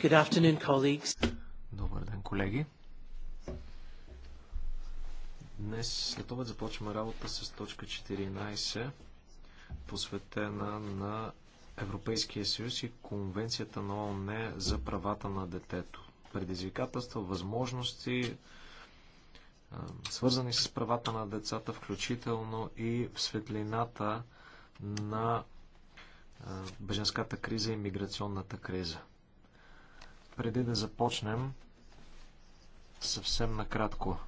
Good afternoon, colleagues. Добър ден, колеги. Днес след обед започваме работа с точка 14, посветена на Европейския съюз и Конвенцията на ООН за правата на детето. Предизвикателства, възможности, свързани с правата на децата, включително и в светлината на беженската криза и миграционната криза. Преди да започнем, съвсем накратко.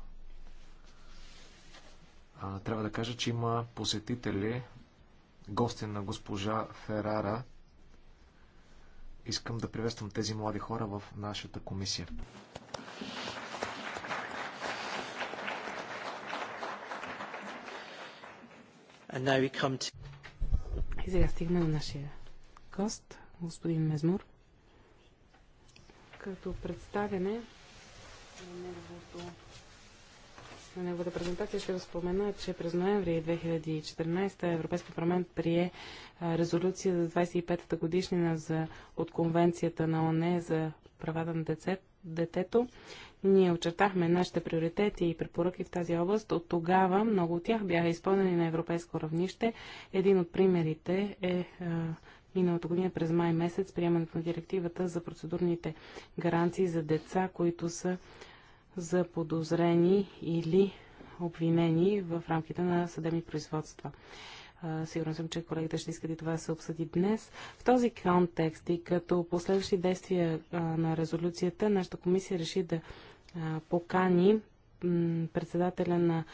Трябва да кажа, че има посетители, гости на госпожа Ферара. Искам да приветствам тези млади хора в нашата комисия. To... И сега стигна нашия гост, господин Мезмур като представяне на неговото на неговата презентация ще разпомена, че през ноември 2014 Европейския парламент прие резолюция за 25-та годишнина за, от Конвенцията на ОНЕ за правата на деце, детето. Ние очертахме нашите приоритети и препоръки в тази област. От тогава много от тях бяха изпълнени на европейско равнище. Един от примерите е миналата година през май месец приемането на директивата за процедурните гаранции за деца, които са заподозрени или обвинени в рамките на съдебни производства. Сигурен съм, че колегите ще искат и това да се обсъди днес. В този контекст и като последващи действия на резолюцията, нашата комисия реши да покани председателя на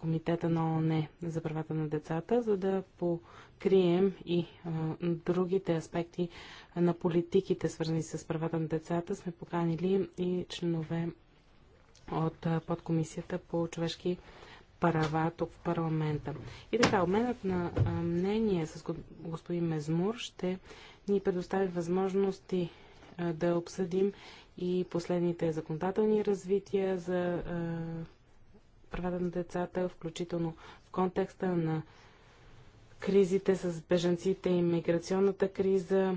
Комитета на ООН за правата на децата, за да покрием и а, другите аспекти на политиките, свързани с правата на децата, сме поканили и членове от а, подкомисията по човешки права тук в парламента. И така, обменът на а, мнение с господин Мезмур ще ни предостави възможности да обсъдим и последните законодателни развития за правата на децата, включително в контекста на кризите с бежанците и миграционната криза.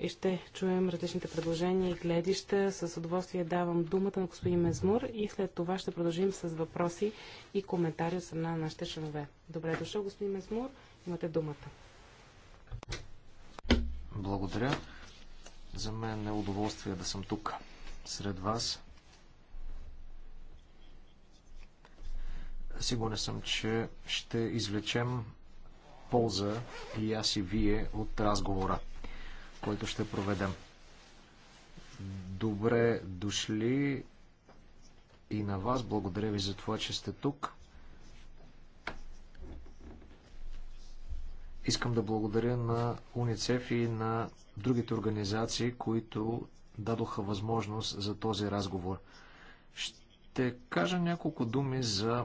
и ще чуем различните предложения и гледища. С удоволствие давам думата на господин Мезмур и след това ще продължим с въпроси и коментари от страна на нашите членове. Добре дошъл, господин Мезмур. Имате думата. Благодаря. За мен е удоволствие да съм тук сред вас. Сигурен съм, че ще извлечем полза и аз и вие от разговора, който ще проведем. Добре дошли и на вас. Благодаря ви за това, че сте тук. Искам да благодаря на УНИЦЕФ и на другите организации, които дадоха възможност за този разговор. Ще кажа няколко думи за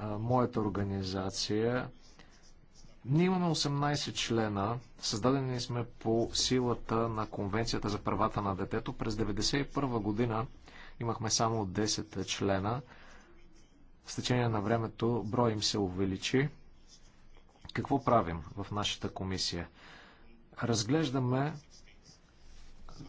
моята организация. Ние имаме 18 члена, създадени сме по силата на Конвенцията за правата на детето. През 1991 година имахме само 10 члена. С течение на времето броя им се увеличи. Какво правим в нашата комисия? Разглеждаме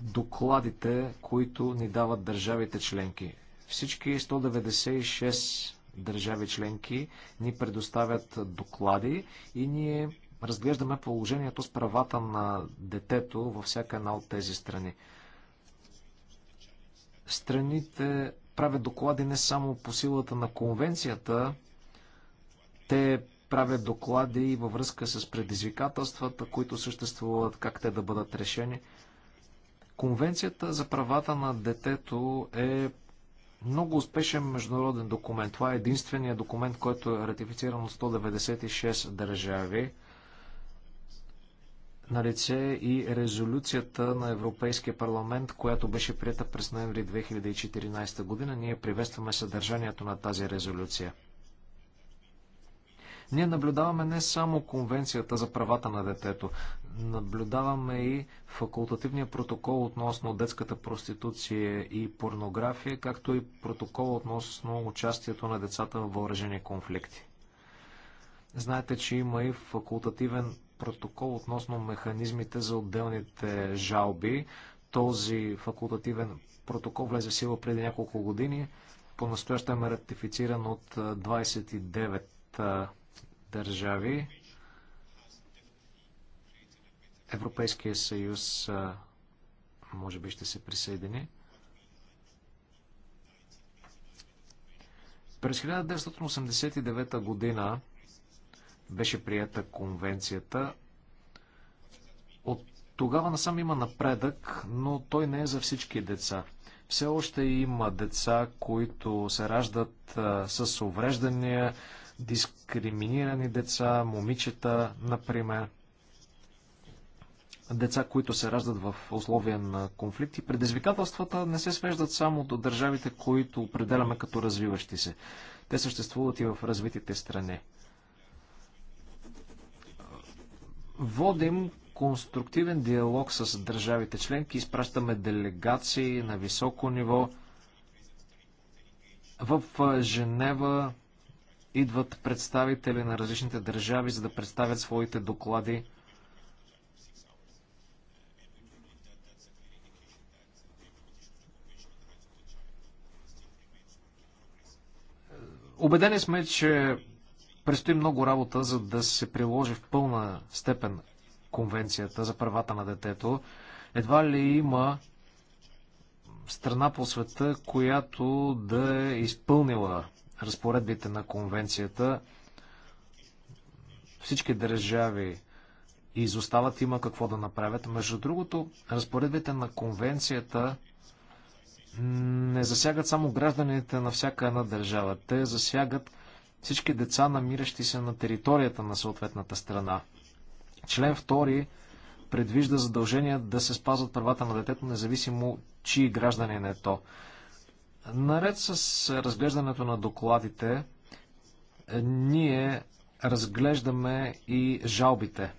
докладите, които ни дават държавите членки. Всички 196 държави членки ни предоставят доклади и ние разглеждаме положението с правата на детето във всяка една от тези страни. Страните правят доклади не само по силата на конвенцията, те правят доклади и във връзка с предизвикателствата, които съществуват, как те да бъдат решени. Конвенцията за правата на детето е много успешен международен документ. Това е единствения документ, който е ратифициран от 196 държави. На лице е и резолюцията на Европейския парламент, която беше прията през ноември 2014 година. Ние приветстваме съдържанието на тази резолюция. Ние наблюдаваме не само Конвенцията за правата на детето, наблюдаваме и факултативния протокол относно детската проституция и порнография, както и протокол относно участието на децата в въоръжени конфликти. Знаете, че има и факултативен протокол относно механизмите за отделните жалби. Този факултативен протокол влезе в сила преди няколко години. По-настоящем е ратифициран от 29 държави. Европейския съюз може би ще се присъедини. През 1989 година беше прията конвенцията. От тогава насам има напредък, но той не е за всички деца. Все още има деца, които се раждат а, с увреждания, дискриминирани деца, момичета, например, деца, които се раждат в условия на конфликти. Предизвикателствата не се свеждат само до държавите, които определяме като развиващи се. Те съществуват и в развитите страни. Водим конструктивен диалог с държавите членки, изпращаме делегации на високо ниво. В Женева идват представители на различните държави, за да представят своите доклади. Обедени сме, че предстои много работа, за да се приложи в пълна степен Конвенцията за правата на детето. Едва ли има страна по света, която да е изпълнила разпоредбите на конвенцията. Всички държави изостават, има какво да направят. Между другото, разпоредбите на конвенцията не засягат само гражданите на всяка една държава. Те засягат всички деца, намиращи се на територията на съответната страна. Член 2 предвижда задължение да се спазват правата на детето, независимо чии гражданин е то. Наред с разглеждането на докладите, ние разглеждаме и жалбите.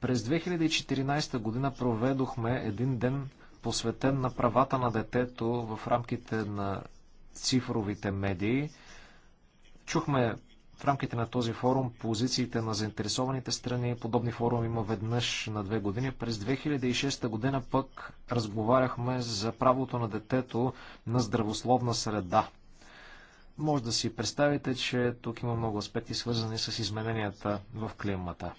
През 2014 година проведохме един ден посветен на правата на детето в рамките на цифровите медии. Чухме в рамките на този форум позициите на заинтересованите страни, подобни форуми има веднъж на две години. През 2006 година пък разговаряхме за правото на детето на здравословна среда. Може да си представите, че тук има много аспекти, свързани с измененията в климата.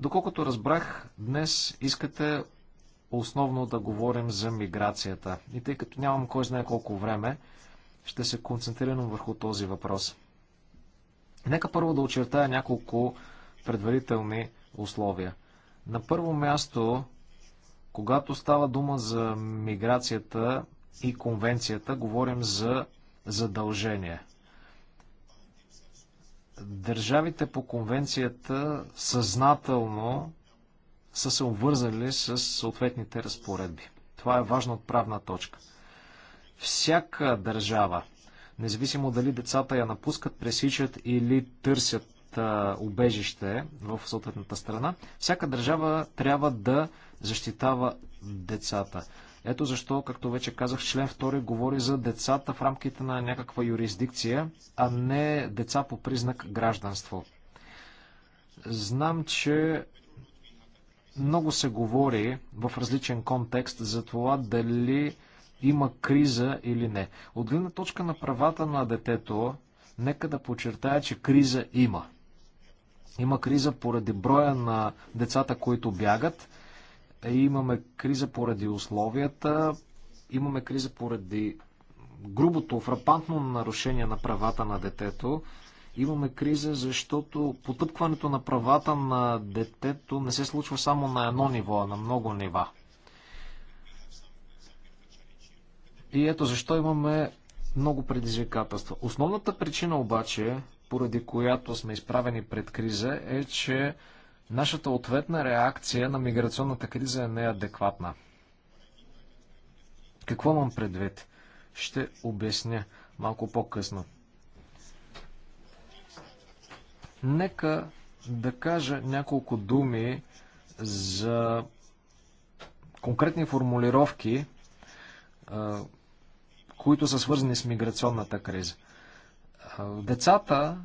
Доколкото разбрах, днес искате основно да говорим за миграцията. И тъй като нямам кой знае колко време, ще се концентрирам върху този въпрос. Нека първо да очертая няколко предварителни условия. На първо място, когато става дума за миграцията и конвенцията, говорим за задължение. Държавите по конвенцията съзнателно са се обвързали с съответните разпоредби. Това е важна отправна точка. Всяка държава, независимо дали децата я напускат, пресичат или търсят а, убежище в съответната страна, всяка държава трябва да защитава децата. Ето защо, както вече казах, член 2 говори за децата в рамките на някаква юрисдикция, а не деца по признак гражданство. Знам, че много се говори в различен контекст за това дали има криза или не. От гледна точка на правата на детето, нека да подчертая, че криза има. Има криза поради броя на децата, които бягат. Е, имаме криза поради условията. Имаме криза поради грубото, фрапантно нарушение на правата на детето. Имаме криза, защото потъпкването на правата на детето не се случва само на едно ниво, а на много нива. И ето защо имаме много предизвикателства. Основната причина обаче, поради която сме изправени пред криза, е, че нашата ответна реакция на миграционната криза е неадекватна. Какво имам предвид? Ще обясня малко по-късно. Нека да кажа няколко думи за конкретни формулировки, които са свързани с миграционната криза. Децата,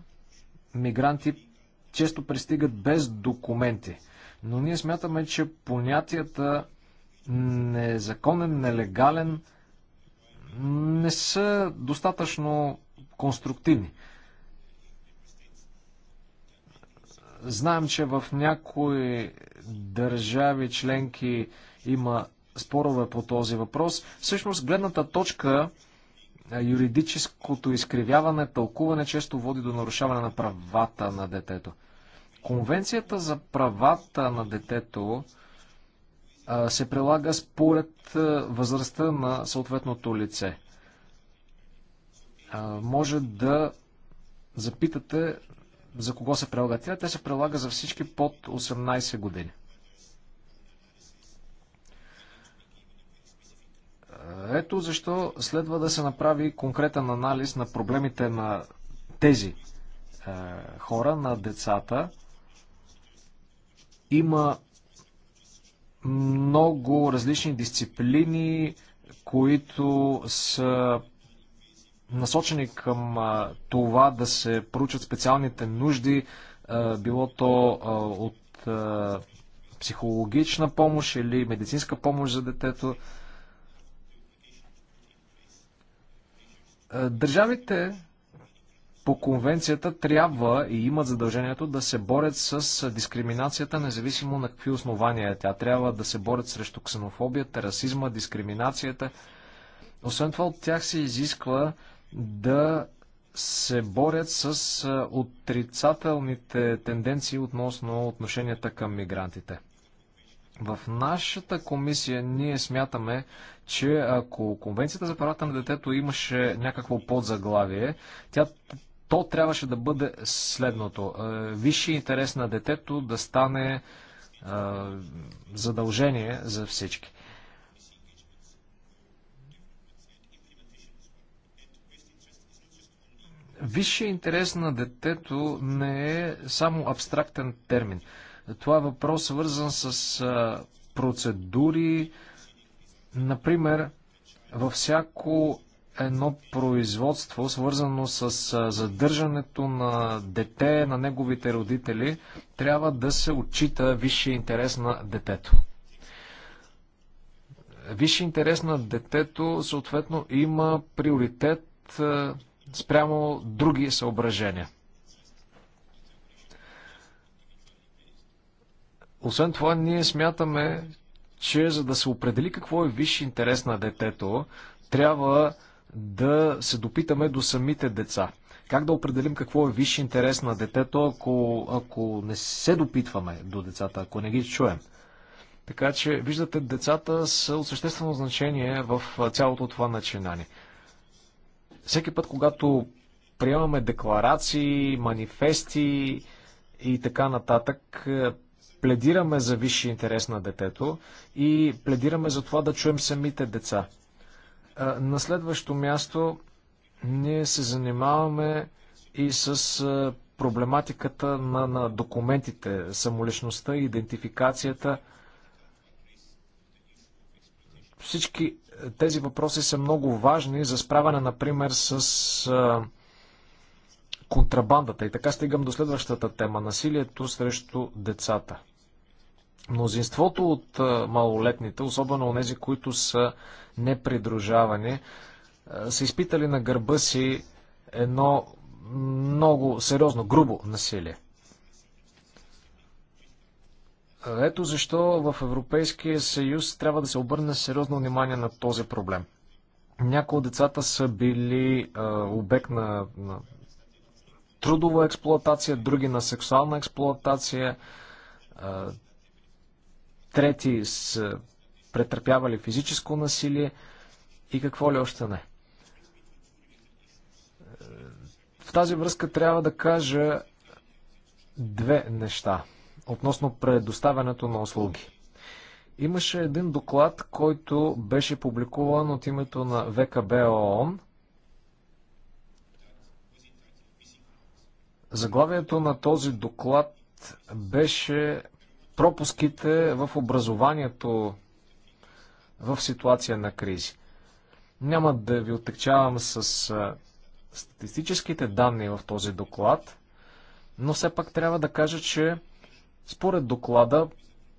мигранти, често пристигат без документи. Но ние смятаме, че понятията незаконен, нелегален не са достатъчно конструктивни. Знаем, че в някои държави членки има спорове по този въпрос. Всъщност, гледната точка юридическото изкривяване, тълкуване често води до нарушаване на правата на детето. Конвенцията за правата на детето се прилага според възрастта на съответното лице. Може да запитате за кого се прилага тя. Тя се прилага за всички под 18 години. Ето защо следва да се направи конкретен анализ на проблемите на тези е, хора, на децата. Има много различни дисциплини, които са насочени към е, това да се проучат специалните нужди, е, било то е, от психологична помощ или медицинска помощ за детето. Е, държавите по конвенцията трябва и имат задължението да се борят с дискриминацията, независимо на какви основания е тя. Трябва да се борят срещу ксенофобията, расизма, дискриминацията. Освен това, от тях се изисква да се борят с е, отрицателните тенденции относно отношенията към мигрантите. В нашата комисия ние смятаме, че ако Конвенцията за правата на детето имаше някакво подзаглавие, тя, то трябваше да бъде следното. Е, висши интерес на детето да стане е, задължение за всички. Висшия интерес на детето не е само абстрактен термин. Това е въпрос свързан с процедури. Например, във всяко едно производство, свързано с задържането на дете, на неговите родители, трябва да се отчита висшия интерес на детето. Висши интерес на детето, съответно, има приоритет спрямо други съображения. Освен това, ние смятаме, че за да се определи какво е висши интерес на детето, трябва да се допитаме до самите деца. Как да определим какво е висши интерес на детето, ако, ако не се допитваме до децата, ако не ги чуем? Така че, виждате, децата са от съществено значение в цялото това начинание. Всеки път, когато приемаме декларации, манифести и така нататък, пледираме за висши интерес на детето и пледираме за това да чуем самите деца. На следващо място ние се занимаваме и с проблематиката на, на документите, самоличността, идентификацията. Всички тези въпроси са много важни за справяне, например, с а, контрабандата. И така стигам до следващата тема насилието срещу децата. Мнозинството от малолетните, особено тези, които са непридружавани, са изпитали на гърба си едно много сериозно, грубо насилие. Ето защо в Европейския съюз трябва да се обърне сериозно внимание на този проблем. Някои от децата са били а, обект на, на трудова експлоатация, други на сексуална експлоатация трети са претърпявали физическо насилие и какво ли още не. В тази връзка трябва да кажа две неща относно предоставянето на услуги. Имаше един доклад, който беше публикуван от името на ВКБ ООН. Заглавието на този доклад беше пропуските в образованието в ситуация на кризи. Няма да ви отекчавам с статистическите данни в този доклад, но все пак трябва да кажа, че според доклада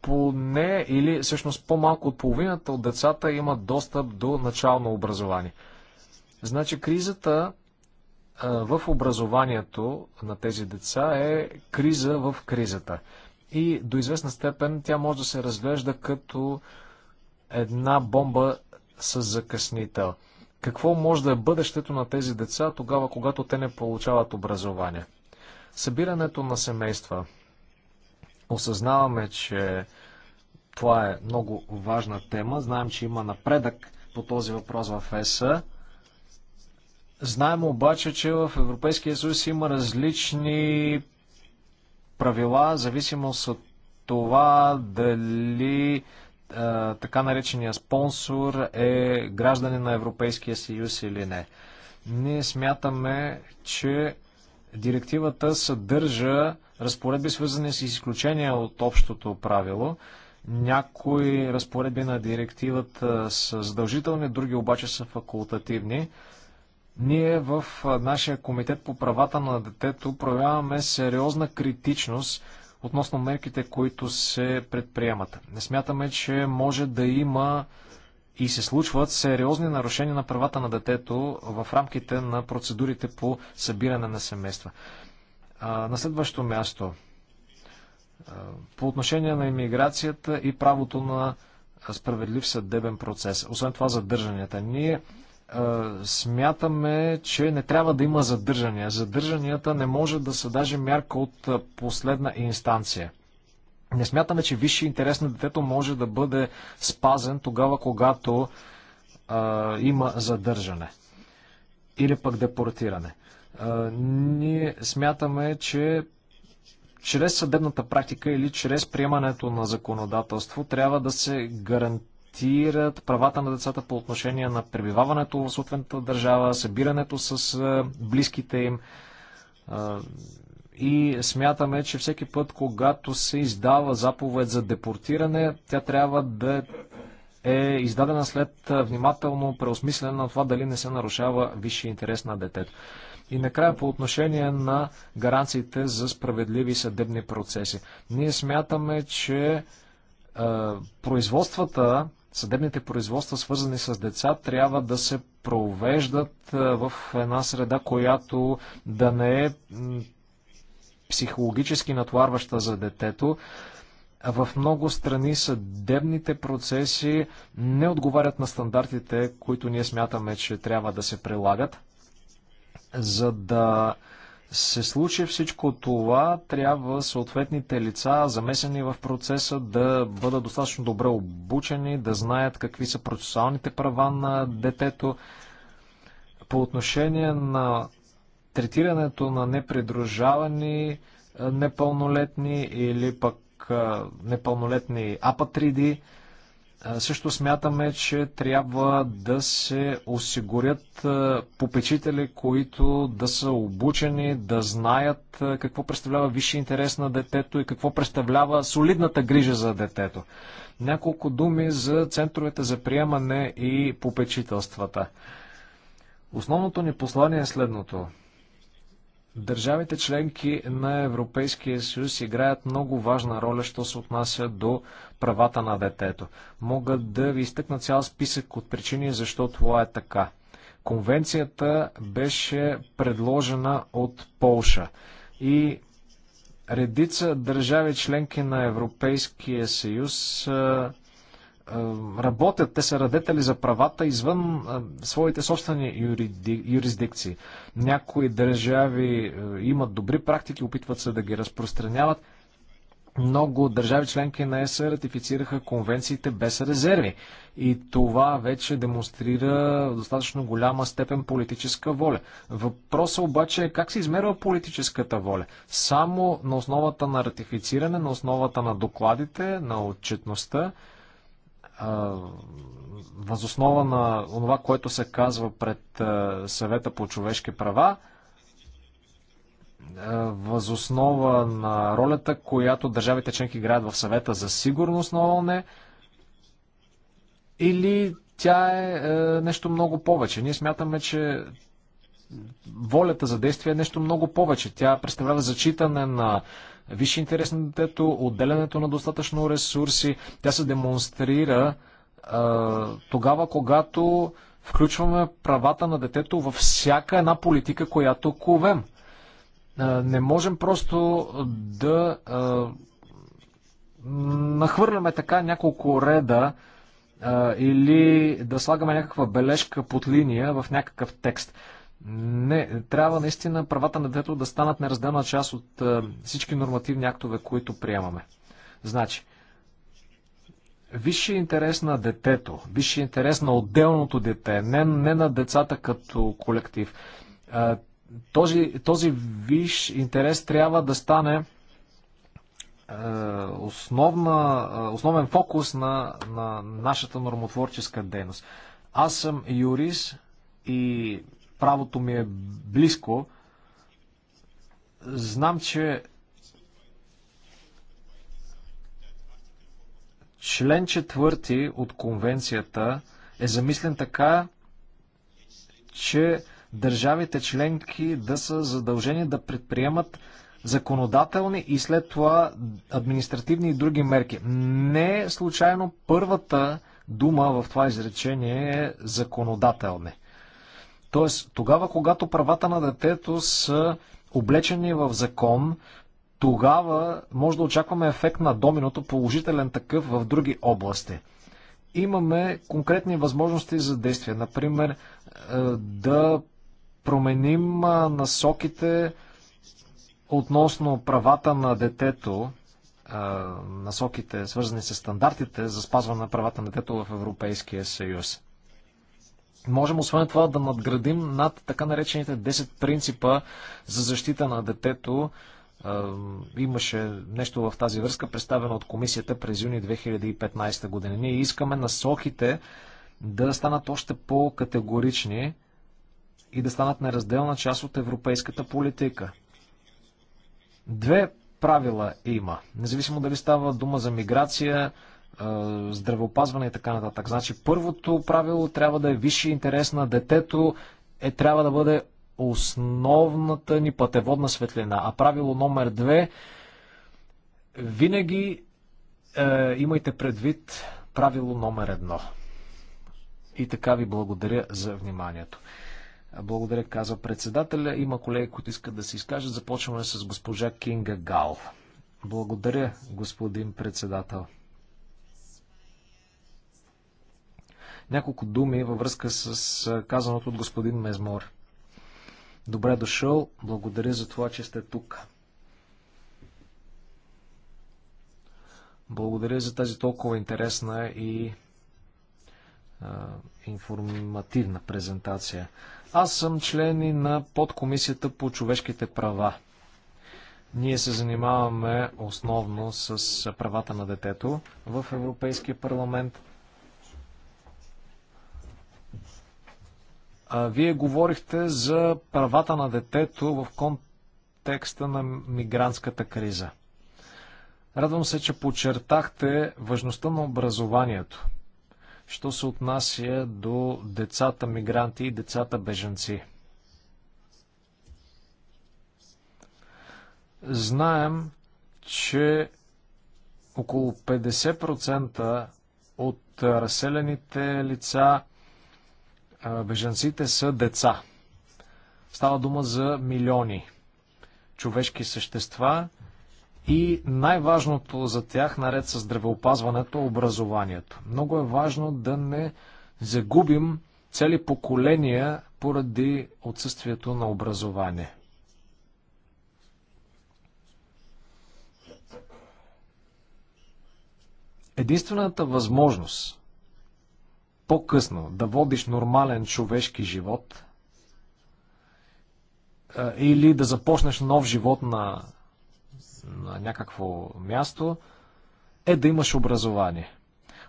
поне или всъщност по-малко от половината от децата имат достъп до начално образование. Значи кризата в образованието на тези деца е криза в кризата и до известна степен тя може да се разглежда като една бомба с закъснител. Какво може да е бъдещето на тези деца тогава, когато те не получават образование? Събирането на семейства. Осъзнаваме, че това е много важна тема. Знаем, че има напредък по този въпрос в ЕСА. Знаем обаче, че в Европейския съюз има различни правила, зависимост от това дали а, така наречения спонсор е гражданин на Европейския съюз или не. Ние смятаме, че директивата съдържа разпоредби, свързани с изключения от общото правило. Някои разпоредби на директивата са задължителни, други обаче са факултативни. Ние в нашия комитет по правата на детето проявяваме сериозна критичност относно мерките, които се предприемат. Не смятаме, че може да има и се случват сериозни нарушения на правата на детето в рамките на процедурите по събиране на семейства. На следващо място, по отношение на иммиграцията и правото на справедлив съдебен процес, освен това задържанията. Ние е, смятаме, че не трябва да има задържания. Задържанията не може да са даже мярка от е, последна инстанция. Не смятаме, че висши интерес на детето може да бъде спазен тогава, когато а, е, има задържане или пък депортиране. А, ние смятаме, че чрез съдебната практика или чрез приемането на законодателство трябва да се гарантира гарантират правата на децата по отношение на пребиваването в съответната държава, събирането с е, близките им. И смятаме, че всеки път, когато се издава заповед за депортиране, тя трябва да е издадена след е, внимателно преосмислене на това дали не се нарушава висшия интерес на детето. И накрая по отношение на гаранциите за справедливи съдебни процеси. Ние смятаме, че е, производствата съдебните производства, свързани с деца, трябва да се провеждат в една среда, която да не е психологически натварваща за детето. В много страни съдебните процеси не отговарят на стандартите, които ние смятаме, че трябва да се прилагат, за да се случи всичко това, трябва съответните лица, замесени в процеса, да бъдат достатъчно добре обучени, да знаят какви са процесуалните права на детето. По отношение на третирането на непридружавани е, непълнолетни или пък е, непълнолетни апатриди, също смятаме, че трябва да се осигурят попечители, които да са обучени, да знаят какво представлява висши интерес на детето и какво представлява солидната грижа за детето. Няколко думи за центровете за приемане и попечителствата. Основното ни послание е следното. Държавите членки на Европейския съюз играят много важна роля, що се отнася до правата на детето. Мога да ви изтъкна цял списък от причини, защо това е така. Конвенцията беше предложена от Полша и редица държави членки на Европейския съюз е, работят, те са радетели за правата извън е, своите собствени юрисдикции. Някои държави е, имат добри практики, опитват се да ги разпространяват. Много държави членки на ЕС ратифицираха конвенциите без резерви. И това вече демонстрира достатъчно голяма степен политическа воля. Въпросът обаче е как се измерва политическата воля. Само на основата на ратифициране, на основата на докладите, на отчетността, възоснова на това, което се казва пред съвета по човешки права, възоснова на ролята, която държавите членки играят в съвета за сигурност на ООН, или тя е, е нещо много повече. Ние смятаме, че волята за действие е нещо много повече. Тя представлява зачитане на висши интерес на детето, отделянето на достатъчно ресурси. Тя се демонстрира а, тогава, когато включваме правата на детето във всяка една политика, която ковем. А, не можем просто да а, нахвърляме така няколко реда а, или да слагаме някаква бележка под линия в някакъв текст. Не, трябва наистина правата на детето да станат неразделна част от е, всички нормативни актове, които приемаме. Значи, висше интерес на детето, висше интерес на отделното дете, не, не на децата като колектив. Е, този, този виш интерес трябва да стане е, основна, основен фокус на, на нашата нормотворческа дейност. Аз съм юрист и правото ми е близко. Знам, че член четвърти от конвенцията е замислен така, че държавите членки да са задължени да предприемат законодателни и след това административни и други мерки. Не е случайно първата дума в това изречение е законодателни. Тоест, тогава, когато правата на детето са облечени в закон, тогава може да очакваме ефект на доминото, положителен такъв в други области. Имаме конкретни възможности за действие. Например, е, да променим насоките относно правата на детето, насоките свързани с стандартите за спазване на правата на детето в Европейския съюз. Можем освен това да надградим над така наречените 10 принципа за защита на детето. Имаше нещо в тази връзка, представено от комисията през юни 2015 година. Ние искаме насоките да станат още по-категорични и да станат неразделна част от европейската политика. Две правила има, независимо дали става дума за миграция, здравеопазване и така нататък. Значи първото правило трябва да е висши интерес на детето, е трябва да бъде основната ни пътеводна светлина. А правило номер две винаги е, имайте предвид правило номер едно. И така ви благодаря за вниманието. Благодаря, казва председателя. Има колеги, които искат да се изкажат. Започваме с госпожа Кинга Гал. Благодаря, господин председател. Няколко думи във връзка с казаното от господин Мезмор. Добре дошъл, благодаря за това, че сте тук. Благодаря за тази толкова интересна и а, информативна презентация. Аз съм член и на подкомисията по човешките права. Ние се занимаваме основно с правата на детето в Европейския парламент. Вие говорихте за правата на детето в контекста на мигрантската криза. Радвам се, че подчертахте важността на образованието, що се отнася до децата мигранти и децата беженци. Знаем, че около 50% от разселените лица – бежанците са деца. Става дума за милиони човешки същества и най-важното за тях, наред с здравеопазването, образованието. Много е важно да не загубим цели поколения поради отсъствието на образование. Единствената възможност по-късно да водиш нормален човешки живот или да започнеш нов живот на, на някакво място, е да имаш образование.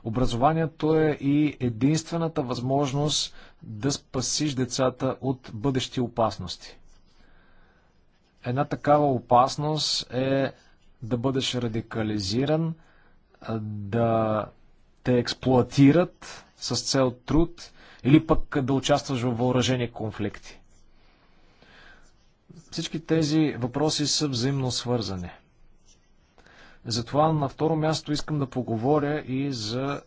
Образованието е и единствената възможност да спасиш децата от бъдещи опасности. Една такава опасност е да бъдеш радикализиран, да те експлуатират, с цел труд или пък да участваш в въоръжени конфликти. Всички тези въпроси са взаимно свързани. Затова на второ място искам да поговоря и за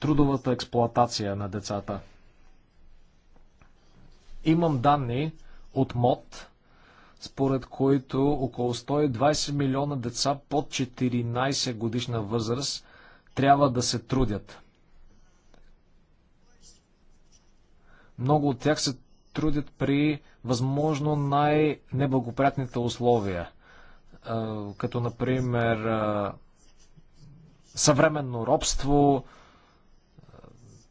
трудовата експлоатация на децата. Имам данни от МОД, според които около 120 милиона деца под 14 годишна възраст трябва да се трудят. Много от тях се трудят при възможно най-неблагоприятните условия, като например съвременно робство,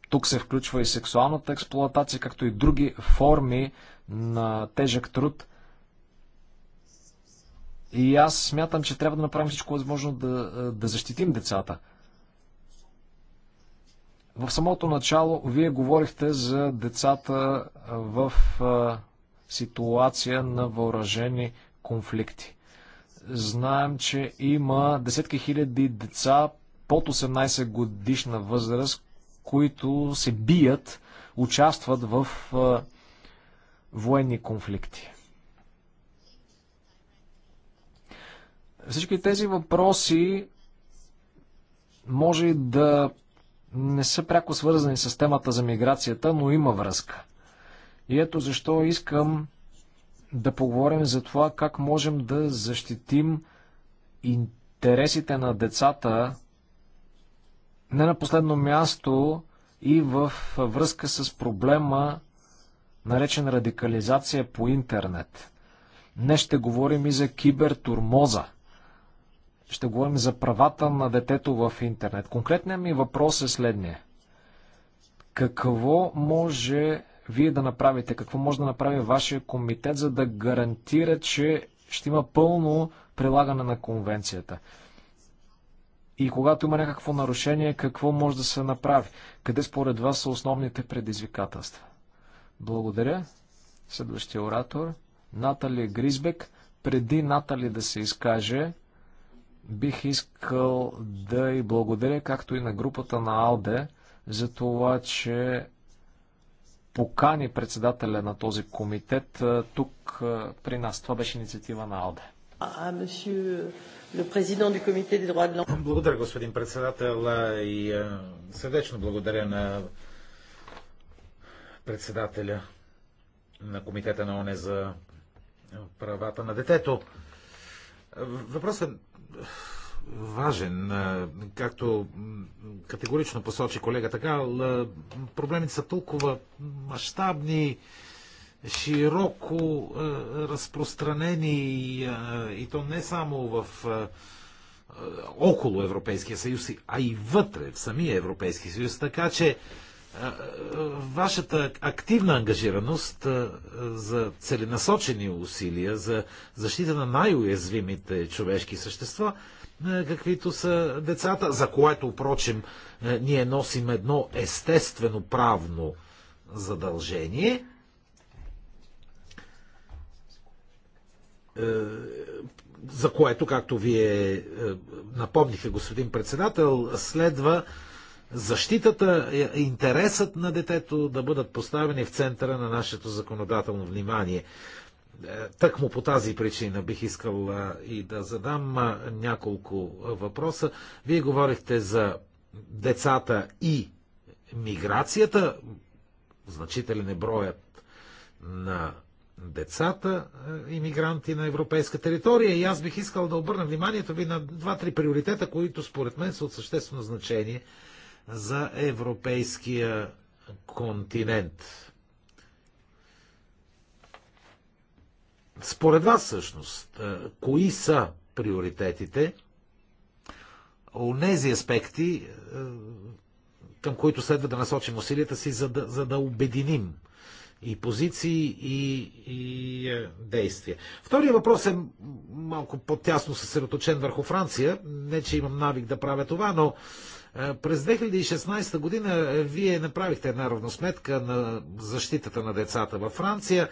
тук се включва и сексуалната експлоатация, както и други форми на тежък труд. И аз смятам, че трябва да направим всичко възможно да, да защитим децата. В самото начало вие говорихте за децата в ситуация на въоръжени конфликти. Знаем, че има десетки хиляди деца под 18 годишна възраст, които се бият, участват в военни конфликти. Всички тези въпроси може да не са пряко свързани с темата за миграцията, но има връзка. И ето защо искам да поговорим за това как можем да защитим интересите на децата не на последно място и в връзка с проблема наречен радикализация по интернет. Днес ще говорим и за кибертурмоза – ще говорим за правата на детето в интернет. Конкретният ми въпрос е следния. Какво може вие да направите, какво може да направи вашия комитет, за да гарантира, че ще има пълно прилагане на конвенцията? И когато има някакво нарушение, какво може да се направи? Къде според вас са основните предизвикателства? Благодаря. Следващия оратор. Натали Гризбек. Преди Натали да се изкаже, Бих искал да и благодаря, както и на групата на АЛДЕ, за това, че покани председателя на този комитет тук при нас. Това беше инициатива на АЛДЕ. Благодаря, господин председател, и сърдечно благодаря на председателя на Комитета на ОНЕ за правата на детето. Въпросът важен. Както категорично посочи колега така, проблемите са толкова мащабни, широко разпространени и то не само в около Европейския съюз, а и вътре в самия Европейски съюз. Така че вашата активна ангажираност за целенасочени усилия за защита на най-уязвимите човешки същества, каквито са децата, за което, впрочем, ние носим едно естествено правно задължение. За което, както вие напомнихте, господин председател, следва защитата, е, интересът на детето да бъдат поставени в центъра на нашето законодателно внимание. Е, Тъкмо по тази причина бих искал е, и да задам няколко въпроса. Вие говорихте за децата и миграцията. Значителен е броят на децата, иммигранти на европейска територия. И аз бих искал да обърна вниманието ви на два-три приоритета, които според мен са от съществено значение – за европейския континент. Според вас всъщност, е, кои са приоритетите, онези аспекти, е, към които следва да насочим усилията си, за да, за да обединим и позиции, и, и е, действия. Втория въпрос е малко по-тясно съсредоточен върху Франция. Не, че имам навик да правя това, но през 2016 година вие направихте една равносметка на защитата на децата във Франция.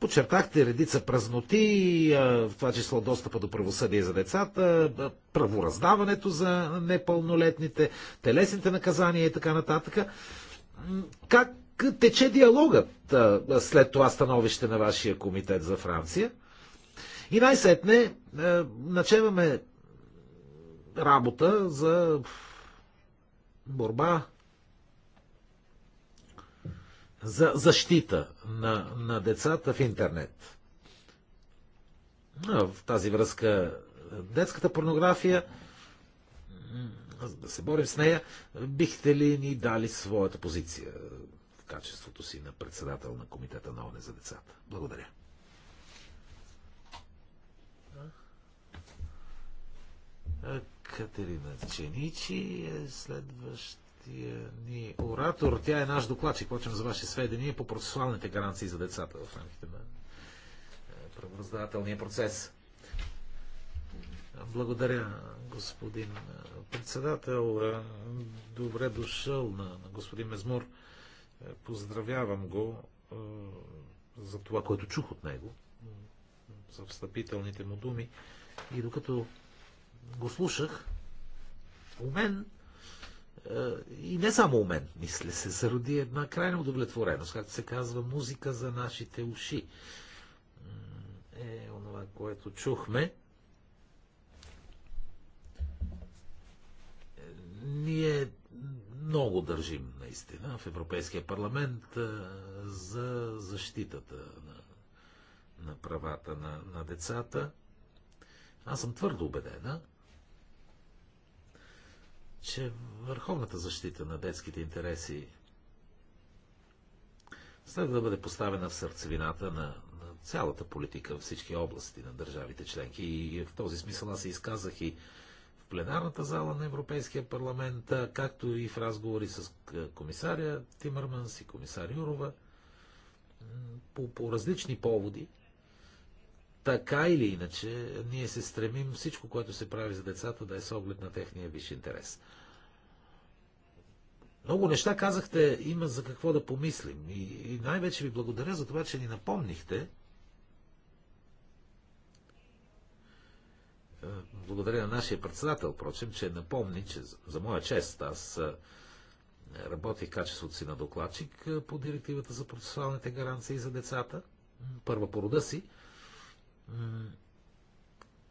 Подчертахте редица празноти, в това число достъпа до правосъдие за децата, правораздаването за непълнолетните, телесните наказания и така нататък. Как тече диалогът след това становище на вашия комитет за Франция? И най-сетне начеваме работа за борба за защита на, на децата в интернет. В тази връзка детската порнография, да се борим с нея, бихте ли ни дали своята позиция в качеството си на председател на Комитета на ОНЕ за децата? Благодаря. Катерина Ченичи е следващия ни оратор. Тя е наш докладчик, почвам за ваше сведение, по процесуалните гаранции за децата в рамките на е, правораздавателния процес. Благодаря, господин е, председател. Е, добре дошъл на, на господин Мезмур. Поздравявам го за това, което чух от него, за встъпителните му думи. И докато го слушах, у мен е, и не само у мен, мисля се, зароди една крайна удовлетвореност, както се казва, музика за нашите уши. Е, онова, което чухме. Ние много държим, наистина, в Европейския парламент е, за защитата на, на правата на, на децата. Аз съм твърдо убедена, че върховната защита на детските интереси следва да бъде поставена в сърцевината на, на цялата политика във всички области на държавите членки. И в този смисъл аз се изказах и в пленарната зала на Европейския парламент, както и в разговори с комисаря Тимърманс и комисар Юрова по, по различни поводи – така или иначе, ние се стремим всичко, което се прави за децата, да е с оглед на техния висш интерес. Много неща казахте, има за какво да помислим. И, най-вече ви благодаря за това, че ни напомнихте. Е, благодаря на нашия председател, впрочем, че напомни, че за моя чест аз е, работих качеството си на докладчик е, по директивата за процесуалните гаранции за децата, първа по рода си.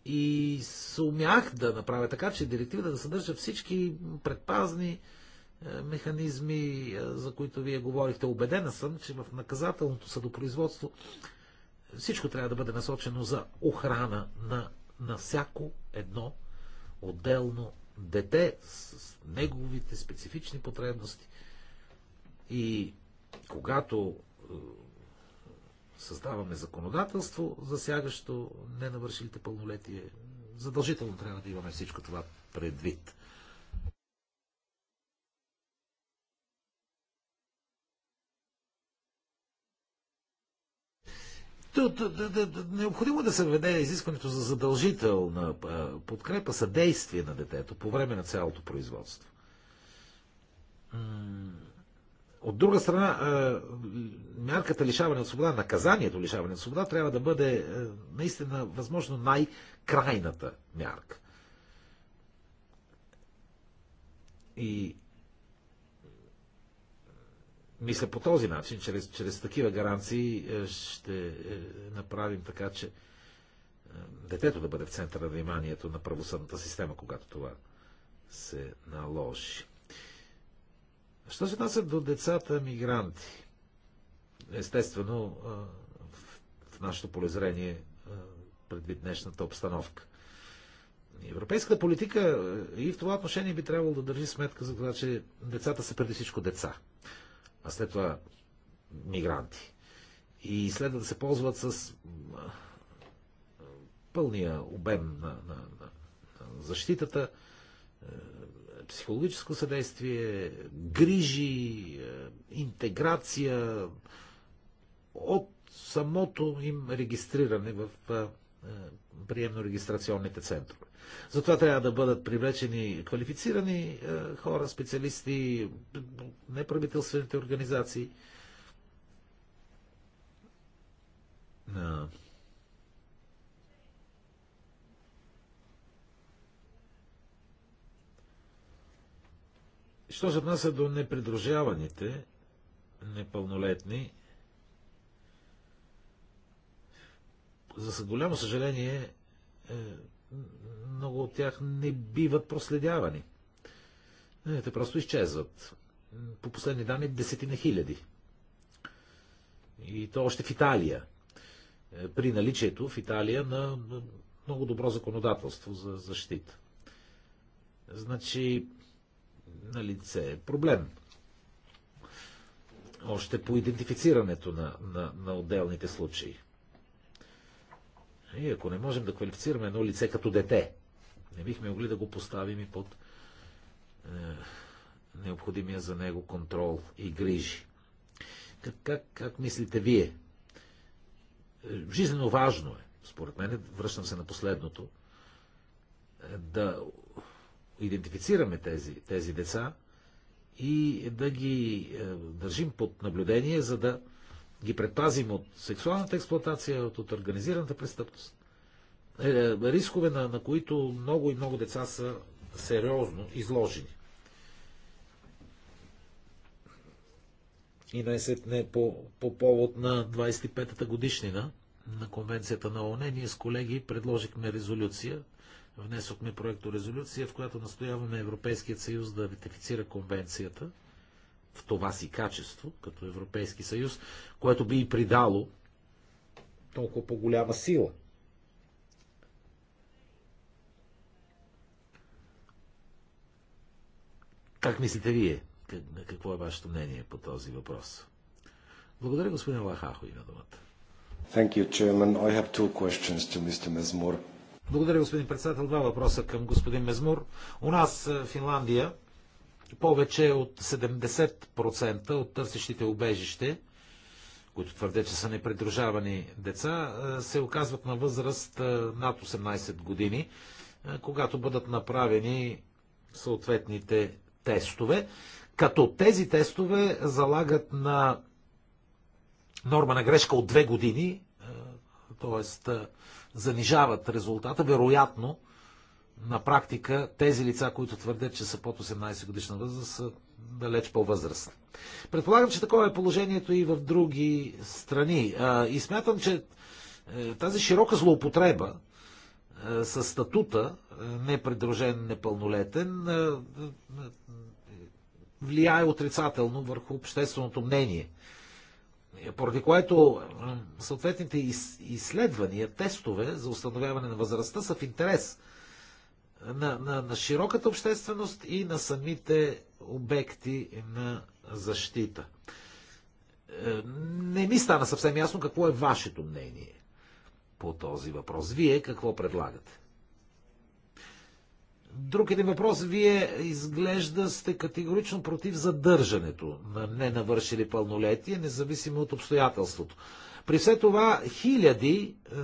И сумях да направя така, че директивата да съдържа всички предпазни е, механизми, е, за които вие говорихте. Обедена съм, че в наказателното съдопроизводство всичко трябва да бъде насочено за охрана на, на всяко едно отделно дете с неговите специфични потребности. И когато е, създаваме законодателство, засягащо ненавършилите пълнолетие. Задължително трябва да имаме всичко това предвид. Необходимо е да се введе изискването за задължителна подкрепа, съдействие на детето по време на цялото производство. От друга страна, е, мярката лишаване от свобода, наказанието лишаване от свобода трябва да бъде е, наистина възможно най-крайната мярка. И мисля по този начин, чрез, чрез такива гаранции е, ще направим така, че детето да бъде в центъра на вниманието на правосъдната система, когато това се наложи. Що се отнася до децата мигранти? Естествено, в нашето полезрение предвид днешната обстановка. Европейската политика и в това отношение би трябвало да държи сметка за това, че децата са преди всичко деца, а след това мигранти. И следва да се ползват с пълния обем на, на, на, на защитата, психологическо съдействие, грижи, е, интеграция от самото им регистриране в е, е, приемно-регистрационните центрове. Затова трябва да бъдат привлечени квалифицирани хора, специалисти, неправителствените организации. Що се отнася до непридружаваните, непълнолетни, за голямо съжаление, е, много от тях не биват проследявани. Е, те просто изчезват. По последни данни, десетина хиляди. И то още в Италия. Е, при наличието в Италия на много добро законодателство за защита. Значи, на лице е проблем. Още по идентифицирането на, на, на отделните случаи. И ако не можем да квалифицираме едно лице като дете, не бихме могли да го поставим и под е, необходимия за него контрол и грижи. Как, как, как мислите вие? Е, Жизненно важно е, според мен, връщам се на последното, е, да идентифицираме тези, тези деца и да ги е, държим под наблюдение, за да ги предпазим от сексуалната експлуатация, от, от организираната престъпност. Е, е, рискове, на, на които много и много деца са сериозно изложени. И най-сетне по, по повод на 25-та годишнина на Конвенцията на ООН, ние с колеги предложихме резолюция, внесохме проекто резолюция, в която настояваме Европейският съюз да ратифицира конвенцията в това си качество, като Европейски съюз, което би и придало толкова по-голяма сила. Как мислите вие? Какво е вашето мнение по този въпрос? Благодаря, господин Лахахо, има думата. Thank you, Chairman. I have two questions to Mr. Mesmore. Благодаря, господин председател. Два въпроса към господин Мезмур. У нас в е, Финландия повече от 70% от търсещите убежище, които твърде, че са непридружавани деца, е, се оказват на възраст е, над 18 години, когато бъдат направени съответните тестове. Като тези тестове залагат на норма на грешка от две години, т.е занижават резултата, вероятно на практика тези лица, които твърдят, че са под 18 годишна възраст, са далеч по-възрастни. Предполагам, че такова е положението и в други страни. И смятам, че е, тази широка злоупотреба е, с статута е, непридружен, непълнолетен влияе отрицателно върху общественото мнение поради което съответните изследвания, тестове за установяване на възрастта са в интерес на, на, на широката общественост и на самите обекти на защита. Е, не ми стана съвсем ясно какво е вашето мнение по този въпрос. Вие какво предлагате? Друг един въпрос. Вие изглежда сте категорично против задържането на ненавършили пълнолетие, независимо от обстоятелството. При все това хиляди е,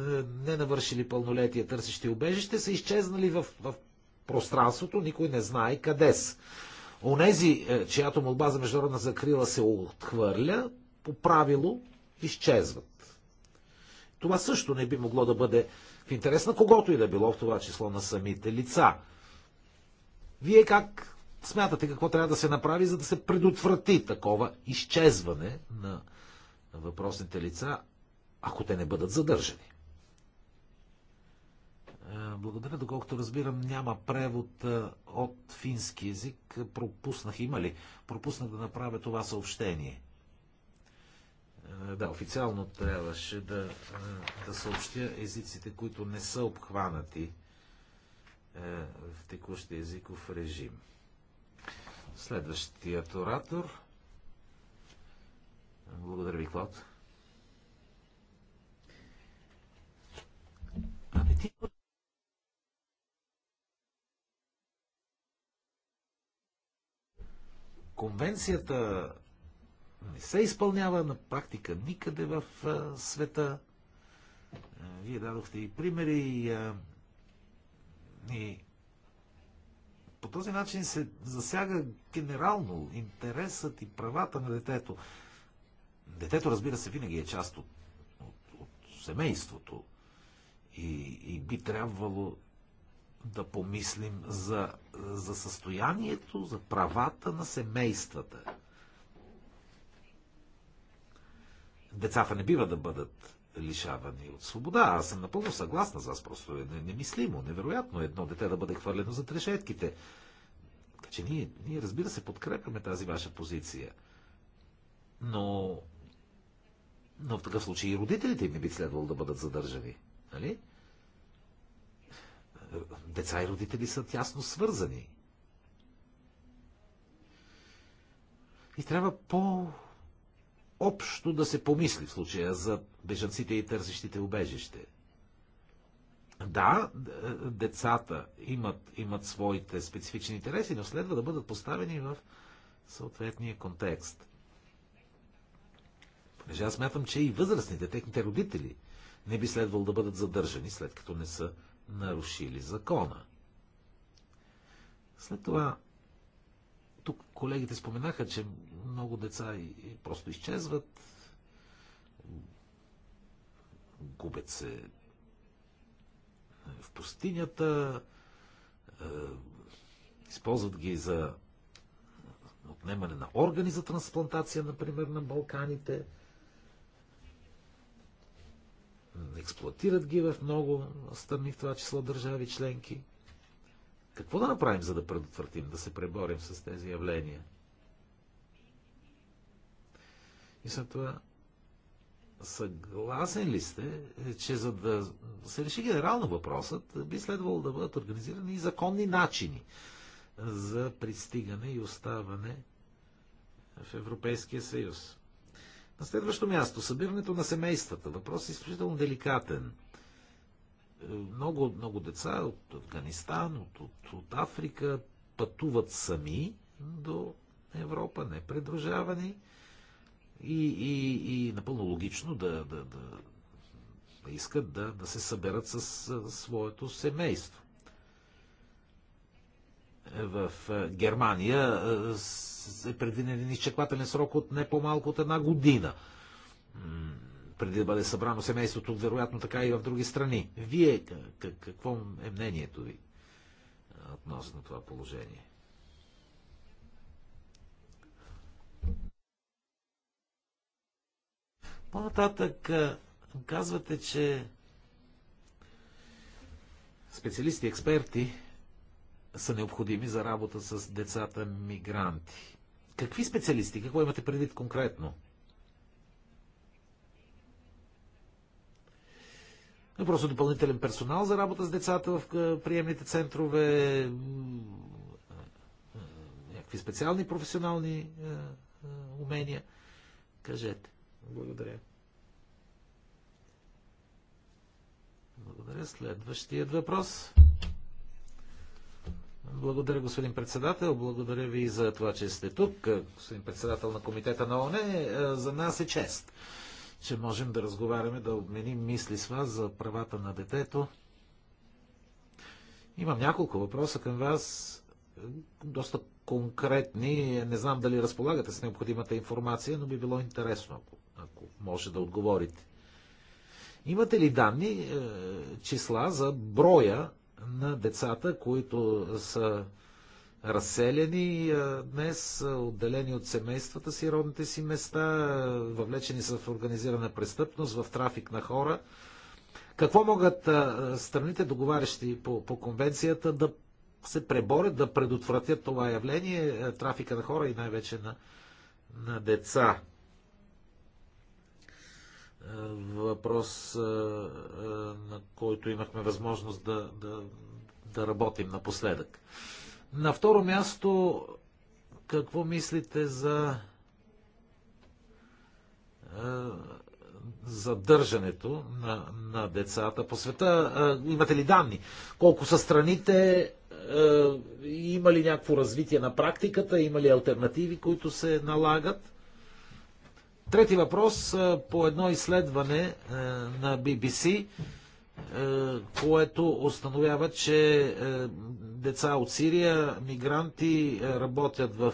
ненавършили пълнолетие търсещи убежище са изчезнали в, в пространството, никой не знае къде са. Онези, е, чиято молба за международна закрила се отхвърля, по правило изчезват. Това също не би могло да бъде в интерес на когото и да било, в това число на самите лица. Вие как смятате какво трябва да се направи, за да се предотврати такова изчезване на въпросните лица, ако те не бъдат задържани? Е, благодаря, доколкото разбирам, няма превод е, от фински язик. Пропуснах, има ли? Пропуснах да направя това съобщение. Е, да, официално трябваше да, да съобщя езиците, които не са обхванати е, в текущия езиков режим. Следващият оратор. Благодаря ви, Клод. конвенцията не се изпълнява на практика никъде в е, света. Е, вие дадохте и примери. И по този начин се засяга генерално интересът и правата на детето. Детето, разбира се, винаги е част от, от, от семейството и, и би трябвало да помислим за, за състоянието, за правата на семействата. Децата не бива да бъдат лишавани от свобода. Аз съм напълно съгласна с вас. Просто е немислимо, невероятно е едно дете да бъде хвърлено за трешетките. Така че ние, ние, разбира се, подкрепяме тази ваша позиция. Но, но в такъв случай и родителите им не би следвало да бъдат задържани. Нали? Деца и родители са тясно свързани. И трябва по общо да се помисли в случая за бежанците и търсещите убежище. Да, децата имат, имат своите специфични интереси, но следва да бъдат поставени в съответния контекст. Понеже аз смятам, че и възрастните, техните родители, не би следвало да бъдат задържани, след като не са нарушили закона. След това, тук колегите споменаха, че много деца и просто изчезват, губят се е, в пустинята, е, използват ги за е, отнемане на органи за трансплантация, например, на Балканите. Експлуатират ги в много страни, в това число държави членки. Какво да направим, за да предотвратим, да се преборим с тези явления? И след това, съгласен ли сте, че за да се реши генерално въпросът, би следвало да бъдат организирани и законни начини за пристигане и оставане в Европейския съюз? На следващо място, събирането на семействата. Въпрос е изключително деликатен. Много, много деца от Афганистан, от, от, от Африка пътуват сами до Европа, непредружавани и, и, и напълно логично да, да, да, да искат да, да се съберат с своето семейство. В Германия е предвиден изчеквателен срок от не по-малко от една година преди да бъде събрано семейството, вероятно така и в други страни. Вие какво е мнението ви относно това положение? По-нататък казвате, че специалисти, експерти са необходими за работа с децата мигранти. Какви специалисти? Какво имате предвид конкретно? Е, просто допълнителен персонал за работа с децата в приемните центрове, някакви специални професионални умения. Кажете. Благодаря. Благодаря. Следващият въпрос. Благодаря, господин председател. Благодаря ви за това, че сте тук, господин председател на Комитета на ОНЕ. За нас е чест, че можем да разговаряме, да обменим мисли с вас за правата на детето. Имам няколко въпроса към вас, доста конкретни. Не знам дали разполагате с необходимата информация, но би било интересно, ако ако може да отговорите. Имате ли данни, е, числа за броя на децата, които са разселени е, днес, е, отделени от семействата си, родните си места, въвлечени са в организирана престъпност, в трафик на хора. Какво могат страните, договарящи по, по конвенцията, да се преборят, да предотвратят това явление, трафика на хора и най-вече на, на деца? въпрос, е, е, на който имахме възможност да, да, да работим напоследък. На второ място, какво мислите за е, задържането на, на децата по света? Имате ли данни? Колко са страните? Има ли някакво развитие на практиката? Има ли альтернативи, които се налагат? Трети въпрос по едно изследване на BBC, което установява, че деца от Сирия, мигранти, работят в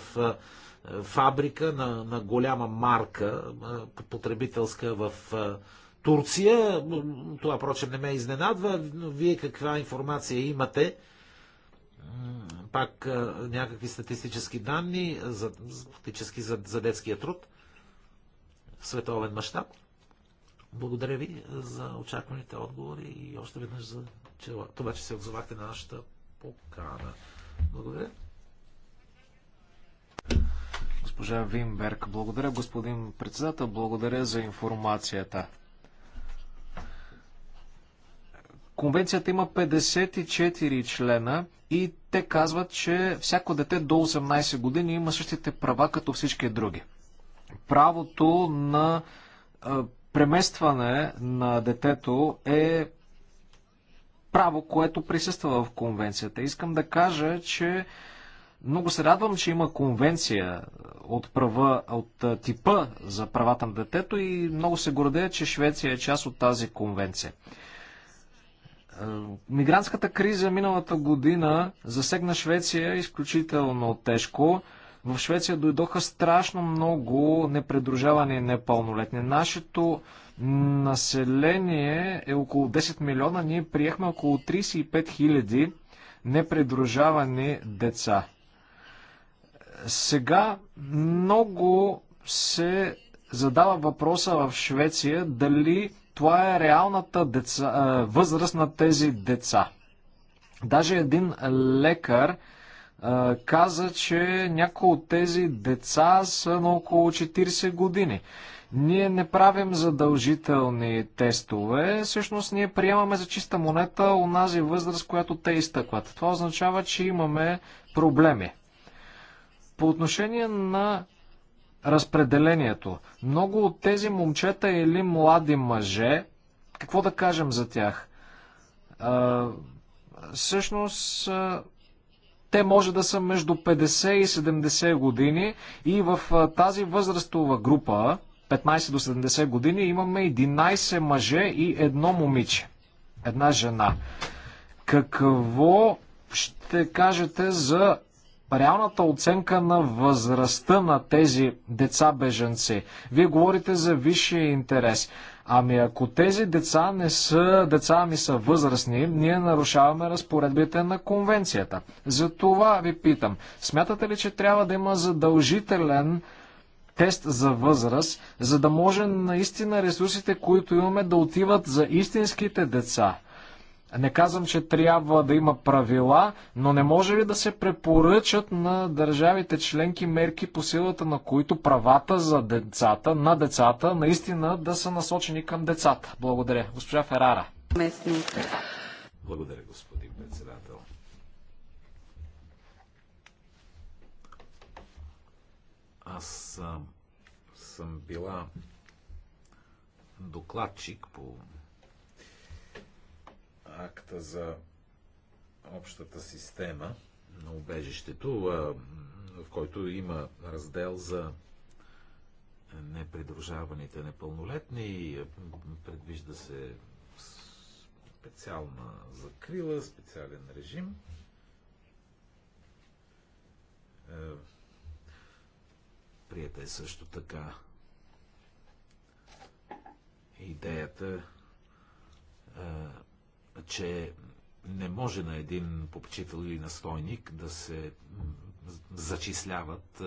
фабрика на, на голяма марка потребителска в Турция. Това, прочем, не ме изненадва. Но вие каква информация имате? Пак някакви статистически данни, за, фактически за, за детския труд световен мащаб. Благодаря ви за очакваните отговори и още веднъж за това, че се отзовахте на нашата покана. Благодаря. Госпожа Вимберг, благодаря господин председател, благодаря за информацията. Конвенцията има 54 члена и те казват, че всяко дете до 18 години има същите права като всички други правото на преместване на детето е право, което присъства в конвенцията. Искам да кажа, че много се радвам, че има конвенция от, права, от типа за правата на детето и много се гордея, че Швеция е част от тази конвенция. Мигрантската криза миналата година засегна Швеция изключително тежко. В Швеция дойдоха страшно много непредружавани и непълнолетни. Нашето население е около 10 милиона. Ние приехме около 35 хиляди непредружавани деца. Сега много се задава въпроса в Швеция дали това е реалната деца, възраст на тези деца. Даже един лекар каза, че някои от тези деца са на около 40 години. Ние не правим задължителни тестове, всъщност ние приемаме за чиста монета онази възраст, която те изтъкват. Това означава, че имаме проблеми. По отношение на разпределението, много от тези момчета или млади мъже, какво да кажем за тях? А, всъщност, те може да са между 50 и 70 години и в тази възрастова група, 15 до 70 години, имаме 11 мъже и едно момиче. Една жена. Какво ще кажете за реалната оценка на възрастта на тези деца-беженци? Вие говорите за висшия интерес. Ами ако тези деца не са, деца ми са възрастни, ние нарушаваме разпоредбите на конвенцията. За това ви питам, смятате ли, че трябва да има задължителен тест за възраст, за да може наистина ресурсите, които имаме, да отиват за истинските деца? Не казвам, че трябва да има правила, но не може ли да се препоръчат на държавите членки мерки по силата на които правата за децата, на децата, наистина да са насочени към децата? Благодаря. Госпожа Ферара. Благодаря, господин председател. Аз съм, съм била докладчик по акта за общата система на убежището, в който има раздел за непридружаваните непълнолетни. Предвижда се специална закрила, специален режим. Е, Прията е също така идеята е, че не може на един попечител или настойник да се зачисляват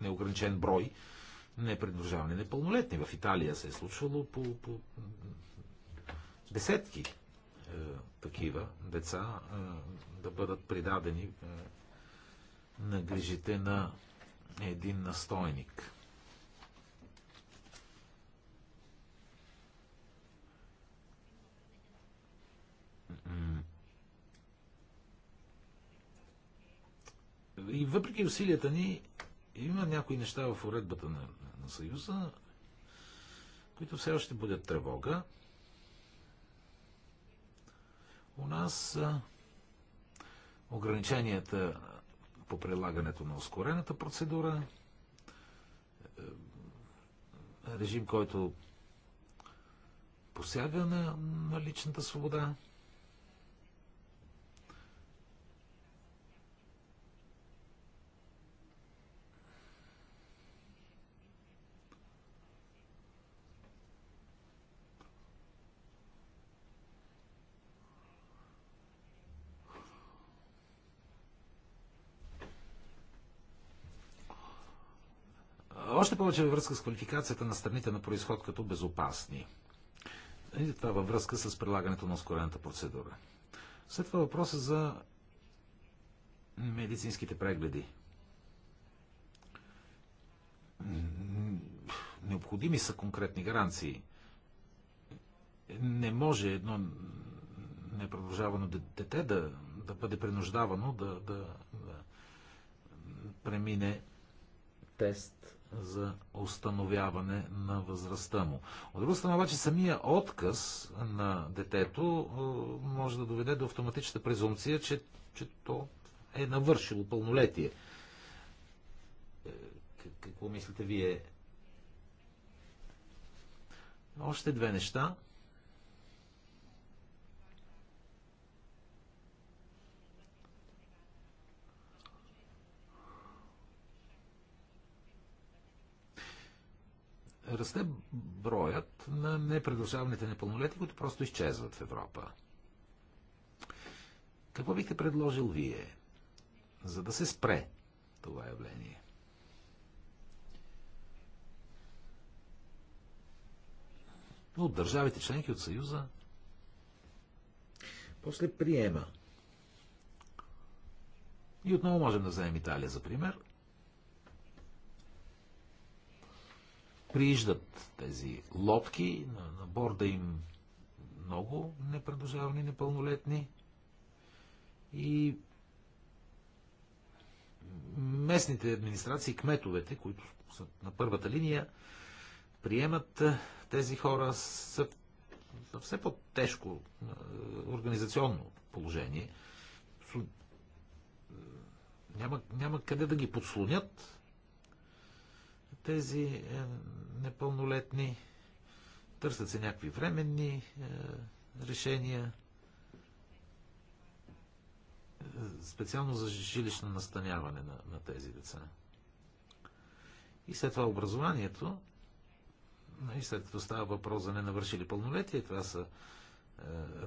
неограничен брой непридружавани непълнолетни. В Италия се е случвало по, по десетки е, такива деца е, да бъдат придадени е, на грижите на един настойник. И въпреки усилията ни, има някои неща в уредбата на, на Съюза, които все още будят тревога. У нас а, ограниченията по прилагането на ускорената процедура, е, режим, който посяга на, на личната свобода, Още повече във връзка с квалификацията на страните на происход като безопасни. И това във връзка с прилагането на ускорената процедура. След това въпроса за медицинските прегледи. Необходими са конкретни гаранции. Не може едно непродължавано дете да, да бъде принуждавано да, да, да премине тест за установяване на възрастта му. От друга страна обаче самия отказ на детето може да доведе до автоматичната презумпция, че, че то е навършило пълнолетие. Е, какво мислите вие? Още две неща. расте броят на непредължаваните непълнолети, които просто изчезват в Европа. Какво бихте предложил вие, за да се спре това явление? От държавите членки от Съюза. После приема. И отново можем да вземем Италия за пример. прииждат тези лодки, на, на борда им много непредложавани непълнолетни и местните администрации, кметовете, които са на първата линия, приемат тези хора с все по-тежко организационно положение. Няма, няма къде да ги подслонят, тези е, непълнолетни. Търсят се някакви временни е, решения, е, специално за жилищно настаняване на, на тези деца. И след това образованието, и след като става въпрос за ненавършили пълнолетие, това са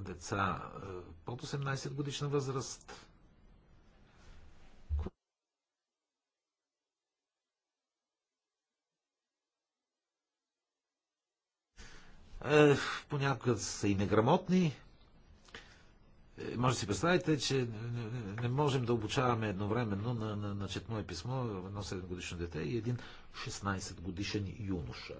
е, деца е, под 18 годишна възраст, Е, понякога са и неграмотни. Е, може да си представите, че не, не можем да обучаваме едновременно на, на, на четно и писмо едно 7 годишно дете и един 16 годишен юноша.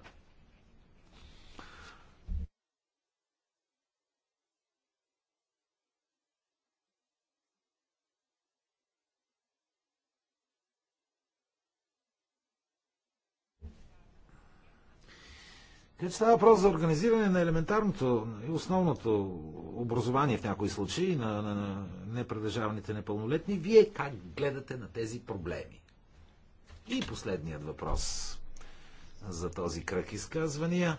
Те че става въпрос за организиране на елементарното и основното образование в някои случаи на, на, на непредържаваните непълнолетни. Вие как гледате на тези проблеми? И последният въпрос за този кръг изказвания.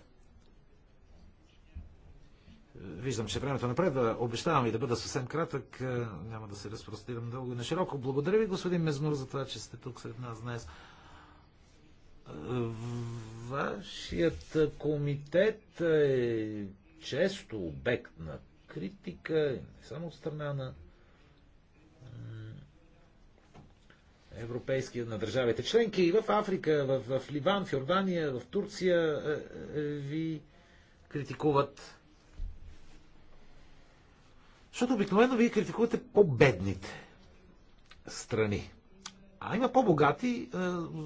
Виждам, че времето напредва. Обещавам ви да бъда съвсем кратък. Е, няма да се разпростирам дълго и на широко. Благодаря ви, господин Мезмур, за това, че сте тук сред нас днес е, Вашият комитет е често обект на критика, не само от страна на Европейския, на държавите членки и в Африка, в, в Ливан, в Йордания, в Турция е, е, ви критикуват. Защото обикновено вие критикувате по-бедните страни. А има по-богати, е,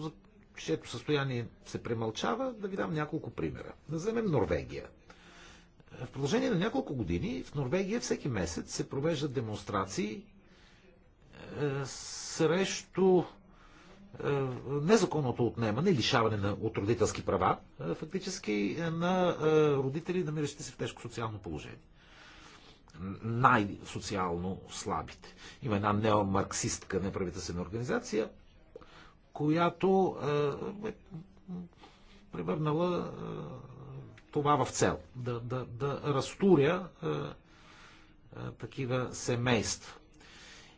за чието състояние се премълчава, да ви дам няколко примера. Да вземем Норвегия. В продължение на няколко години в Норвегия всеки месец се провеждат демонстрации е, срещу е, незаконното отнемане лишаване на, от родителски права, е, фактически е, на е, родители, намиращи се в тежко социално положение. Най-социално слабите. Има една неомарксистка неправителствена организация, която е, е превърнала е, това в цел. Да, да, да разтуря е, е, такива семейства.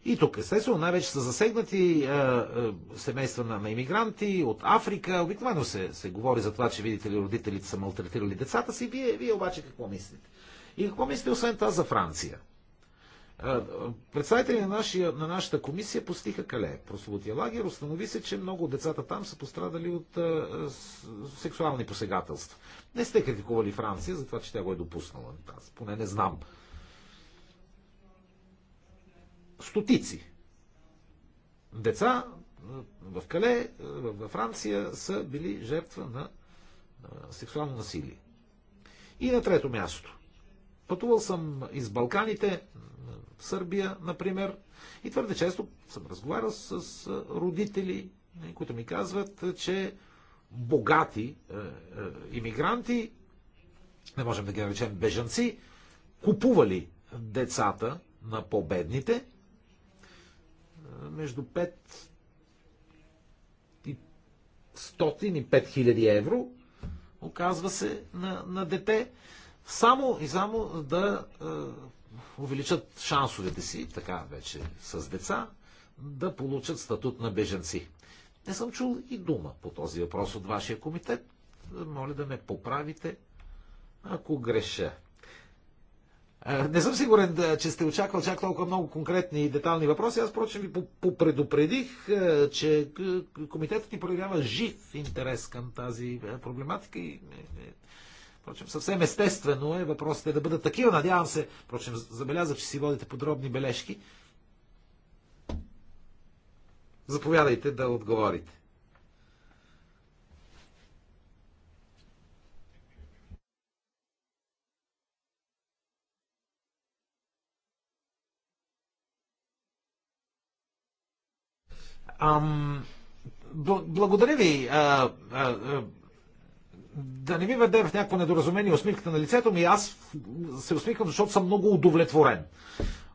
И тук, естествено, най-вече са засегнати е, е, семейства на, на иммигранти от Африка. Обикновено се, се говори за това, че видите ли, родителите са малтретирали децата си. Вие, вие обаче какво мислите? И какво мислите, освен това, за Франция? Представители на, нашия, на нашата комисия постиха кале. Прословутия лагер установи се, че много от децата там са пострадали от а, с, сексуални посегателства. Не сте критикували Франция за това, че тя го е допуснала. Аз поне не знам. Стотици деца в Кале, във Франция, са били жертва на сексуално насилие. И на трето място. Пътувал съм из Балканите, в Сърбия, например, и твърде често съм разговарял с родители, нали, които ми казват, че богати е, е, иммигранти, не можем да ги наречем бежанци, купували децата на победните е, между 5 и 100 и евро, оказва се на, на дете само и само да е, увеличат шансовете си, така вече с деца, да получат статут на беженци. Не съм чул и дума по този въпрос от вашия комитет. Моля да ме поправите, ако греша. Е, не съм сигурен, че сте очаквал чак толкова много конкретни и детални въпроси. Аз, впрочем, ви попредупредих, е, че е, комитетът ни проявява жив интерес към тази проблематика и Впрочем, съвсем естествено е въпросите да бъдат такива. Надявам се, впрочем, забеляза, че си водите подробни бележки. Заповядайте да отговорите. Ам, благодаря ви. А, а, а, да не ми веде в някакво недоразумение усмивката на лицето ми, аз се усмихвам, защото съм много удовлетворен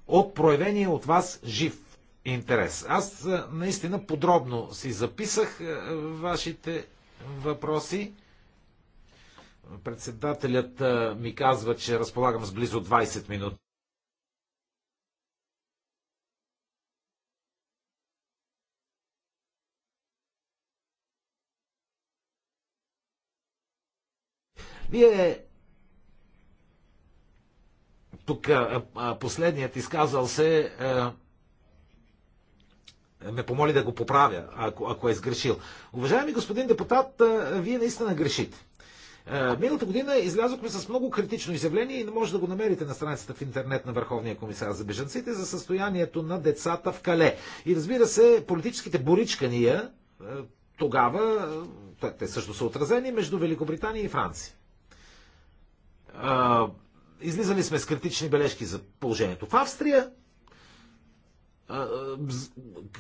от проявение от вас жив интерес. Аз наистина подробно си записах вашите въпроси. Председателят ми казва, че разполагам с близо 20 минути. Вие тук последният изказал се ме помоли да го поправя, ако, ако е сгрешил. Уважаеми господин депутат, вие наистина грешите. Миналата година излязохме с много критично изявление и не може да го намерите на страницата в интернет на Върховния комисар за бежанците за състоянието на децата в Кале. И разбира се, политическите боричкания тогава, те също са отразени между Великобритания и Франция излизали сме с критични бележки за положението в Австрия.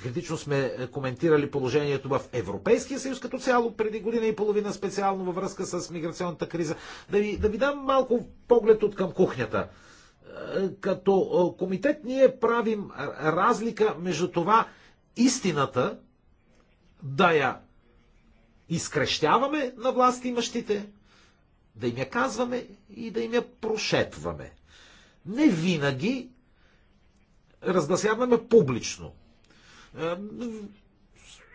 Критично сме коментирали положението в Европейския съюз като цяло преди година и половина, специално във връзка с миграционната криза. Да ви, да ви дам малко поглед от към кухнята. Като комитет ние правим разлика между това истината да я изкрещяваме на власт имащите, да им я казваме и да им я прошепваме. Не винаги разгласяваме публично. Е,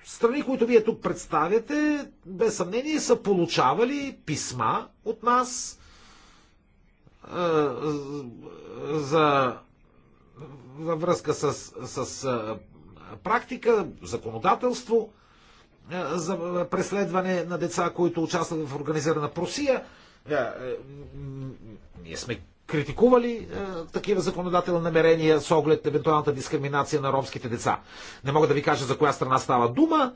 страни, които вие тук представяте, без съмнение са получавали писма от нас е, за във връзка с, с е, практика, законодателство за преследване на деца, които участват в организирана просия. Е, ние сме критикували е, такива законодателни намерения с оглед евентуалната дискриминация на ромските деца. Не мога да ви кажа за коя страна става дума,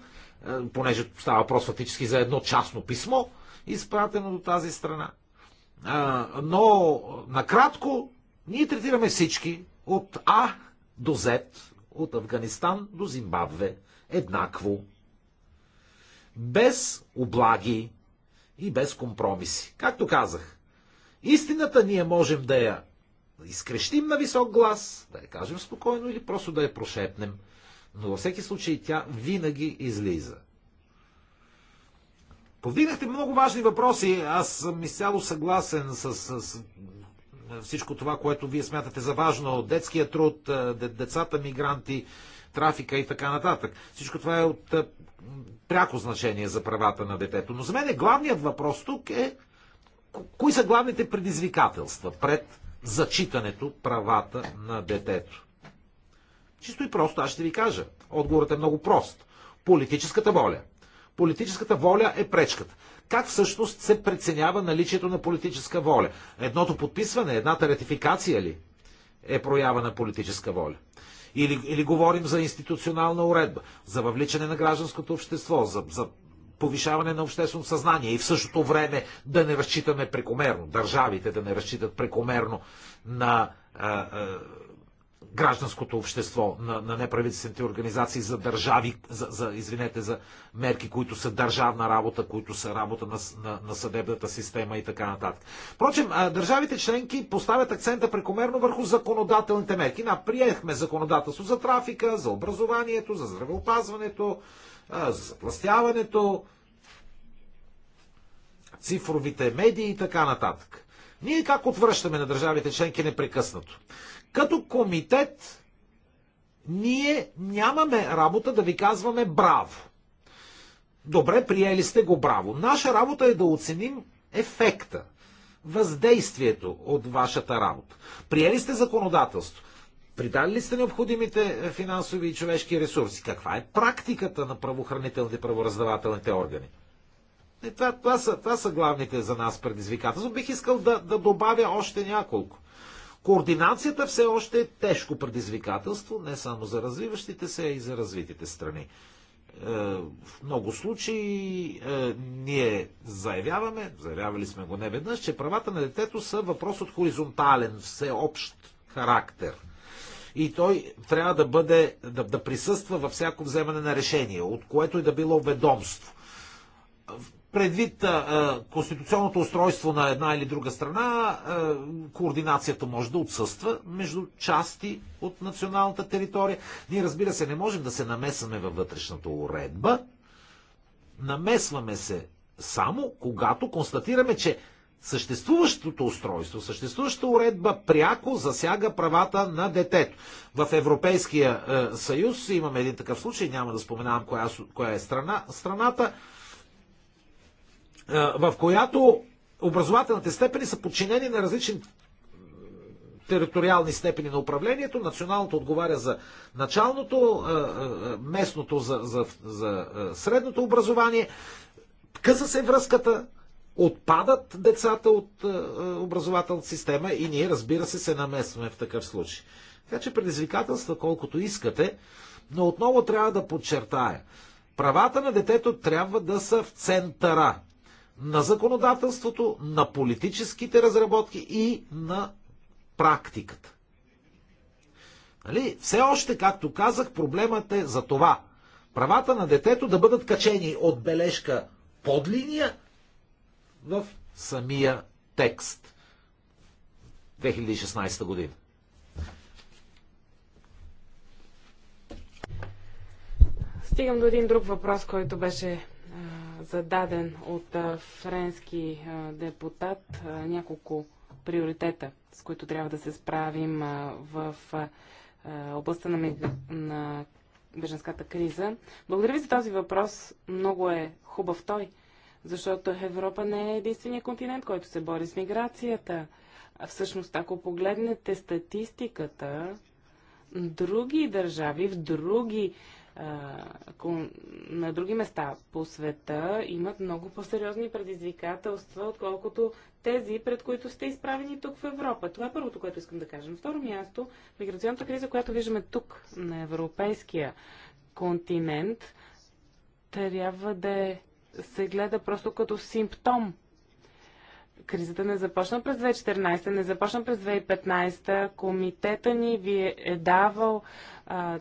е, понеже става въпрос фактически за едно частно писмо, изпратено до тази страна. Е, но, накратко, ние третираме всички от А до Z, от Афганистан до Зимбабве, еднакво. Без облаги, и без компромиси. Както казах, истината ние можем да я изкрещим на висок глас, да я кажем спокойно или просто да я прошепнем. Но във всеки случай тя винаги излиза. Повдигнахте много важни въпроси. Аз съм изцяло съгласен с, с, с всичко това, което вие смятате за важно. Детския труд, децата мигранти, трафика и така нататък. Всичко това е от е, пряко значение за правата на детето. Но за мен е главният въпрос тук е кои са главните предизвикателства пред зачитането правата на детето. Чисто и просто, аз ще ви кажа. Отговорът е много прост. Политическата воля. Политическата воля е пречката. Как всъщност се преценява наличието на политическа воля? Едното подписване, едната ратификация ли е проява на политическа воля? Или, или говорим за институционална уредба, за въвличане на гражданското общество, за, за повишаване на обществено съзнание и в същото време да не разчитаме прекомерно, държавите да не разчитат прекомерно на а, а, гражданското общество, на, на неправителствените организации за държави, за, за, извинете, за мерки, които са държавна работа, които са работа на, на, на съдебната система и така нататък. Впрочем, държавите членки поставят акцента прекомерно върху законодателните мерки. Наприехме законодателство за трафика, за образованието, за здравеопазването, за запластяването, цифровите медии и така нататък. Ние как отвръщаме на държавите членки непрекъснато? Като комитет ние нямаме работа да ви казваме браво. Добре, приели сте го браво. Наша работа е да оценим ефекта, въздействието от вашата работа. Приели сте законодателство. Придали ли сте необходимите финансови и човешки ресурси? Каква е практиката на правоохранителните и правораздавателните органи? Е, това, това, са, това са главните за нас предизвикателства. Бих искал да, да добавя още няколко. Координацията все още е тежко предизвикателство, не само за развиващите се, а и за развитите страни. Е, в много случаи е, ние заявяваме, заявявали сме го не веднъж, че правата на детето са въпрос от хоризонтален, всеобщ характер – и той трябва да бъде, да, да присъства във всяко вземане на решение, от което и да било ведомство предвид а, конституционното устройство на една или друга страна, а, координацията може да отсъства между части от националната територия. Ние, разбира се, не можем да се намесваме във вътрешната уредба. Намесваме се само когато констатираме, че съществуващото устройство, съществуващата уредба пряко засяга правата на детето. В Европейския е, съюз имаме един такъв случай, няма да споменавам коя, коя е страна, страната в която образователните степени са подчинени на различни териториални степени на управлението. Националното отговаря за началното, местното за, за, за средното образование. Къса се връзката, отпадат децата от образователната система и ние, разбира се, се намесваме в такъв случай. Така че предизвикателства колкото искате, но отново трябва да подчертая. Правата на детето трябва да са в центъра на законодателството, на политическите разработки и на практиката. Нали? Все още, както казах, проблемът е за това. Правата на детето да бъдат качени от бележка под линия в самия текст. 2016 година. Стигам до един друг въпрос, който беше зададен от френски депутат няколко приоритета, с които трябва да се справим в областта на, на беженската криза. Благодаря ви за този въпрос. Много е хубав той, защото Европа не е единствения континент, който се бори с миграцията. А всъщност, ако погледнете статистиката, други държави в други на други места по света имат много по-сериозни предизвикателства, отколкото тези, пред които сте изправени тук в Европа. Това е първото, което искам да кажа. На второ място, миграционната криза, която виждаме тук на европейския континент, трябва да е- се гледа просто като симптом. Кризата не започна през 2014, не започна през 2015. Комитета ни ви е давал а,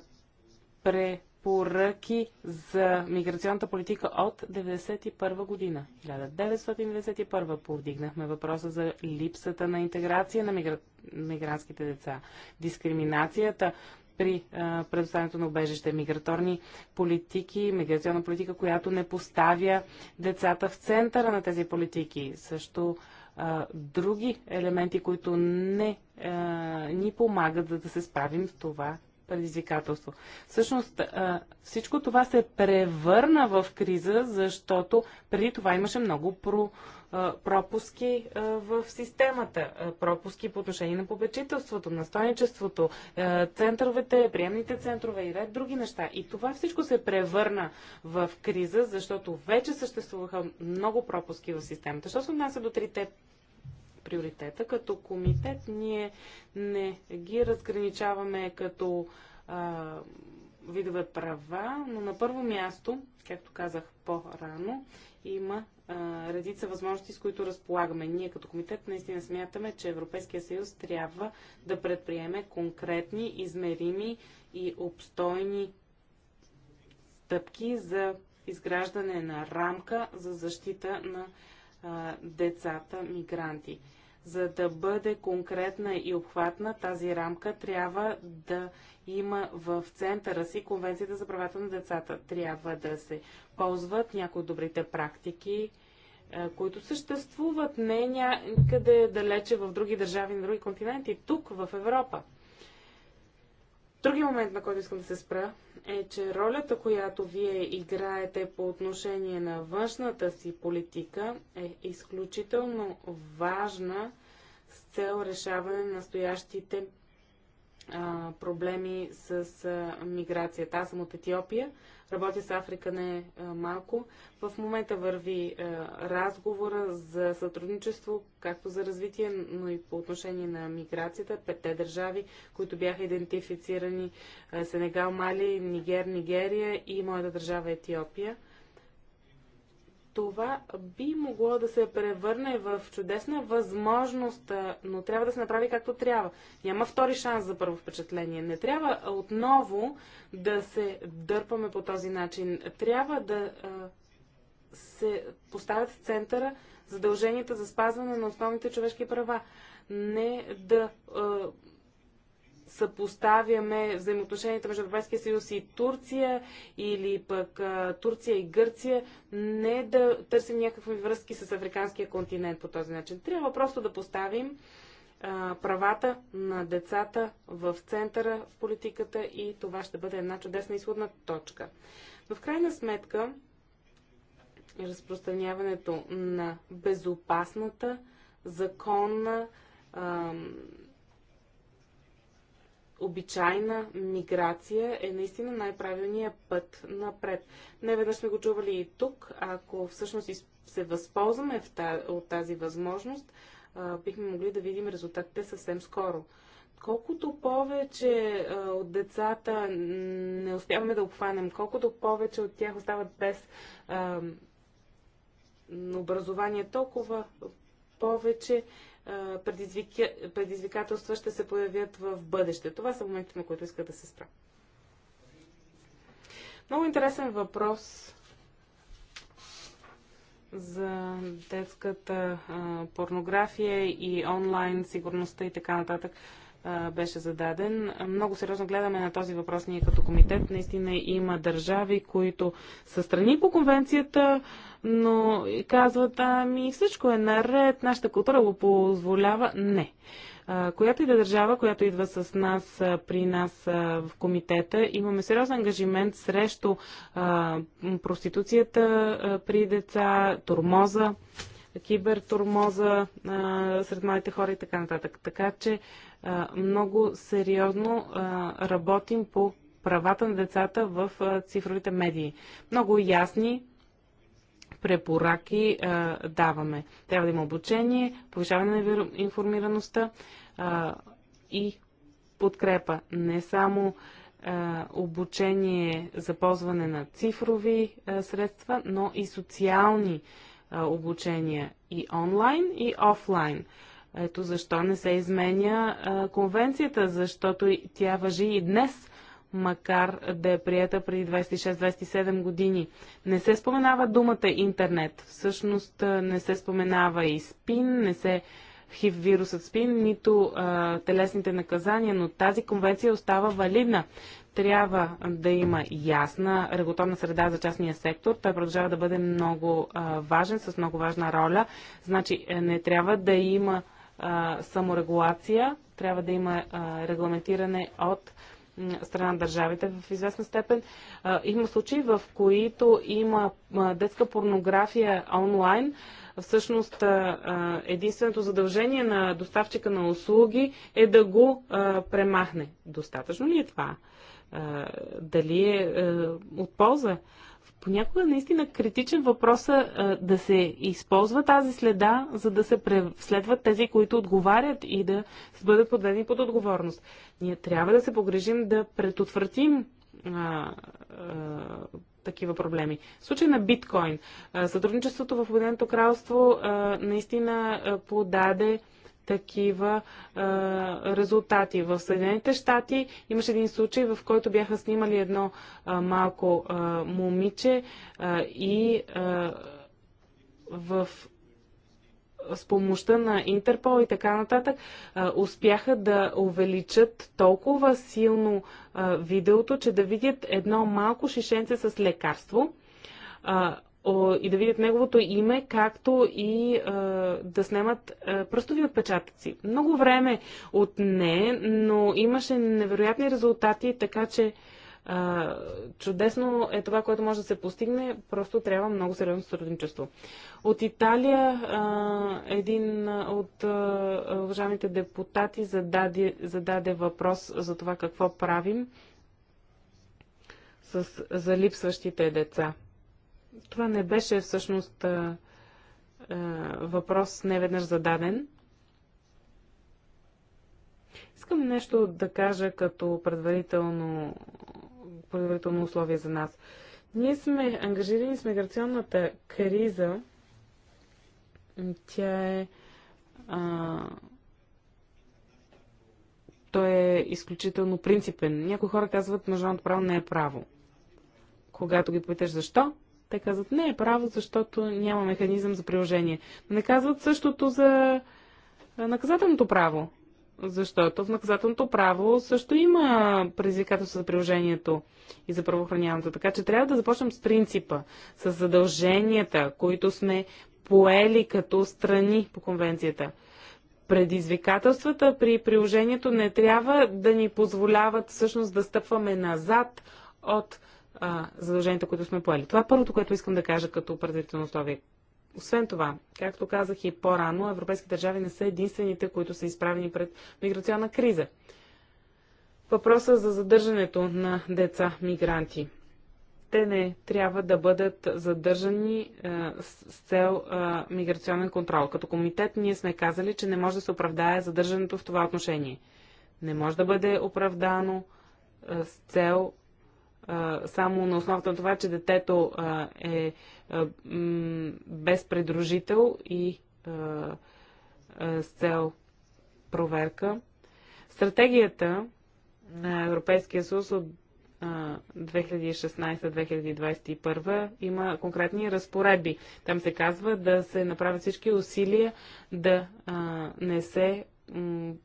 пре поръки за миграционната политика от 1991 година. 1991 повдигнахме въпроса за липсата на интеграция на мигра... мигрантските деца, дискриминацията при а, предоставянето на убежище, миграторни политики, миграционна политика, която не поставя децата в центъра на тези политики. Също а, други елементи, които не а, ни помагат за да се справим с това предизвикателство. Всъщност всичко това се превърна в криза, защото преди това имаше много про, пропуски в системата, пропуски по отношение на попечителството, настойничеството, центровете, приемните центрове и ред други неща. И това всичко се превърна в криза, защото вече съществуваха много пропуски в системата. Що се отнася до трите приоритета. Като комитет ние не ги разграничаваме като а, видове права, но на първо място, както казах по-рано, има а, редица възможности, с които разполагаме. Ние като комитет наистина смятаме, че Европейския съюз трябва да предприеме конкретни, измерими и обстойни стъпки за изграждане на рамка за защита на а, децата мигранти. За да бъде конкретна и обхватна тази рамка, трябва да има в центъра си Конвенцията за правата на децата. Трябва да се ползват някои добрите практики, е, които съществуват не някъде далече в други държави, на други континенти, тук в Европа. Други момент, на който искам да се спра, е, че ролята, която вие играете по отношение на външната си политика е изключително важна с цел решаване на настоящите а, проблеми с а, миграцията. Аз съм от Етиопия, работя с Африка не а, малко. В момента върви а, разговора за сътрудничество, както за развитие, но и по отношение на миграцията. Петте държави, които бяха идентифицирани а, Сенегал, Мали, Нигер, Нигерия и моята държава Етиопия – това би могло да се превърне в чудесна възможност, но трябва да се направи както трябва. Няма втори шанс за първо впечатление. Не трябва отново да се дърпаме по този начин. Трябва да се поставят в центъра задълженията за спазване на основните човешки права. Не да съпоставяме взаимоотношенията между Европейския съюз и Турция или пък а, Турция и Гърция, не да търсим някакви връзки с африканския континент по този начин. Трябва просто да поставим а, правата на децата в центъра в политиката и това ще бъде една чудесна изходна точка. Но в крайна сметка разпространяването на безопасната, законна, а, обичайна миграция е наистина най-правилният път напред. Не веднъж сме го чували и тук. Ако всъщност се възползваме от тази възможност, бихме могли да видим резултатите съвсем скоро. Колкото повече от децата не успяваме да обхванем, колкото повече от тях остават без образование, толкова повече предизвикателства ще се появят в бъдеще. Това са моментите, на които иска да се спра. Много интересен въпрос за детската а, порнография и онлайн сигурността и така нататък беше зададен. Много сериозно гледаме на този въпрос ние като комитет. Наистина има държави, които са страни по конвенцията, но казват, ами всичко е наред, нашата култура го позволява. Не. Която и да държава, която идва с нас, при нас в комитета, имаме сериозен ангажимент срещу проституцията при деца, турмоза, кибертурмоза сред малите хора и така нататък. Така че много сериозно работим по правата на децата в цифровите медии. Много ясни препораки даваме. Трябва да има обучение, повишаване на информираността и подкрепа. Не само обучение за ползване на цифрови средства, но и социални обучения и онлайн, и офлайн. Ето защо не се изменя а, конвенцията, защото тя въжи и днес, макар да е прията преди 26-27 години. Не се споменава думата интернет. Всъщност не се споменава и спин, не се хив вирусът спин, нито а, телесните наказания, но тази конвенция остава валидна. Трябва да има ясна регулаторна среда за частния сектор. Той продължава да бъде много а, важен, с много важна роля. Значи е, не трябва да има саморегулация, трябва да има регламентиране от страна на държавите в известна степен. има случаи, в които има детска порнография онлайн. Всъщност единственото задължение на доставчика на услуги е да го премахне. Достатъчно ли е това? Дали е, е от полза? Понякога наистина критичен въпрос е, е да се използва тази следа, за да се преследват тези, които отговарят и да бъдат подведени под отговорност. Ние трябва да се погрежим да предотвратим а, а, такива проблеми. В случай на биткоин, а, сътрудничеството в Обединеното кралство а, наистина а, подаде а, такива а, резултати. В Съединените щати имаше един случай, в който бяха снимали едно а, малко а, момиче а, и а, в с помощта на Интерпол и така нататък, а, успяха да увеличат толкова силно а, видеото, че да видят едно малко шишенце с лекарство. А, и да видят неговото име, както и а, да снемат а, пръстови отпечатъци. Много време от не, но имаше невероятни резултати, така че а, чудесно е това, което може да се постигне, просто трябва много сериозно сътрудничество. От Италия а, един от а, уважаемите депутати зададе, зададе въпрос за това какво правим с залипсващите деца. Това не беше всъщност а, а, въпрос неведнъж зададен. Искам нещо да кажа като предварително, предварително условие за нас. Ние сме ангажирани с миграционната криза. Тя е. А, той е изключително принципен. Някои хора казват, международното право не е право. Когато ги питаш защо, те казват, не е право, защото няма механизъм за приложение. Но не казват същото за наказателното право. Защото в наказателното право също има предизвикателство за приложението и за правоохраняването. Така че трябва да започнем с принципа, с задълженията, които сме поели като страни по конвенцията. Предизвикателствата при приложението не трябва да ни позволяват всъщност да стъпваме назад от а, задълженията, които сме поели. Това е първото, което искам да кажа като предварително условие. Освен това, както казах и по-рано, европейски държави не са единствените, които са изправени пред миграционна криза. Въпроса за задържането на деца мигранти. Те не трябва да бъдат задържани а, с, с цел а, миграционен контрол. Като комитет ние сме казали, че не може да се оправдае задържането в това отношение. Не може да бъде оправдано а, с цел само на основата на това, че детето е без предружител и с цел проверка. Стратегията на Европейския съюз от 2016-2021 има конкретни разпоредби. Там се казва да се направят всички усилия да не се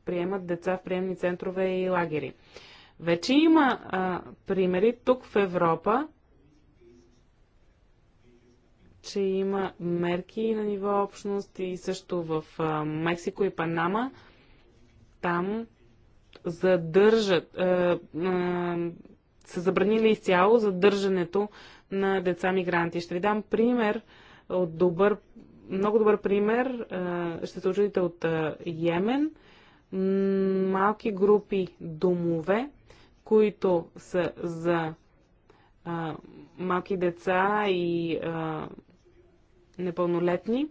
приемат деца в приемни центрове и лагери. Вече има а, примери тук в Европа, че има мерки на ниво общност и също в а, Мексико и Панама. Там задържат, а, а, са забранили изцяло задържането на деца мигранти. Ще ви дам пример от добър, много добър пример. Ще се очудите от Йемен. Малки групи домове които са за а, малки деца и а, непълнолетни.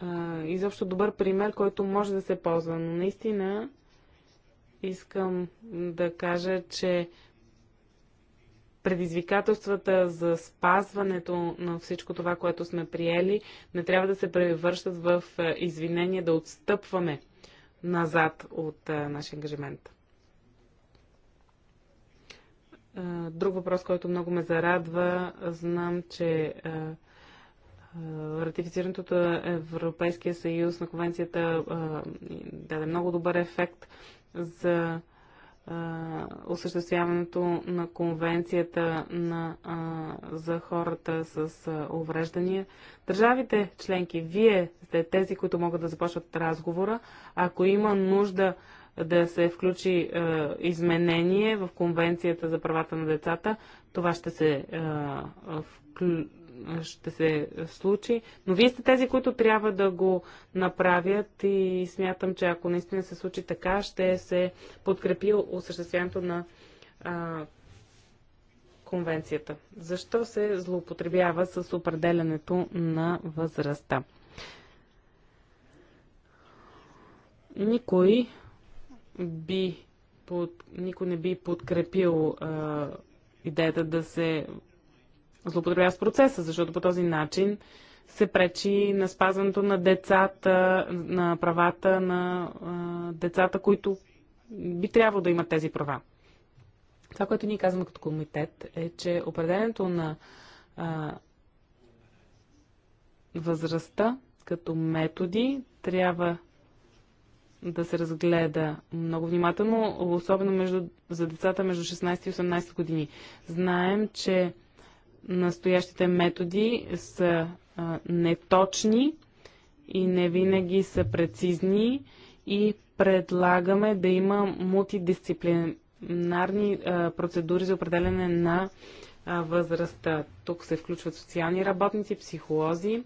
А, изобщо добър пример, който може да се ползва. Но наистина искам да кажа, че предизвикателствата за спазването на всичко това, което сме приели, не трябва да се превръщат в извинение да отстъпваме назад от а, нашия ангажимент друг въпрос, който много ме зарадва, знам, че ратифицирането на Европейския съюз на конвенцията даде много добър ефект за осъществяването на конвенцията на, за хората с увреждания. Държавите членки, вие сте тези, които могат да започват разговора. Ако има нужда да се включи е, изменение в Конвенцията за правата на децата. Това ще се, е, вклю... ще се случи. Но вие сте тези, които трябва да го направят и смятам, че ако наистина се случи така, ще се подкрепи осъществяването на е, Конвенцията. Защо се злоупотребява с определенето на възрастта? Никой би под, никой не би подкрепил а, идеята да се злоупотребява с процеса, защото по този начин се пречи на спазването на децата, на правата на а, децата, които би трябвало да имат тези права. Това, което ние казваме като комитет е, че определенето на а, възрастта като методи трябва да се разгледа много внимателно, особено между, за децата между 16 и 18 години. Знаем, че настоящите методи са а, неточни и не винаги са прецизни и предлагаме да има мултидисциплинарни а, процедури за определене на а, възрастта. Тук се включват социални работници, психолози,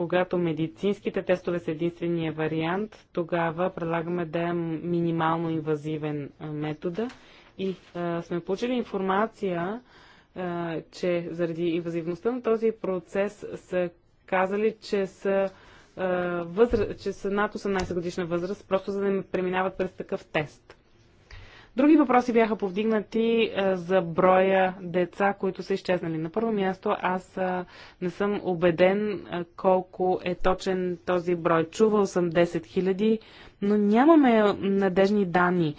когато медицинските тестове са единствения вариант, тогава предлагаме да е минимално инвазивен метода. И а, сме получили информация, а, че заради инвазивността на този процес са казали, че са, а, възра... че са над 18 годишна възраст, просто за да не преминават през такъв тест. Други въпроси бяха повдигнати е, за броя деца, които са изчезнали. На първо място аз е, не съм убеден е, колко е точен този брой. Чувал съм 10 000, но нямаме надежни данни.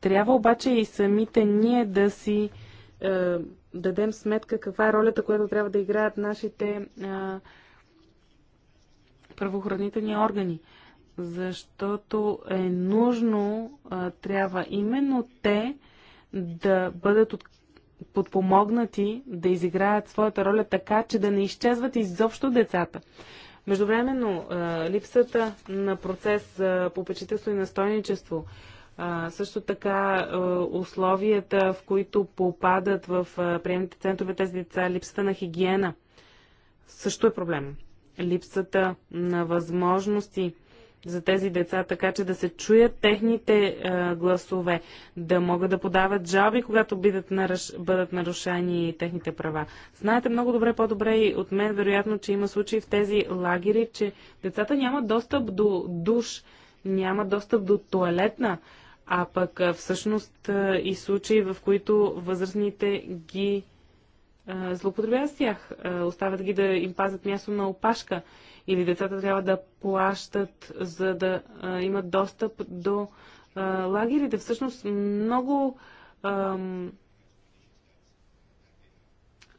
Трябва обаче и самите ние да си е, дадем сметка каква е ролята, която трябва да играят нашите е, правоохранителни органи. Е, защото е нужно, а, трябва именно те да бъдат от, подпомогнати да изиграят своята роля така, че да не изчезват изобщо децата. Междувременно, а, липсата на процес за попечителство и настойничество, а, също така а, условията, в които попадат в а, приемните центрове тези деца, липсата на хигиена, също е проблем. Липсата на възможности за тези деца, така че да се чуят техните а, гласове, да могат да подават жалби, когато бидат наръш... бъдат нарушени техните права. Знаете много добре, по-добре и от мен, вероятно, че има случаи в тези лагери, че децата нямат достъп до душ, нямат достъп до туалетна, а пък а, всъщност а, и случаи, в които възрастните ги злоупотребяват с тях, Остават ги да им пазят място на опашка или децата трябва да плащат, за да а, имат достъп до а, лагерите. Всъщност много ам,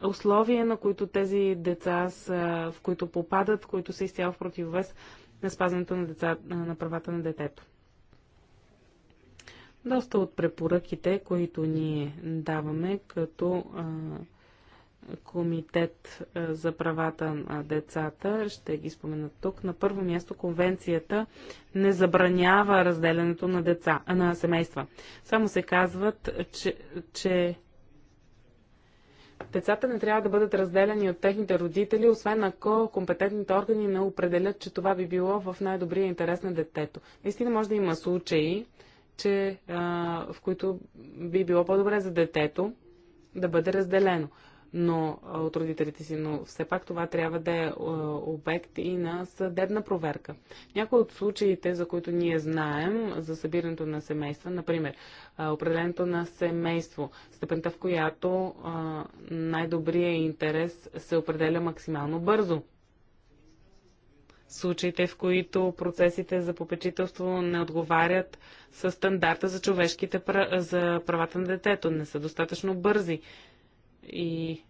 условия, на които тези деца са, в които попадат, които са изцяло в противовес на спазването на, деца, на правата на детето. Доста от препоръките, които ние даваме като а, комитет е, за правата на децата. Ще ги спомена тук. На първо място конвенцията не забранява разделянето на, деца, на семейства. Само се казват, че, че децата не трябва да бъдат разделени от техните родители, освен ако компетентните органи не определят, че това би било в най-добрия интерес на детето. Наистина може да има случаи, че, а, в които би било по-добре за детето да бъде разделено но от родителите си, но все пак това трябва да е обект и на съдебна проверка. Някои от случаите, за които ние знаем за събирането на семейства, например, определенето на семейство, степента в която най-добрият интерес се определя максимално бързо. Случаите, в които процесите за попечителство не отговарят с стандарта за човешките за правата на детето, не са достатъчно бързи и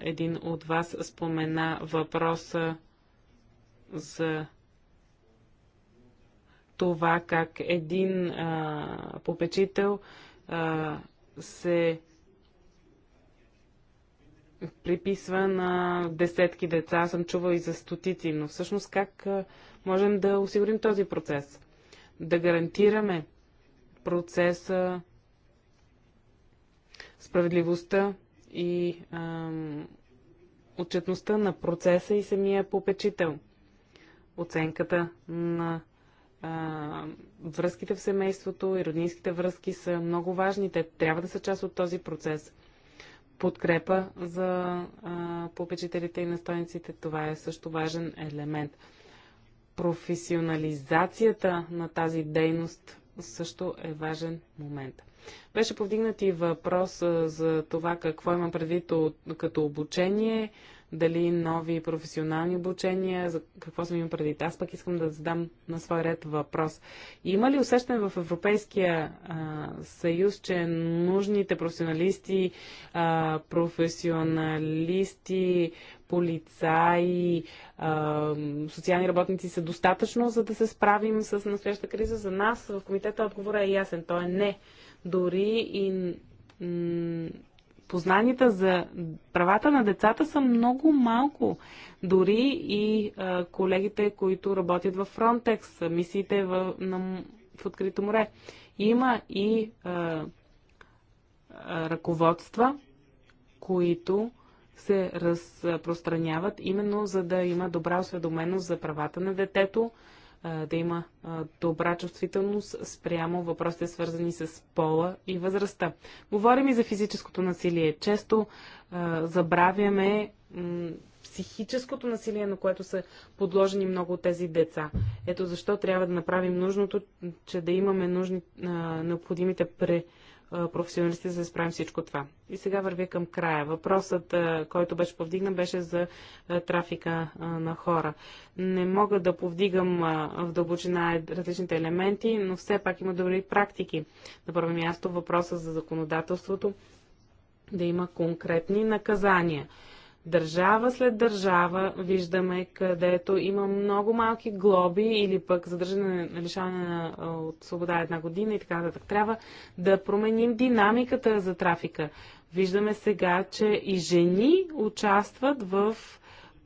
един от вас спомена въпроса за това как един а, попечител а, се приписва на десетки деца. Аз съм чувал и за стотици, но всъщност как а, можем да осигурим този процес? Да гарантираме процеса, справедливостта и ам, отчетността на процеса и самия попечител. Оценката на а, връзките в семейството и роднинските връзки са много важни. Те трябва да са част от този процес. Подкрепа за а, попечителите и настойниците, това е също важен елемент. Професионализацията на тази дейност също е важен момент. Беше повдигнат и въпрос за това какво има предвид като обучение, дали нови професионални обучения, за какво съм имал предвид. Аз пък искам да задам на свой ред въпрос. Има ли усещане в Европейския а, съюз, че нужните професионалисти, а, професионалисти, полицаи, а, социални работници са достатъчно, за да се справим с настоящата криза? За нас в комитета отговора е ясен. Той е не. Дори и познанията за правата на децата са много малко. Дори и а, колегите, които работят в Frontex, мисиите в, на, в открито море. Има и а, а, ръководства, които се разпространяват именно за да има добра осведоменост за правата на детето, да има добра чувствителност спрямо въпросите свързани с пола и възрастта. Говорим и за физическото насилие. Често забравяме психическото насилие, на което са подложени много от тези деца. Ето защо трябва да направим нужното, че да имаме нужни, необходимите пре, професионалисти, за да справим всичко това. И сега вървя към края. Въпросът, който беше повдигнан, беше за трафика на хора. Не мога да повдигам в дълбочина различните елементи, но все пак има добри практики. На първо място въпроса за законодателството да има конкретни наказания. Държава след държава виждаме, където има много малки глоби или пък задържане на лишаване от свобода една година и така нататък. Трябва да променим динамиката за трафика. Виждаме сега, че и жени участват в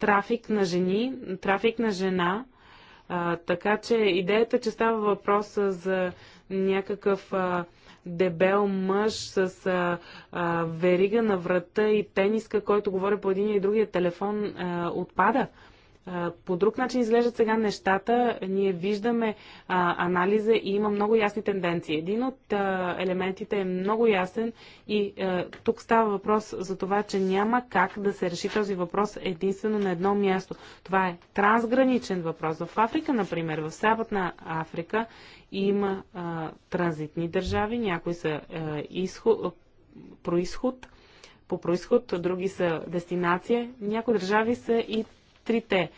трафик на жени, трафик на жена. А, така че идеята, че става въпрос за някакъв а, дебел мъж с а, а, верига на врата и тениска, който говори по един и другия телефон, а, отпада по друг начин изглеждат сега нещата. Ние виждаме а, анализа и има много ясни тенденции. Един от а, елементите е много ясен и а, тук става въпрос за това, че няма как да се реши този въпрос единствено на едно място. Това е трансграничен въпрос. В Африка, например, в Сабътна Африка има а, транзитни държави, някои са а, изход, происход, по происход, други са дестинация. Някои държави са и трите.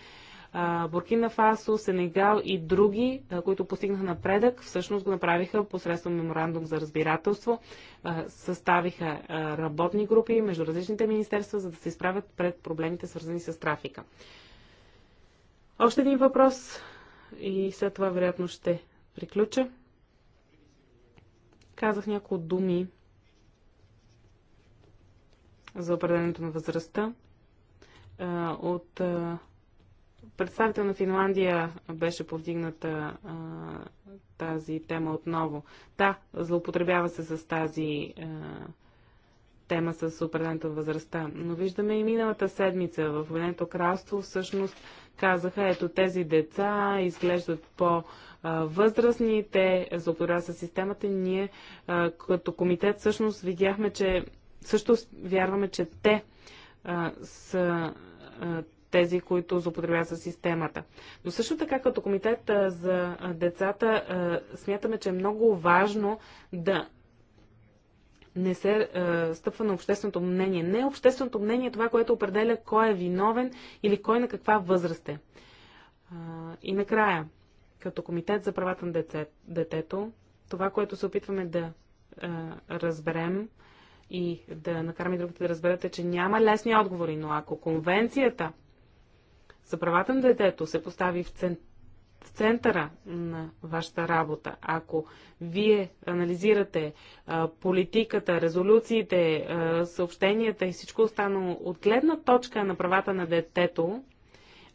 Буркина Фасо, Сенегал и други, които постигнаха напредък, всъщност го направиха посредством меморандум за разбирателство, съставиха работни групи между различните министерства, за да се изправят пред проблемите, свързани с трафика. Още един въпрос и след това вероятно ще приключа. Казах няколко думи за определенето на възрастта от представител на Финландия беше повдигната тази тема отново. Да, злоупотребява се с тази тема с определената възрастта. Но виждаме и миналата седмица в Обединеното кралство всъщност казаха, ето тези деца изглеждат по-възрастни, те злоупотребяват с системата. Ние като комитет всъщност видяхме, че също вярваме, че те с а, тези, които злоупотребяват с системата. Но също така, като комитет а, за децата, смятаме, че е много важно да не се а, стъпва на общественото мнение. Не общественото мнение е това, което определя кой е виновен или кой на каква възраст е. и накрая, като Комитет за правата на дете, детето, това, което се опитваме да а, разберем, и да накараме другите да разберете, че няма лесни отговори, но ако конвенцията за правата на детето се постави в, в центъра на вашата работа, ако вие анализирате а, политиката, резолюциите, а, съобщенията и всичко останало от гледна точка на правата на детето,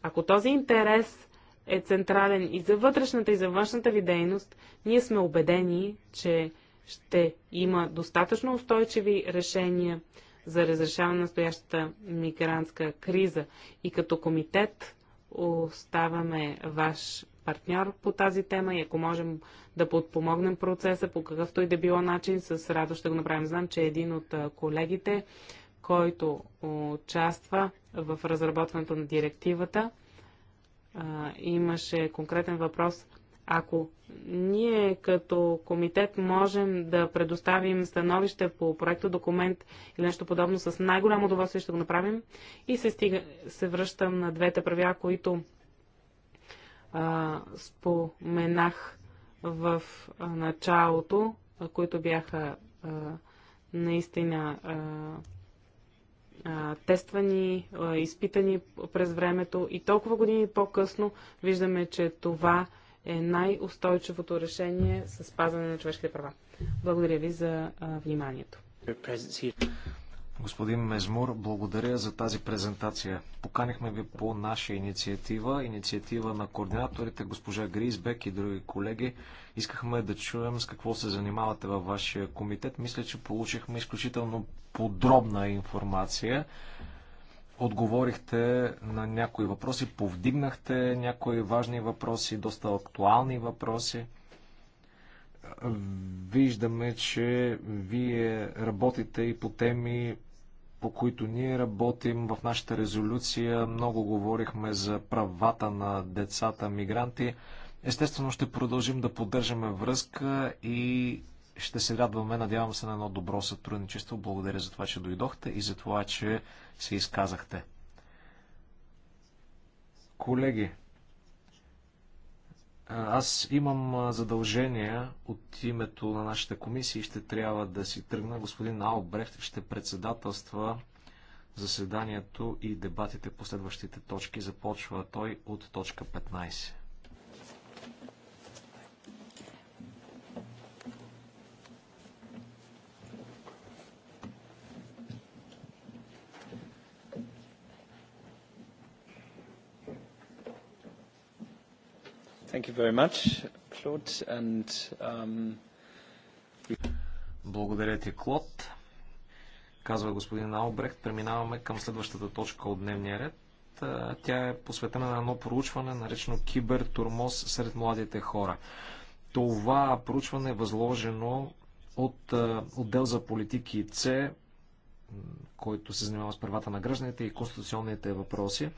ако този интерес е централен и за вътрешната, и за външната ви дейност, ние сме убедени, че ще има достатъчно устойчиви решения за разрешаване на настоящата мигрантска криза. И като комитет оставаме ваш партньор по тази тема и ако можем да подпомогнем процеса по какъвто и да било начин, с радост ще го направим. Знам, че един от колегите, който участва в разработването на директивата, имаше конкретен въпрос – ако ние като комитет можем да предоставим становище по проекта документ или нещо подобно, с най-голямо удоволствие ще го направим. И се, стига, се връщам на двете правила, които а, споменах в началото, които бяха а, наистина а, а, тествани, а, изпитани през времето и толкова години по-късно виждаме, че това е най-устойчивото решение с спазване на човешките права. Благодаря ви за вниманието. Господин Мезмур, благодаря за тази презентация. Поканихме ви по наша инициатива, инициатива на координаторите, госпожа Гризбек и други колеги. Искахме да чуем с какво се занимавате във вашия комитет. Мисля, че получихме изключително подробна информация отговорихте на някои въпроси, повдигнахте някои важни въпроси, доста актуални въпроси. Виждаме, че вие работите и по теми, по които ние работим. В нашата резолюция много говорихме за правата на децата мигранти. Естествено ще продължим да поддържаме връзка и ще се радваме, надявам се, на едно добро сътрудничество. Благодаря за това, че дойдохте и за това, че се изказахте. Колеги, аз имам задължения от името на нашата комисия и ще трябва да си тръгна. Господин Албрехт ще председателства заседанието и дебатите по следващите точки. Започва той от точка 15. Um, Благодаря ти, Клод. Казва господин Албрехт. Преминаваме към следващата точка от дневния ред. Тя е посветена на едно проучване, наречено кибертурмоз сред младите хора. Това проучване е възложено от отдел за политики С, който се занимава с правата на гражданите и конституционните въпроси.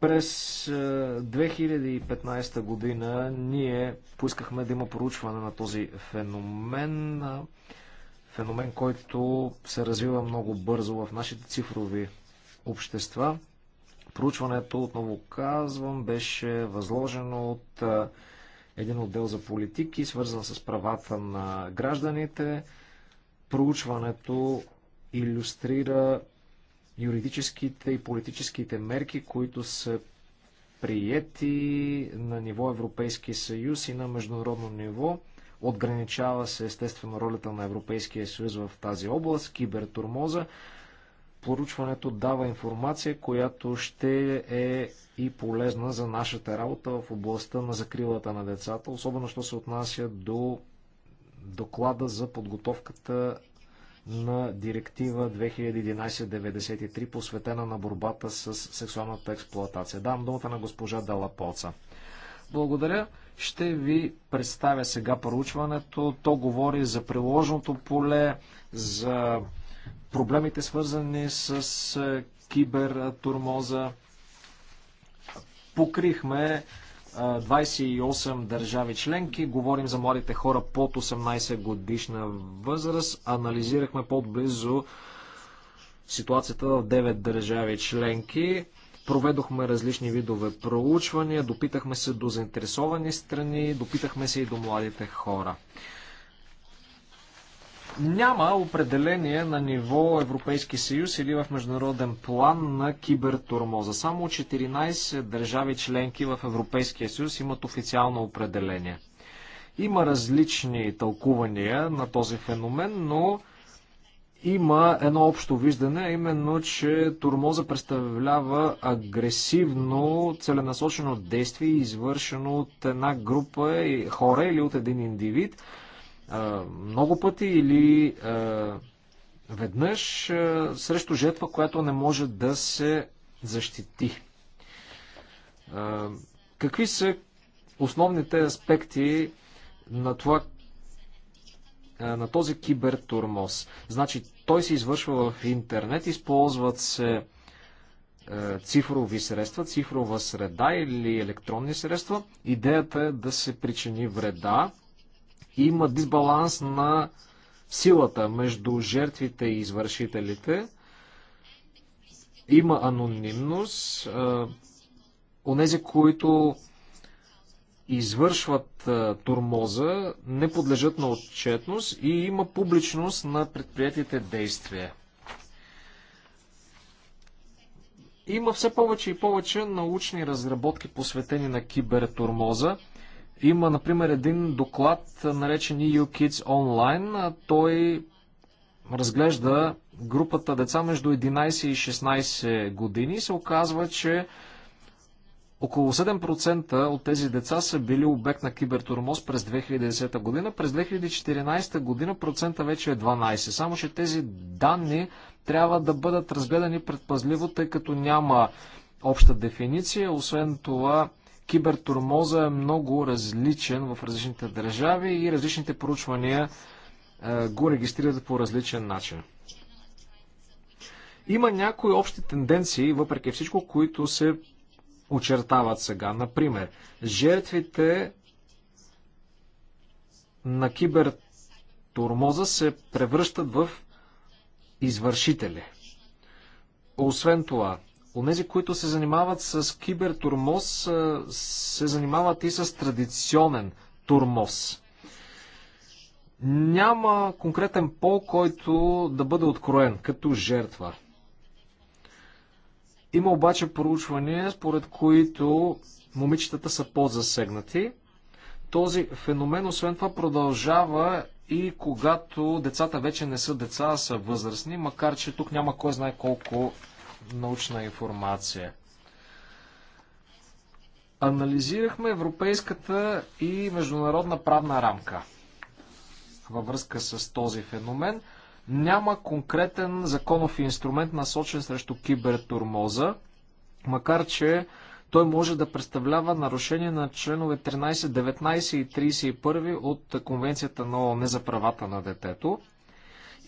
През 2015 е, година ние поискахме да има проучване на този феномен, е, феномен, който се развива много бързо в нашите цифрови общества. Проучването, отново казвам, беше възложено от е, един отдел за политики, свързан с правата на гражданите. Проучването иллюстрира юридическите и политическите мерки, които са приети на ниво Европейския съюз и на международно ниво. Отграничава се естествено ролята на Европейския съюз в тази област, кибертурмоза. Поручването дава информация, която ще е и полезна за нашата работа в областта на закрилата на децата, особено що се отнася до доклада за подготовката на директива 2011-93, посветена на борбата с сексуалната експлоатация. Дам думата на госпожа Далапоца. Благодаря. Ще ви представя сега проучването. То говори за приложното поле, за проблемите свързани с е, кибертурмоза. Покрихме 28 държави членки. Говорим за младите хора под 18 годишна възраст. Анализирахме по-близо ситуацията в 9 държави членки. Проведохме различни видове проучвания, допитахме се до заинтересовани страни, допитахме се и до младите хора. Няма определение на ниво Европейски съюз или в международен план на кибертурмоза. Само 14 държави членки в Европейския съюз имат официално определение. Има различни тълкувания на този феномен, но има едно общо виждане, именно, че турмоза представлява агресивно, целенасочено действие, извършено от една група хора или от един индивид, много пъти или веднъж срещу жертва, която не може да се защити. Какви са основните аспекти на това, на този кибертурмоз? Значи, той се извършва в интернет, използват се цифрови средства, цифрова среда или електронни средства. Идеята е да се причини вреда има дисбаланс на силата между жертвите и извършителите. Има анонимност. Онези, които извършват турмоза, не подлежат на отчетност и има публичност на предприятите действия. Има все повече и повече научни разработки, посветени на кибертурмоза. Има, например, един доклад, наречен EU Kids Online. Той разглежда групата деца между 11 и 16 години и се оказва, че около 7% от тези деца са били обект на кибертурмоз през 2010 година. През 2014 година процента вече е 12. Само, че тези данни трябва да бъдат разгледани предпазливо, тъй като няма обща дефиниция. Освен това, кибертурмоза е много различен в различните държави и различните проучвания е, го регистрират по различен начин. Има някои общи тенденции, въпреки всичко, които се очертават сега. Например, жертвите на кибертурмоза се превръщат в извършители. Освен това, Онези, които се занимават с кибертурмоз, се занимават и с традиционен турмоз. Няма конкретен пол, който да бъде откроен като жертва. Има обаче проучвания, според които момичетата са по-засегнати. Този феномен, освен това, продължава и когато децата вече не са деца, а са възрастни, макар че тук няма кой знае колко научна информация. Анализирахме европейската и международна правна рамка във връзка с този феномен. Няма конкретен законов инструмент насочен срещу кибертурмоза, макар че той може да представлява нарушение на членове 13, 19 и 31 от Конвенцията на ООН за правата на детето.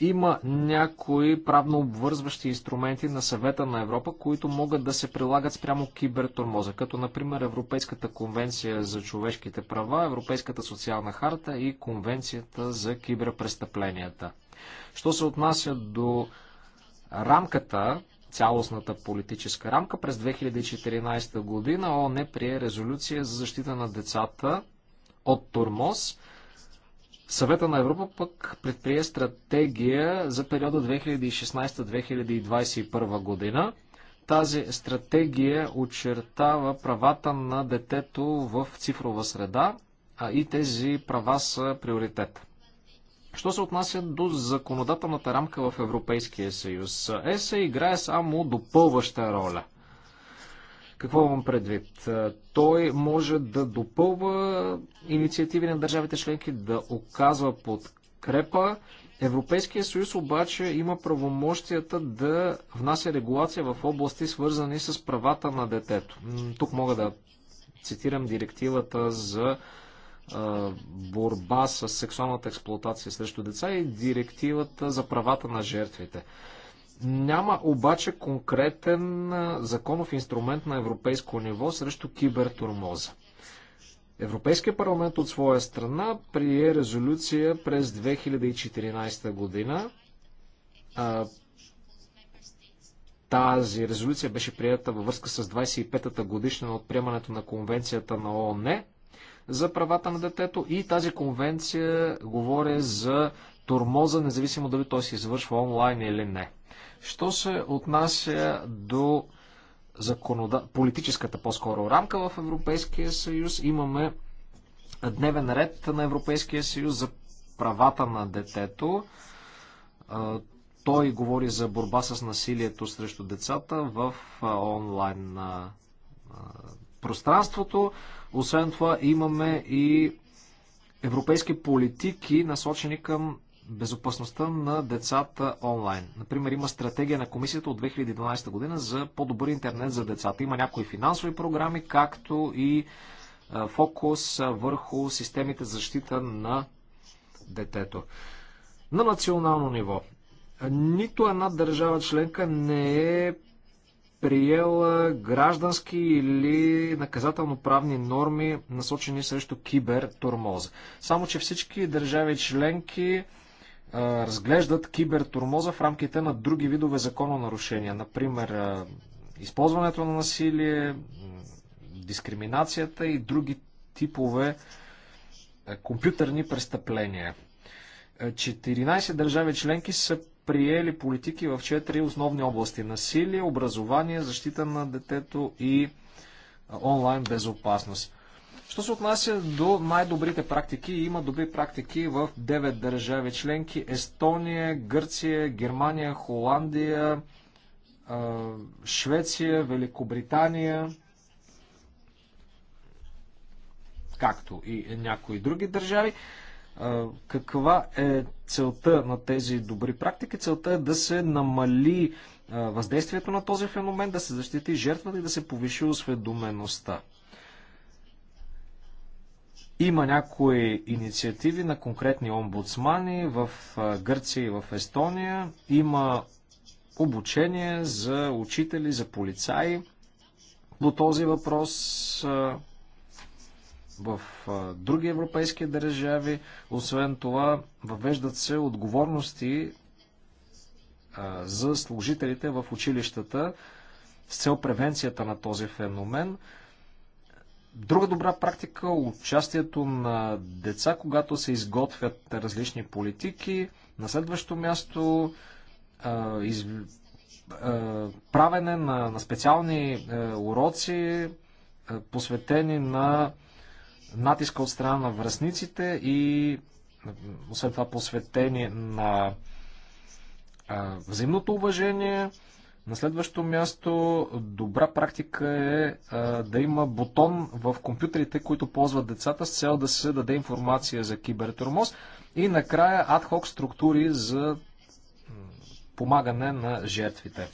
Има някои правно обвързващи инструменти на съвета на Европа, които могат да се прилагат спрямо кибертормоза, като например Европейската конвенция за човешките права, Европейската социална харта и Конвенцията за киберпрестъпленията. Що се отнася до рамката, цялостната политическа рамка, през 2014 година ООН прие резолюция за защита на децата от турмоз – Съвета на Европа пък предприе стратегия за периода 2016-2021 година. Тази стратегия очертава правата на детето в цифрова среда, а и тези права са приоритет. Що се отнася до законодателната рамка в Европейския съюз? ЕСА играе само допълваща роля. Какво имам предвид? Той може да допълва инициативи на държавите членки, да оказва подкрепа. Европейския съюз обаче има правомощията да внася регулация в области, свързани с правата на детето. Тук мога да цитирам директивата за борба с сексуалната експлуатация срещу деца и директивата за правата на жертвите. Няма обаче конкретен законов инструмент на европейско ниво срещу кибертурмоза. Европейския парламент от своя страна прие резолюция през 2014 година. Тази резолюция беше прията във връзка с 25-та годишна от приемането на конвенцията на ООН за правата на детето и тази конвенция говори за турмоза, независимо дали той се извършва онлайн или не. Що се отнася до законода... политическата по-скоро рамка в Европейския съюз, имаме дневен ред на Европейския съюз за правата на детето. Той говори за борба с насилието срещу децата в онлайн пространството. Освен това имаме и европейски политики, насочени към безопасността на децата онлайн. Например, има стратегия на комисията от 2012 година за по-добър интернет за децата. Има някои финансови програми, както и е, фокус върху системите за защита на детето. На национално ниво. Нито една държава членка не е приела граждански или наказателно-правни норми, насочени срещу кибертурмоза. Само, че всички държави членки разглеждат кибертурмоза в рамките на други видове закононарушения. Например, използването на насилие, дискриминацията и други типове компютърни престъпления. 14 държави членки са приели политики в 4 основни области насилие, образование, защита на детето и онлайн безопасност. Що се отнася до най-добрите практики, има добри практики в 9 държави членки. Естония, Гърция, Германия, Холандия, Швеция, Великобритания, както и някои други държави. Каква е целта на тези добри практики? Целта е да се намали въздействието на този феномен, да се защити жертвата и да се повиши осведомеността. Има някои инициативи на конкретни омбудсмани в Гърция и в Естония. Има обучение за учители, за полицаи по този въпрос в други европейски държави. Освен това, въвеждат се отговорности за служителите в училищата с цел превенцията на този феномен. Друга добра практика участието на деца, когато се изготвят различни политики. На следващо място из, правене на, на специални уроци, посветени на натиска от страна на връзниците и освен това посветени на взаимното уважение, на следващо място, добра практика е а, да има бутон в компютрите, които ползват децата с цел да се даде информация за кибертормоз и накрая адхок структури за помагане на жертвите.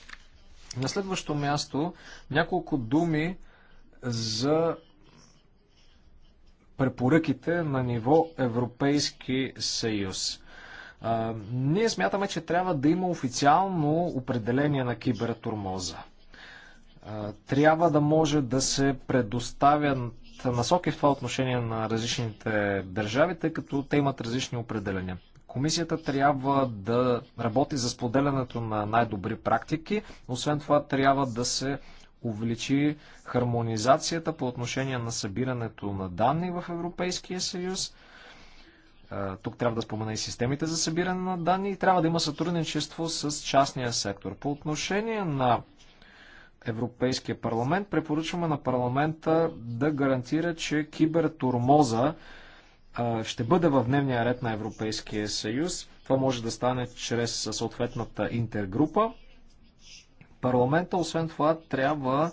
На следващо място, няколко думи за препоръките на ниво Европейски съюз ние смятаме, че трябва да има официално определение на кибертурмоза. Трябва да може да се предоставят насоки в това отношение на различните държави, тъй като те имат различни определения. Комисията трябва да работи за споделянето на най-добри практики, освен това трябва да се увеличи хармонизацията по отношение на събирането на данни в Европейския съюз. Тук трябва да спомена и системите за събиране на данни и трябва да има сътрудничество с частния сектор. По отношение на Европейския парламент, препоръчваме на парламента да гарантира, че кибертурмоза ще бъде в дневния ред на Европейския съюз. Това може да стане чрез съответната интергрупа. Парламента, освен това, трябва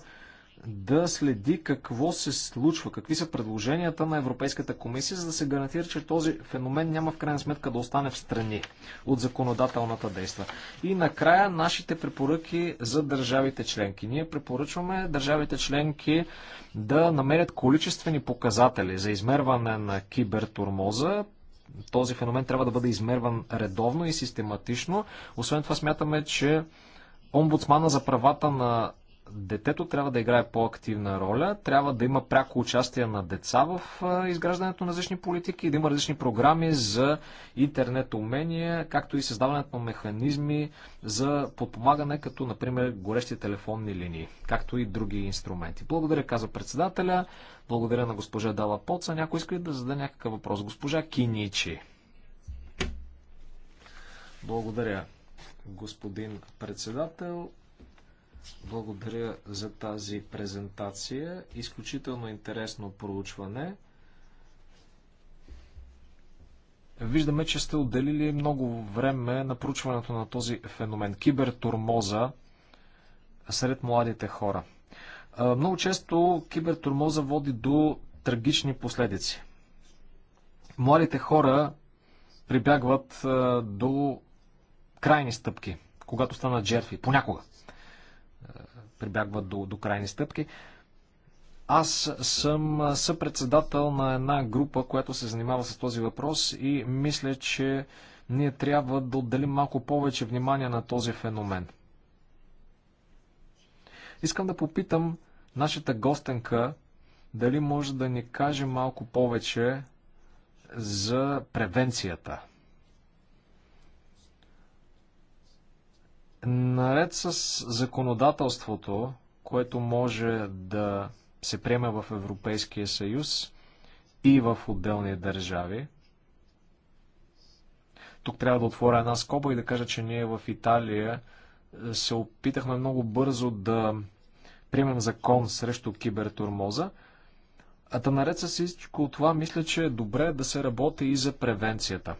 да следи какво се случва, какви са предложенията на Европейската комисия, за да се гарантира, че този феномен няма в крайна сметка да остане в страни от законодателната действа. И накрая нашите препоръки за държавите членки. Ние препоръчваме държавите членки да намерят количествени показатели за измерване на кибертурмоза, този феномен трябва да бъде измерван редовно и систематично. Освен това смятаме, че омбудсмана за правата на детето трябва да играе по-активна роля, трябва да има пряко участие на деца в изграждането на различни политики и да има различни програми за интернет умения, както и създаването на механизми за подпомагане, като например горещи телефонни линии, както и други инструменти. Благодаря, каза председателя. Благодаря на госпожа Дала Поца. Някой иска да зададе някакъв въпрос? Госпожа Киничи. Благодаря, господин председател. Благодаря за тази презентация. Изключително интересно проучване. Виждаме, че сте отделили много време на проучването на този феномен. Кибертурмоза сред младите хора. Много често кибертурмоза води до трагични последици. Младите хора прибягват до крайни стъпки, когато станат жертви. Понякога прибягват до, до крайни стъпки. Аз съм съпредседател на една група, която се занимава с този въпрос и мисля, че ние трябва да отделим малко повече внимание на този феномен. Искам да попитам нашата гостенка дали може да ни каже малко повече за превенцията – Наред с законодателството, което може да се приеме в Европейския съюз и в отделни държави, тук трябва да отворя една скоба и да кажа, че ние в Италия е, се опитахме много бързо да приемем закон срещу кибертурмоза. А та наред с всичко това, мисля, че е добре да се работи и за превенцията.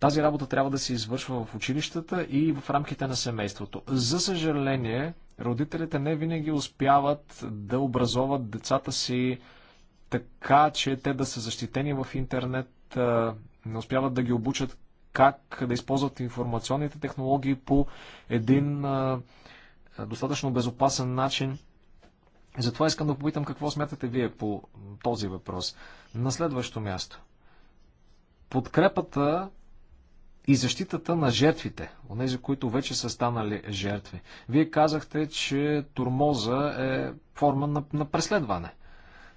Тази работа трябва да се извършва в училищата и в рамките на семейството. За съжаление, родителите не винаги успяват да образоват децата си така, че те да са защитени в интернет, не успяват да ги обучат как да използват информационните технологии по един достатъчно безопасен начин. Затова искам да попитам какво смятате вие по този въпрос. На следващо място. Подкрепата и защитата на жертвите, онези, които вече са станали жертви. Вие казахте, че турмоза е форма на, на преследване.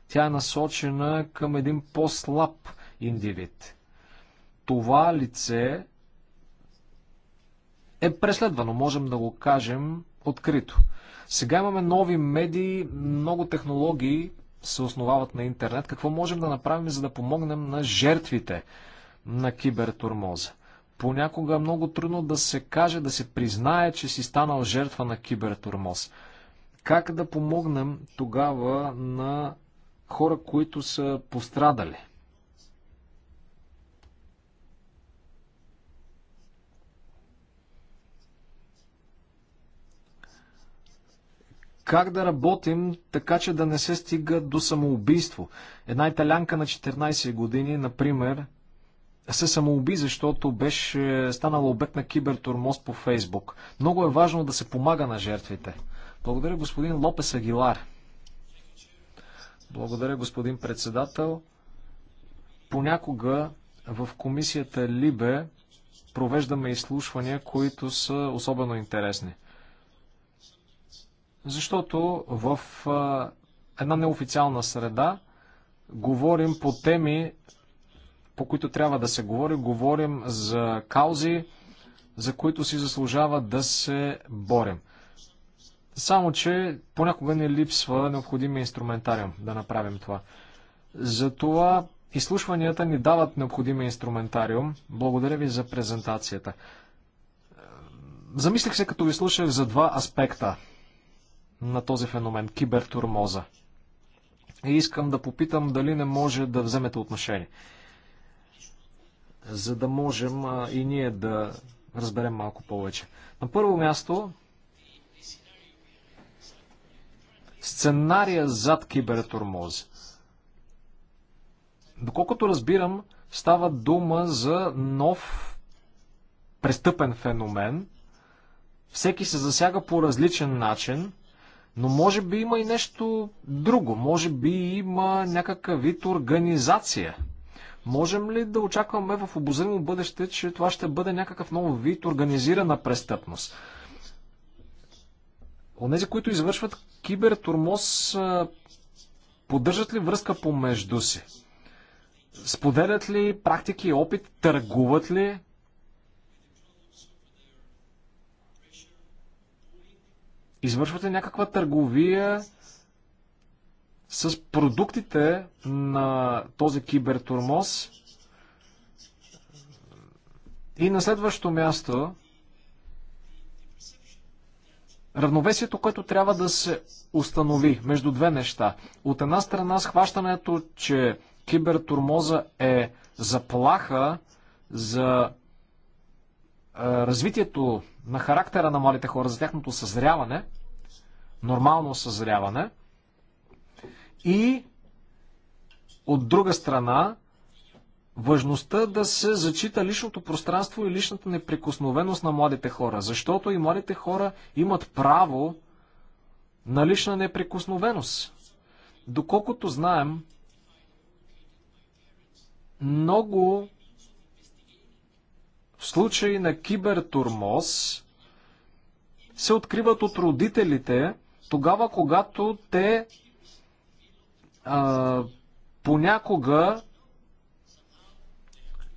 Тя е насочена към един по-слаб индивид. Това лице е преследвано, можем да го кажем открито. Сега имаме нови медии, много технологии се основават на интернет. Какво можем да направим, за да помогнем на жертвите на кибертурмоза? Понякога е много трудно да се каже, да се признае, че си станал жертва на кибертурмоз. Как да помогнем тогава на хора, които са пострадали? как да работим така, че да не се стига до самоубийство. Една италянка на 14 години, например, се самоуби, защото беше е, станал обект на кибертурмоз по Фейсбук. Много е важно да се помага на жертвите. Благодаря господин Лопес Агилар. Благодаря господин председател. Понякога в комисията Либе провеждаме изслушвания, които са особено интересни. Защото в е, една неофициална среда говорим по теми, по които трябва да се говори. Говорим за каузи, за които си заслужава да се борим. Само, че понякога не липсва необходимия инструментариум да направим това. Затова изслушванията ни дават необходимия инструментариум. Благодаря ви за презентацията. Замислих се, като ви слушах за два аспекта на този феномен – кибертурмоза. И искам да попитам дали не може да вземете отношение за да можем и ние да разберем малко повече. На първо място, сценария зад кибертурмоз. Доколкото разбирам, става дума за нов престъпен феномен. Всеки се засяга по различен начин, но може би има и нещо друго. Може би има някакъв вид организация – Можем ли да очакваме в обозримо бъдеще, че това ще бъде някакъв нов вид организирана престъпност? Онези, които извършват кибертурмоз, поддържат ли връзка помежду си? Споделят ли практики и опит? Търгуват ли? Извършвате някаква търговия с продуктите на този кибертурмоз. И на следващо място, равновесието, което трябва да се установи между две неща. От една страна схващането, че кибертурмоза е заплаха за развитието на характера на младите хора, за тяхното съзряване, нормално съзряване – и от друга страна важността да се зачита личното пространство и личната неприкосновеност на младите хора, защото и младите хора имат право на лична неприкосновеност. Доколкото знаем, много в случаи на кибертурмоз се откриват от родителите тогава, когато те а, понякога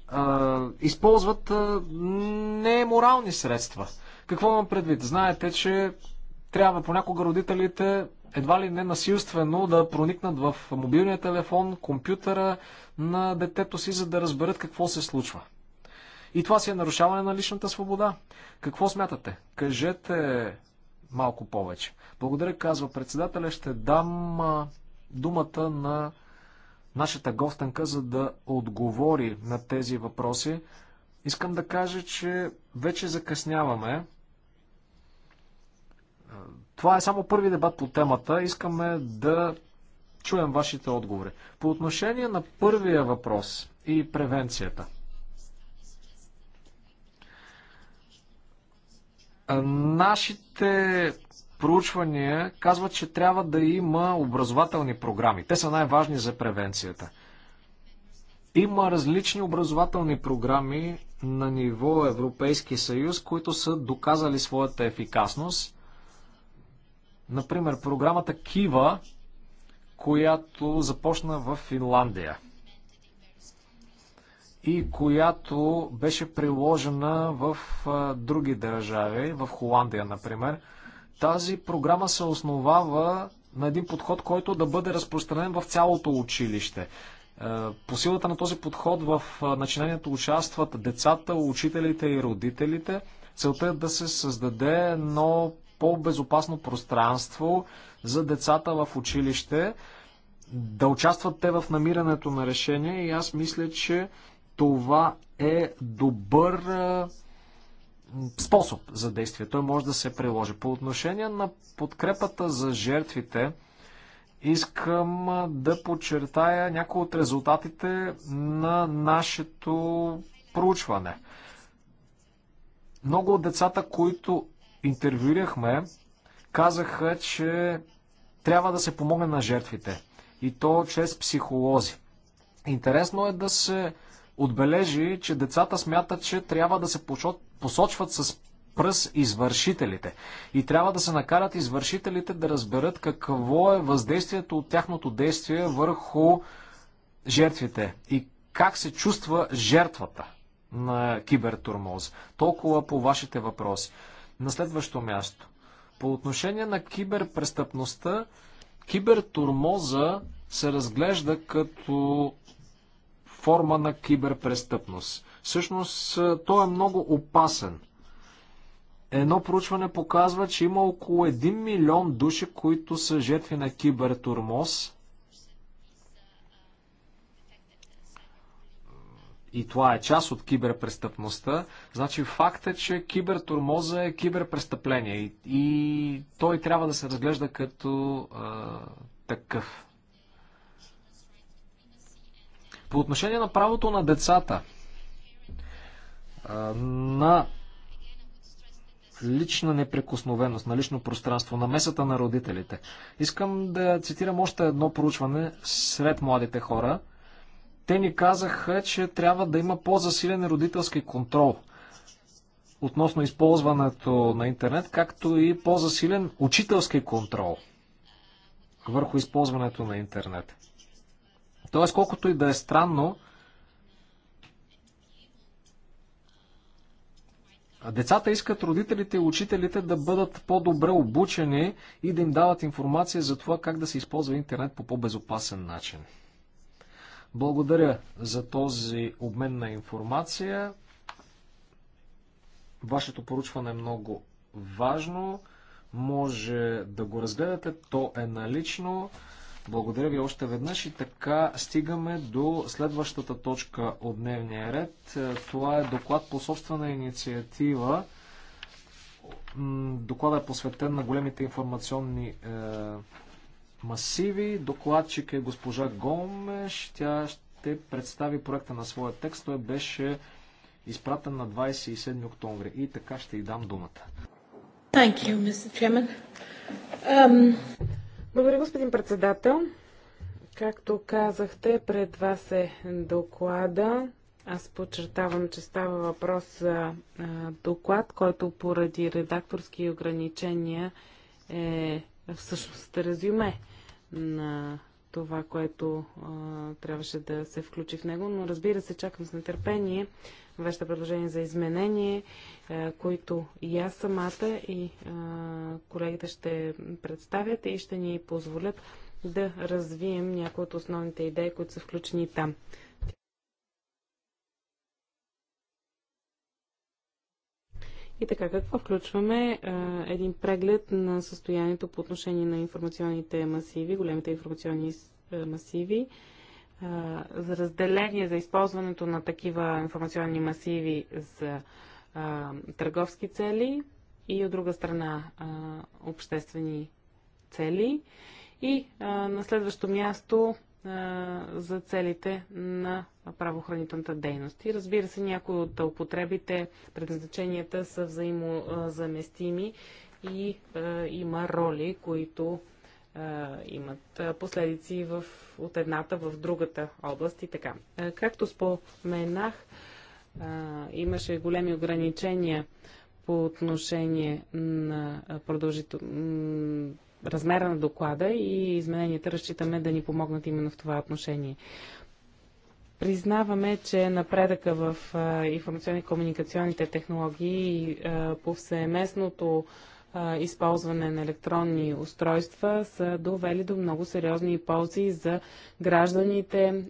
а, използват а, неморални средства. Какво имам предвид? Знаете, че трябва понякога родителите едва ли не насилствено да проникнат в мобилния телефон, компютъра на детето си, за да разберат какво се случва. И това си е нарушаване на личната свобода. Какво смятате? Кажете малко повече. Благодаря, казва председателя. Ще дам думата на нашата гостенка, за да отговори на тези въпроси. Искам да кажа, че вече закъсняваме. Това е само първи дебат по темата. Искаме да чуем вашите отговори. По отношение на първия въпрос и превенцията. Нашите проучвания казват, че трябва да има образователни програми. Те са най-важни за превенцията. Има различни образователни програми на ниво Европейски съюз, които са доказали своята ефикасност. Например, програмата Кива, която започна в Финландия и която беше приложена в други държави, в Холандия, например. Тази програма се основава на един подход, който да бъде разпространен в цялото училище. Е, по силата на този подход в е, начинанието участват децата, учителите и родителите. Целта е да се създаде едно по-безопасно пространство за децата в училище, да участват те в намирането на решение и аз мисля, че това е добър е, способ за действие. Той може да се приложи. По отношение на подкрепата за жертвите, искам да подчертая някои от резултатите на нашето проучване. Много от децата, които интервюирахме, казаха, че трябва да се помогне на жертвите. И то чрез психолози. Интересно е да се отбележи, че децата смятат, че трябва да се посочват с пръс извършителите. И трябва да се накарат извършителите да разберат какво е въздействието от тяхното действие върху жертвите и как се чувства жертвата на кибертурмоз. Толкова по вашите въпроси. На следващо място. По отношение на киберпрестъпността, кибертурмоза се разглежда като форма на киберпрестъпност. Всъщност, е, той е много опасен. Едно проучване показва, че има около 1 милион души, които са жертви на кибертурмоз. И това е част от киберпрестъпността. Значи факт е, че кибертурмоза е киберпрестъпление и, и той трябва да се разглежда като а, е, такъв. По отношение на правото на децата, на лична неприкосновеност, на лично пространство, на месата на родителите. Искам да цитирам още едно проучване сред младите хора. Те ни казаха, че трябва да има по-засилен родителски контрол относно използването на интернет, както и по-засилен учителски контрол върху използването на интернет. Тоест, колкото и да е странно, Децата искат родителите и учителите да бъдат по-добре обучени и да им дават информация за това как да се използва интернет по по-безопасен начин. Благодаря за този обмен на информация. Вашето поручване е много важно. Може да го разгледате. То е налично. Благодаря ви още веднъж и така стигаме до следващата точка от дневния ред. Това е доклад по собствена инициатива. Докладът е посветен на големите информационни е, масиви. Докладчик е госпожа Гомеш. Тя ще представи проекта на своя текст. Той беше изпратен на 27 октомври. И така ще й дам думата. Thank you, Mr. Chairman. Um... Благодаря, господин председател. Както казахте, пред вас е доклада. Аз подчертавам, че става въпрос за доклад, който поради редакторски ограничения е всъщност резюме на това, което а, трябваше да се включи в него, но разбира се, чакам с нетърпение вашите предложения за изменение, е, които и аз самата и е, колегите ще представят и ще ни позволят да развием някои от основните идеи, които са включени там. И така, какво включваме? Е, един преглед на състоянието по отношение на информационните масиви, големите информационни масиви, за разделение за използването на такива информационни масиви за а, търговски цели и от друга страна а, обществени цели. И а, на следващо място за целите на правоохранителната дейност. И разбира се, някои от употребите, предназначенията са взаимозаместими и има роли, които имат последици в, от едната в другата област и така. Както споменах, имаше големи ограничения по отношение на продължител... размера на доклада и измененията разчитаме да ни помогнат именно в това отношение. Признаваме, че напредъка в информационни и комуникационните технологии и повсеместното използване на електронни устройства са довели до много сериозни ползи за гражданите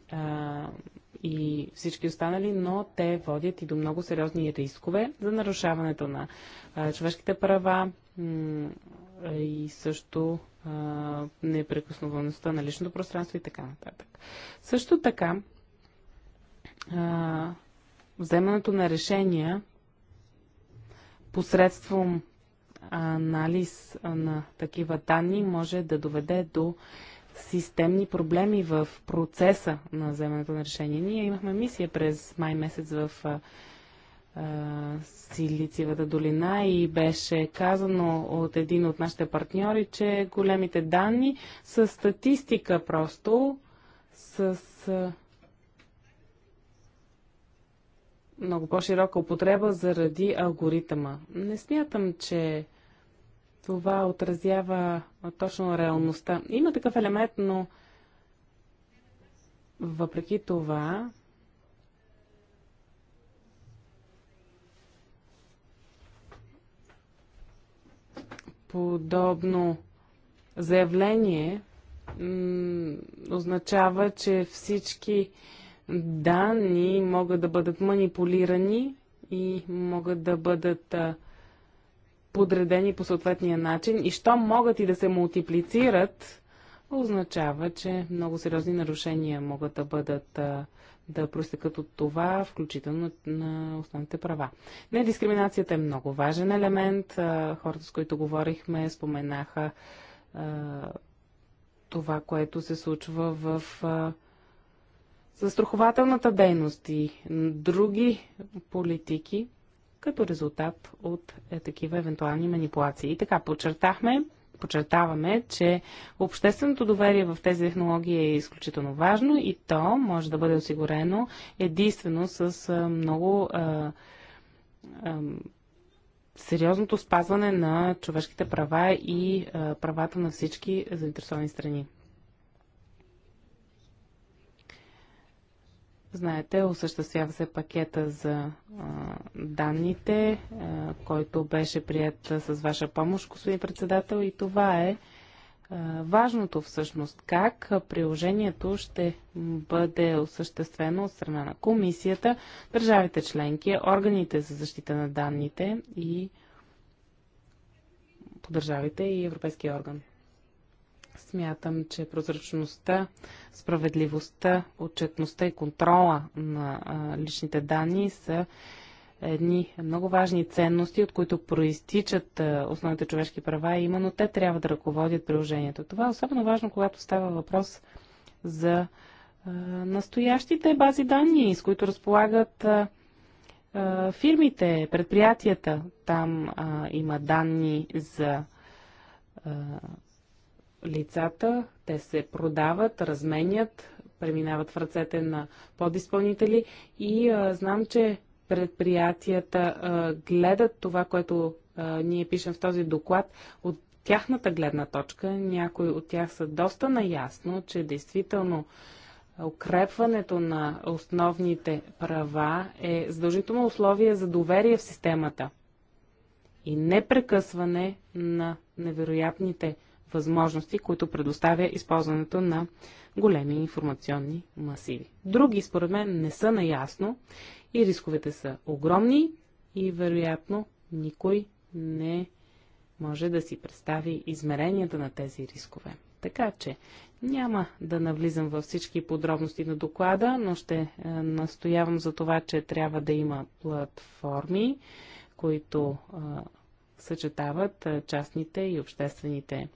и всички останали, но те водят и до много сериозни рискове за нарушаването на човешките права и също неприкосновеността на личното пространство и така нататък. Също така, вземането на решения посредством анализ на такива данни може да доведе до системни проблеми в процеса на вземането на решение. Ние имахме мисия през май месец в Силицивата долина и беше казано от един от нашите партньори, че големите данни са статистика просто, с много по-широка употреба заради алгоритъма. Не смятам, че това отразява точно реалността. Има такъв елемент, но въпреки това подобно заявление означава, че всички данни могат да бъдат манипулирани и могат да бъдат а, подредени по съответния начин и що могат и да се мултиплицират, означава, че много сериозни нарушения могат да бъдат да проистекат от това, включително на основните права. Не, дискриминацията е много важен елемент. Хората, с които говорихме, споменаха това, което се случва в застрахователната дейност и други политики, като резултат от е, такива евентуални манипулации. И така, подчертахме, подчертаваме, че общественото доверие в тези технологии е изключително важно и то може да бъде осигурено единствено с е, много е, е, сериозното спазване на човешките права и е, правата на всички заинтересовани страни. Знаете, осъществява се пакета за а, данните, а, който беше прият а, с ваша помощ, господин председател, и това е а, важното всъщност как приложението ще бъде осъществено от страна на комисията, държавите членки, органите за защита на данните и по държавите и Европейския орган Смятам, че прозрачността, справедливостта, отчетността и контрола на личните данни са едни много важни ценности, от които проистичат основните човешки права и именно те трябва да ръководят приложението. Това е особено важно, когато става въпрос за настоящите бази данни, с които разполагат фирмите, предприятията. Там има данни за лицата, те се продават, разменят, преминават в ръцете на подизпълнители и а, знам, че предприятията а, гледат това, което а, ние пишем в този доклад от тяхната гледна точка. Някои от тях са доста наясно, че действително укрепването на основните права е задължително условие за доверие в системата и непрекъсване на невероятните възможности, които предоставя използването на големи информационни масиви. Други, според мен, не са наясно и рисковете са огромни и вероятно никой не може да си представи измеренията на тези рискове. Така че няма да навлизам във всички подробности на доклада, но ще е, настоявам за това, че трябва да има платформи, които е, съчетават е, частните и обществените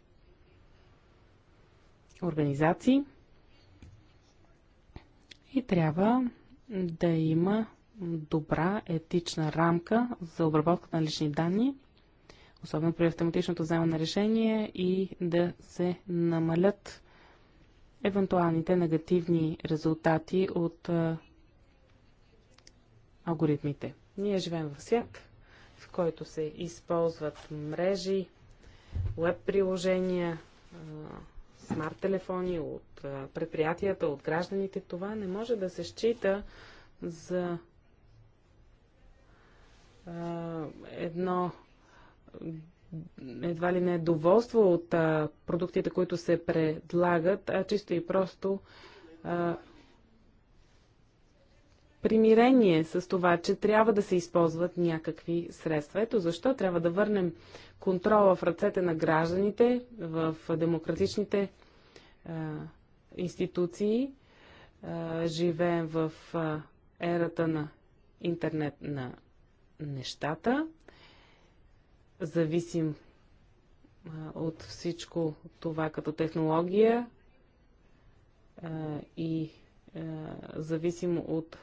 организации и трябва да има добра етична рамка за обработка на лични данни, особено при автоматичното вземане на решение и да се намалят евентуалните негативни резултати от а, алгоритмите. Ние живеем в свят, в който се използват мрежи, веб-приложения, смарт телефони, от предприятията, от гражданите, това не може да се счита за едно едва ли не доволство от продуктите, които се предлагат, а чисто и просто примирение с това, че трябва да се използват някакви средства. Ето защо трябва да върнем контрола в ръцете на гражданите, в демократичните а, институции. А, живеем в а, ерата на интернет на нещата. Зависим а, от всичко това като технология а, и а, от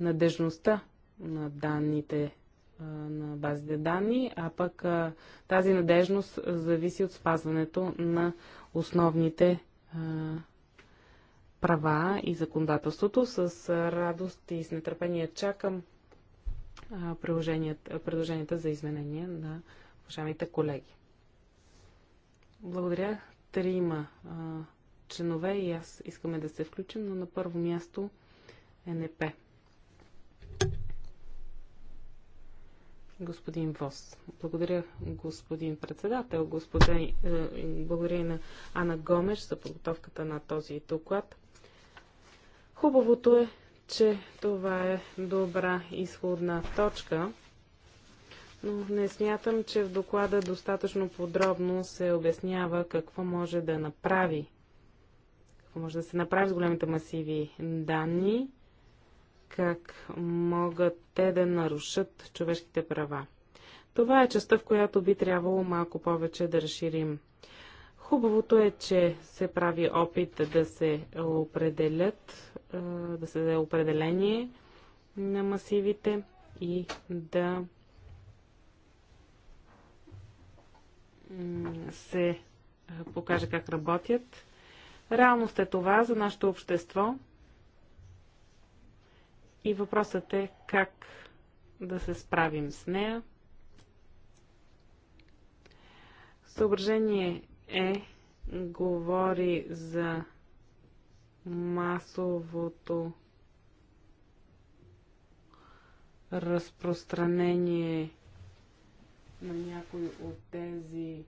надежността на данните, на базите данни, а пък тази надежност зависи от спазването на основните права и законодателството. С радост и с нетърпение чакам предложенията за изменения на уважаемите колеги. Благодаря. Трима има членове и аз искаме да се включим, но на първо място НП. господин Вос. Благодаря, господин председател, господин, е, благодаря на Ана Гомеш за подготовката на този доклад. Хубавото е, че това е добра изходна точка, но не смятам, че в доклада достатъчно подробно се обяснява какво може да направи, какво може да се направи с големите масиви данни как могат те да нарушат човешките права. Това е частта, в която би трябвало малко повече да разширим. Хубавото е, че се прави опит да се определят, да се даде определение на масивите и да се покаже как работят. Реалност е това за нашето общество. И въпросът е как да се справим с нея. Съображение е, говори за масовото разпространение на някои от тези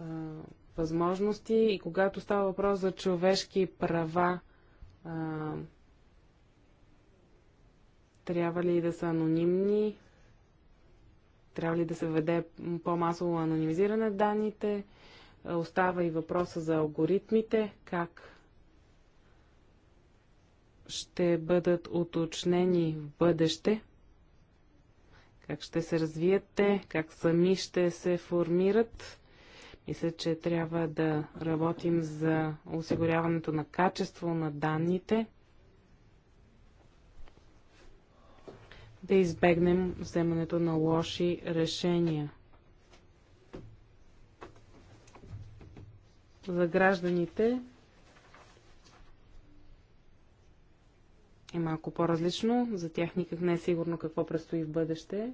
а, възможности и когато става въпрос за човешки права, а, трябва ли да са анонимни? Трябва ли да се веде по-масово анонимизиране на данните? Е, остава и въпроса за алгоритмите. Как ще бъдат уточнени в бъдеще? Как ще се развият те? Как сами ще се формират? Мисля, че трябва да работим за осигуряването на качество на данните – да избегнем вземането на лоши решения. За гражданите е малко по-различно. За тях никак не е сигурно какво предстои в бъдеще.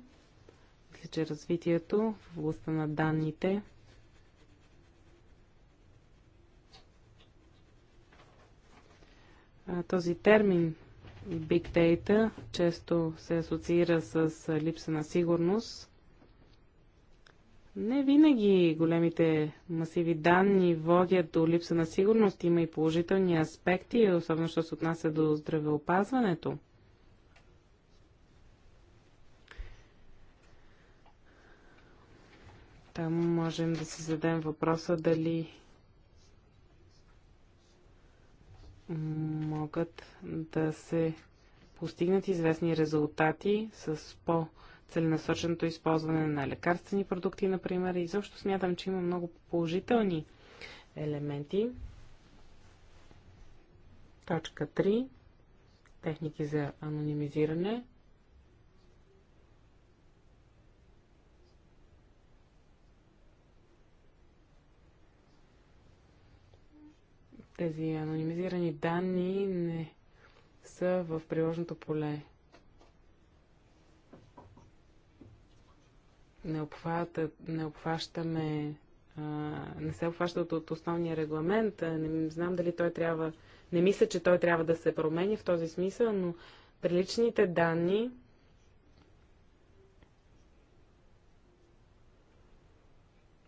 Мисля, че развитието в областта на данните този термин и Big Data често се асоциира с липса на сигурност. Не винаги големите масиви данни водят до липса на сигурност. Има и положителни аспекти, особено що се отнася до здравеопазването. Там можем да си зададем въпроса дали могат да се постигнат известни резултати с по-целенасоченото използване на лекарствени продукти, например. И също смятам, че има много положителни елементи. Точка 3. Техники за анонимизиране. Тези анонимизирани данни не са в приложното поле. Не, обхвата, не обхващаме не се обхващат от основния регламент. Не знам дали той трябва. Не мисля, че той трябва да се промени в този смисъл, но приличните данни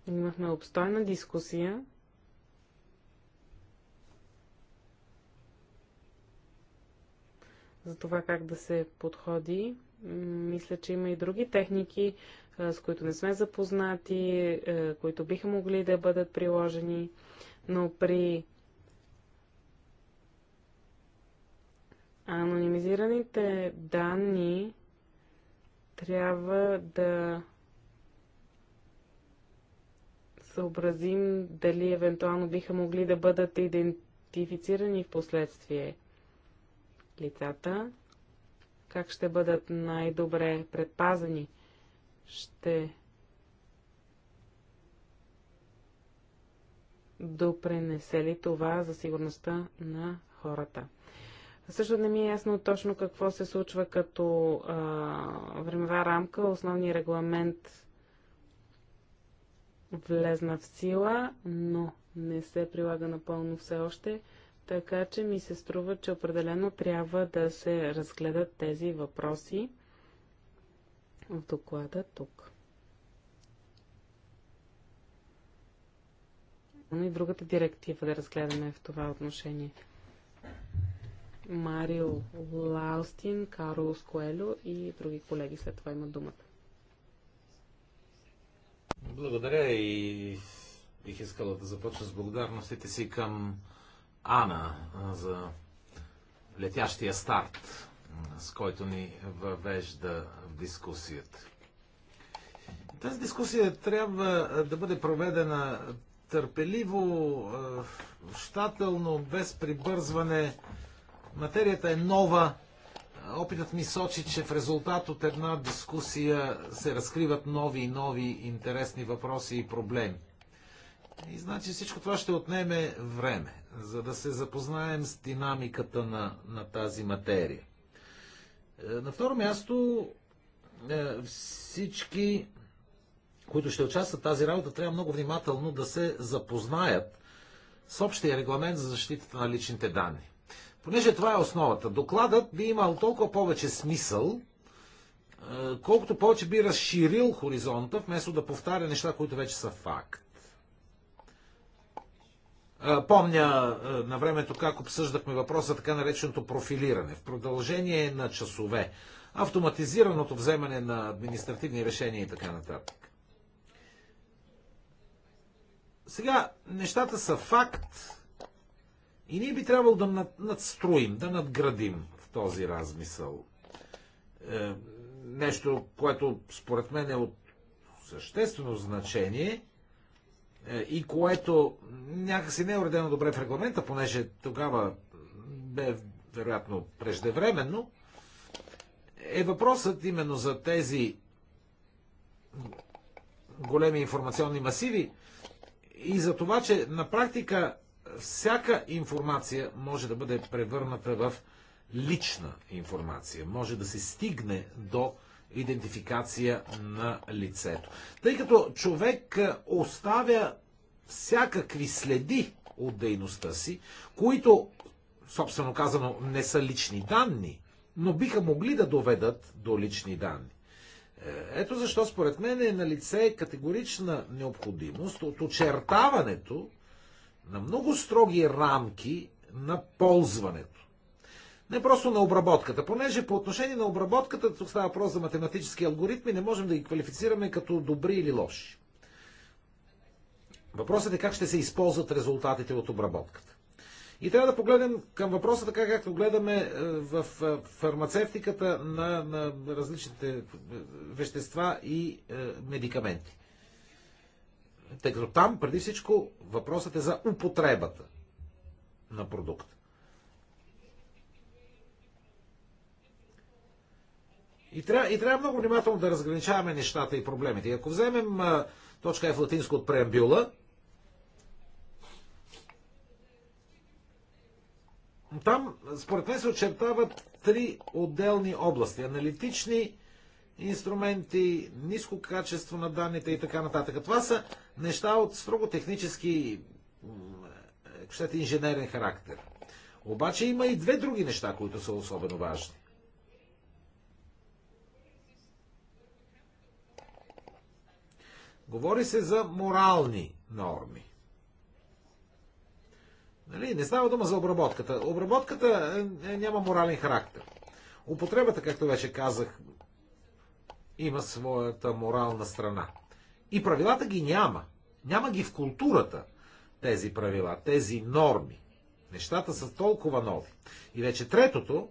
имахме обстойна дискусия за това как да се подходи. Мисля, че има и други техники, с които не сме запознати, които биха могли да бъдат приложени, но при анонимизираните данни трябва да съобразим дали евентуално биха могли да бъдат идентифицирани в последствие лицата, как ще бъдат най-добре предпазени, ще допренесе ли това за сигурността на хората. Също не ми е ясно точно какво се случва като а, времева рамка. Основният регламент влезна в сила, но не се прилага напълно все още. Така че ми се струва, че определено трябва да се разгледат тези въпроси в доклада тук. Но и другата директива да разгледаме в това отношение. Марио Лаустин, Карло Скоелю и други колеги след това имат думата. Благодаря и бих искала да започна с благодарностите си към Ана за летящия старт, с който ни въвежда в дискусията. Тази дискусия трябва да бъде проведена търпеливо, щателно, без прибързване. Материята е нова. Опитът ми сочи, че в резултат от една дискусия се разкриват нови и нови интересни въпроси и проблеми. И значи всичко това ще отнеме време, за да се запознаем с динамиката на, на тази материя. Е, на второ място, е, всички, които ще участват в тази работа, трябва много внимателно да се запознаят с общия регламент за защитата на личните данни. Понеже това е основата, докладът би имал толкова повече смисъл, е, колкото повече би разширил хоризонта, вместо да повтаря неща, които вече са факт. Помня на времето как обсъждахме въпроса така нареченото профилиране. В продължение на часове. Автоматизираното вземане на административни решения и така нататък. Сега нещата са факт и ние би трябвало да надстроим, да надградим в този размисъл. Е, нещо, което според мен е от съществено значение – е, и което някакси не е уредено добре в регламента, понеже тогава бе вероятно преждевременно, е въпросът именно за тези големи информационни масиви и за това, че на практика всяка информация може да бъде превърната в лична информация. Може да се стигне до идентификация на лицето. Тъй като човек е, оставя всякакви следи от дейността си, които, собствено казано, не са лични данни, но биха могли да доведат до лични данни. Е, ето защо според мен е на лице категорична необходимост от очертаването на много строги рамки на ползването не просто на обработката, понеже по отношение на обработката, тук става въпрос за математически алгоритми, не можем да ги квалифицираме като добри или лоши. Въпросът е как ще се използват резултатите от обработката. И трябва да погледнем към въпроса така, както гледаме е, в е, фармацевтиката на, на различните е, вещества и медикаменти. Тъй като там, преди всичко, въпросът е за употребата на продукта. И трябва, и трябва много внимателно да разграничаваме нещата и проблемите. И ако вземем а, точка F латинско от преамбюла, там според мен се очертават три отделни области. Аналитични инструменти, ниско качество на данните и така нататък. Това са неща от строго технически, инженерен характер. Обаче има и две други неща, които са особено важни. Говори се за морални норми. Нали? Не става дума за обработката. Обработката е, е, няма морален характер. Употребата, както вече казах, има своята морална страна. И правилата ги няма. Няма ги в културата тези правила, тези норми. Нещата са толкова нови. И вече третото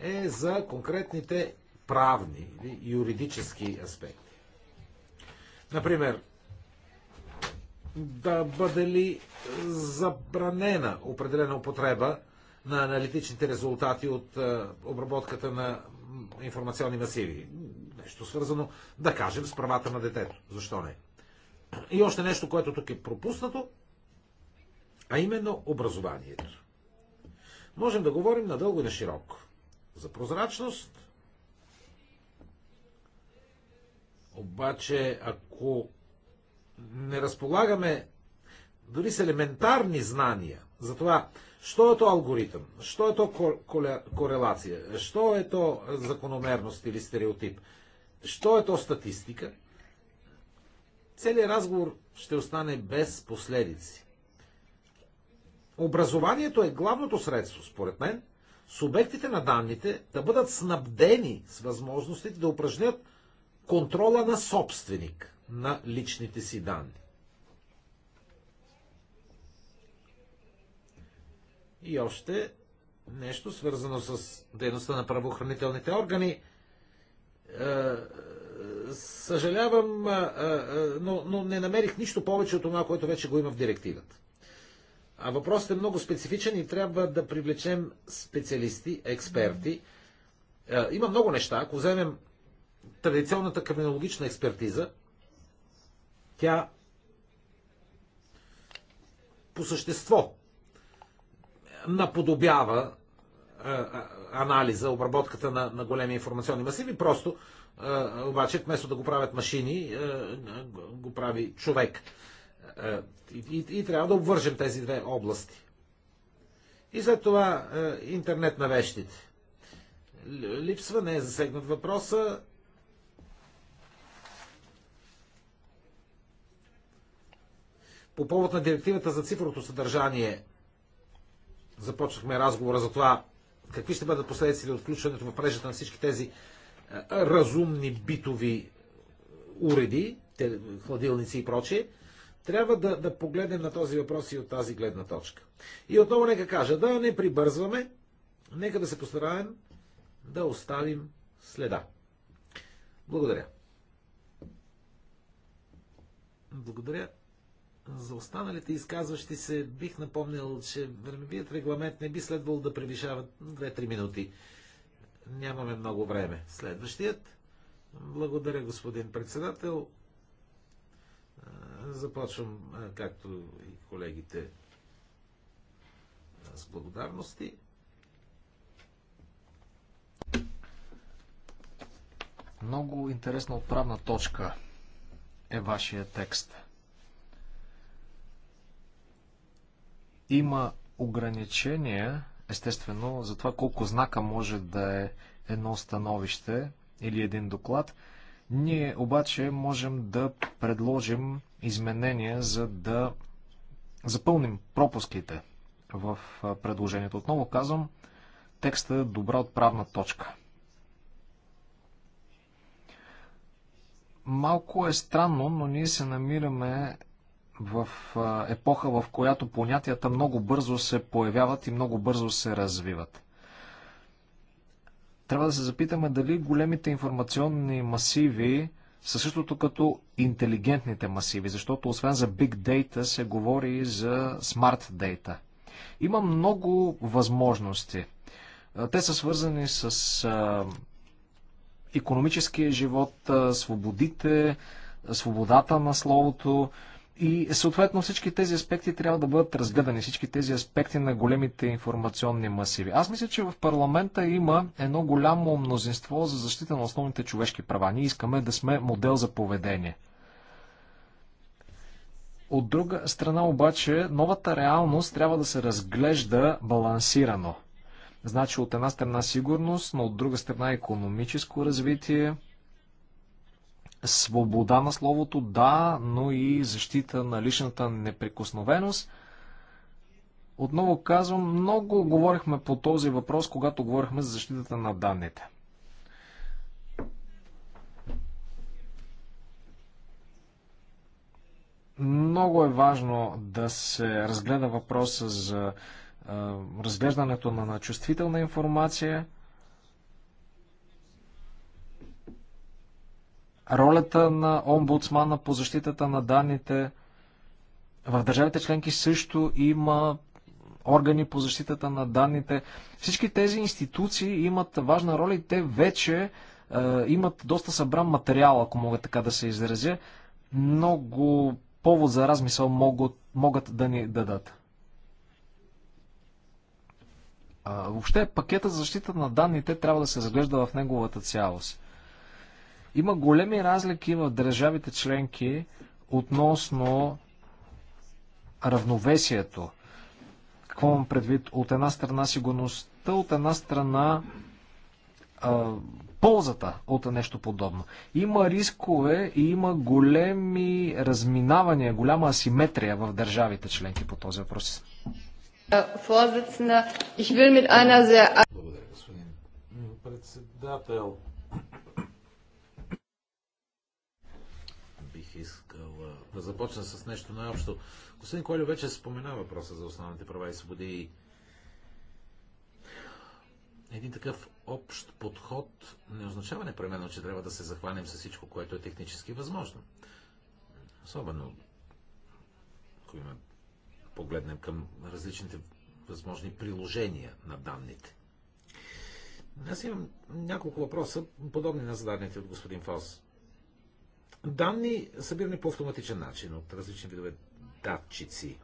е за конкретните правни или юридически аспекти. Например, да бъде ли забранена определена употреба на аналитичните резултати от е, обработката на информационни масиви. Нещо свързано, да кажем, с правата на детето. Защо не? И още нещо, което тук е пропуснато, а именно образованието. Можем да говорим надълго и на широко. За прозрачност, Обаче, ако не разполагаме дори с елементарни знания за това, що е то алгоритъм, що е то корелация, що е то закономерност или стереотип, що е то статистика, целият разговор ще остане без последици. Образованието е главното средство, според мен, субектите на данните да бъдат снабдени с възможностите да упражнят контрола на собственик на личните си данни. И още нещо свързано с дейността на правоохранителните органи. Е, съжалявам, е, е, но, но не намерих нищо повече от това, което вече го има в директивата. А въпросът е много специфичен и трябва да привлечем специалисти, експерти. Има много неща. Ако вземем традиционната криминологична експертиза, тя по същество наподобява е, е, анализа, обработката на, на големи информационни масиви, просто е, обаче вместо да го правят машини, го прави човек. И, и, и трябва да обвържем тези две области. И след това интернет на вещите. Липсва, не е засегнат въпроса По повод на директивата за цифровото съдържание започнахме разговора за това какви ще бъдат последиците от включването в мрежата на всички тези разумни битови уреди, хладилници и прочие, трябва да, да погледнем на този въпрос и от тази гледна точка. И отново нека кажа, да не прибързваме, нека да се постараем да оставим следа. Благодаря. Благодаря. За останалите изказващи се бих напомнил, че времевият регламент не би следвал да превишава 2-3 минути. Нямаме много време. Следващият. Благодаря, господин председател. Започвам, както и колегите, с благодарности. Много интересна отправна точка е вашия текст. Има ограничения, естествено, за това колко знака може да е едно становище или един доклад. Ние обаче можем да предложим изменения, за да запълним пропуските в предложението. Отново казвам, текста е добра отправна точка. Малко е странно, но ние се намираме в епоха, в която понятията много бързо се появяват и много бързо се развиват. Трябва да се запитаме дали големите информационни масиви са същото като интелигентните масиви, защото освен за big data се говори и за smart data. Има много възможности. Те са свързани с економическия живот, свободите, свободата на словото, и съответно всички тези аспекти трябва да бъдат разгледани, всички тези аспекти на големите информационни масиви. Аз мисля, че в парламента има едно голямо мнозинство за защита на основните човешки права. Ние искаме да сме модел за поведение. От друга страна обаче, новата реалност трябва да се разглежда балансирано. Значи от една страна сигурност, но от друга страна економическо развитие – свобода на словото, да, но и защита на личната неприкосновеност. Отново казвам, много говорихме по този въпрос, когато говорихме за защитата на данните. Много е важно да се разгледа въпроса за разглеждането на, чувствителна информация. ролята на омбудсмана по защитата на данните. В държавите членки също има органи по защитата на данните. Всички тези институции имат важна роля и те вече е, имат доста събран материал, ако мога така да се изразя. Много повод за размисъл могат, могат да ни дадат. Въобще пакетът за защита на данните трябва да се заглежда в неговата цялост. Има големи разлики в държавите членки относно равновесието. Какво имам предвид? От една страна сигурността, от една страна а, ползата от нещо подобно. Има рискове и има големи разминавания, голяма асиметрия в държавите членки по този въпрос. Е, Благодаря, господин председател. искал да започна с нещо най-общо. Господин Колю вече спомена въпроса за основните права и свободи. Един такъв общ подход не означава непременно, че трябва да се захванем с всичко, което е технически възможно. Особено, ако има, погледнем към различните възможни приложения на данните. Аз имам няколко въпроса, подобни на зададените от господин Фаус данни събирани по автоматичен начин от различни видове датчици.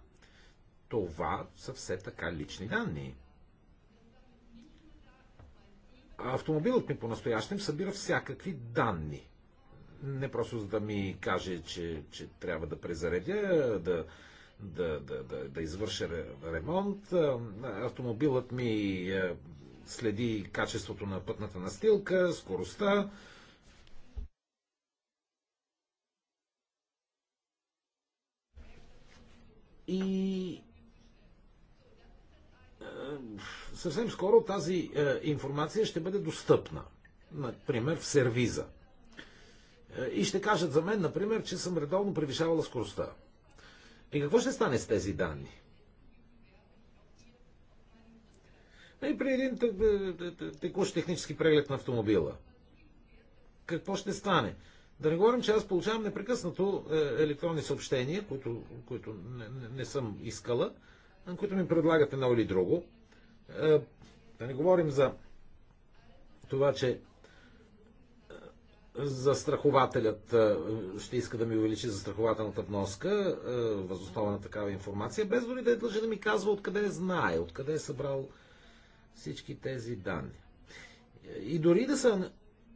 Това са все така лични данни. Автомобилът ми по-настоящем събира всякакви данни. Не просто за да ми каже, че, че трябва да презаредя, да, да, да, да, да извърша ремонт. Автомобилът ми е, следи качеството на пътната настилка, скоростта, И е, съвсем скоро тази е, информация ще бъде достъпна. Например, в сервиза. Е, и ще кажат за мен, например, че съм редовно превишавала скоростта. И какво ще стане с тези данни? И при един текущ технически преглед на автомобила. Какво ще стане? Да не говорим, че аз получавам непрекъснато е, електронни съобщения, които, които не, не съм искала, които ми предлагат едно или друго. Е, да не говорим за това, че е, застрахователят ще иска да ми увеличи застрахователната вноска, възоснова на такава информация, без дори да е дължи да ми казва откъде знае, откъде е събрал всички тези данни. И дори да са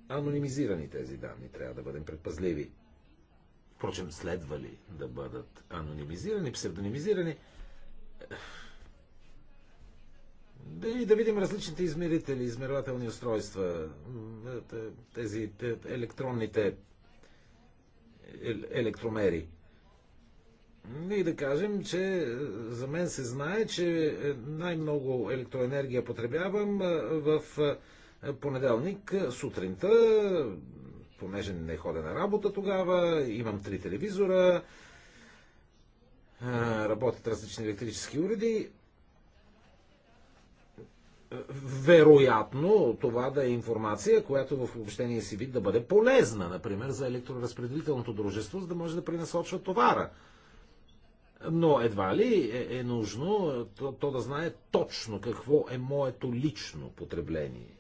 анонимизирани тези данни. Трябва да бъдем предпазливи. Впрочем, следва ли да бъдат анонимизирани, псевдонимизирани? Да и да видим различните измерители, измервателни устройства, тези електронните е-, електромери. И да кажем, че за мен се знае, че най-много електроенергия потребявам в понеделник е, сутринта, понеже не ходя на работа тогава, имам три телевизора, е, работят различни електрически уреди. Е, вероятно това да е информация, която в общения си вид да бъде полезна, например, за електроразпределителното дружество, за да може да пренасочва товара. Но едва ли е, е нужно то, то да знае точно какво е моето лично потребление.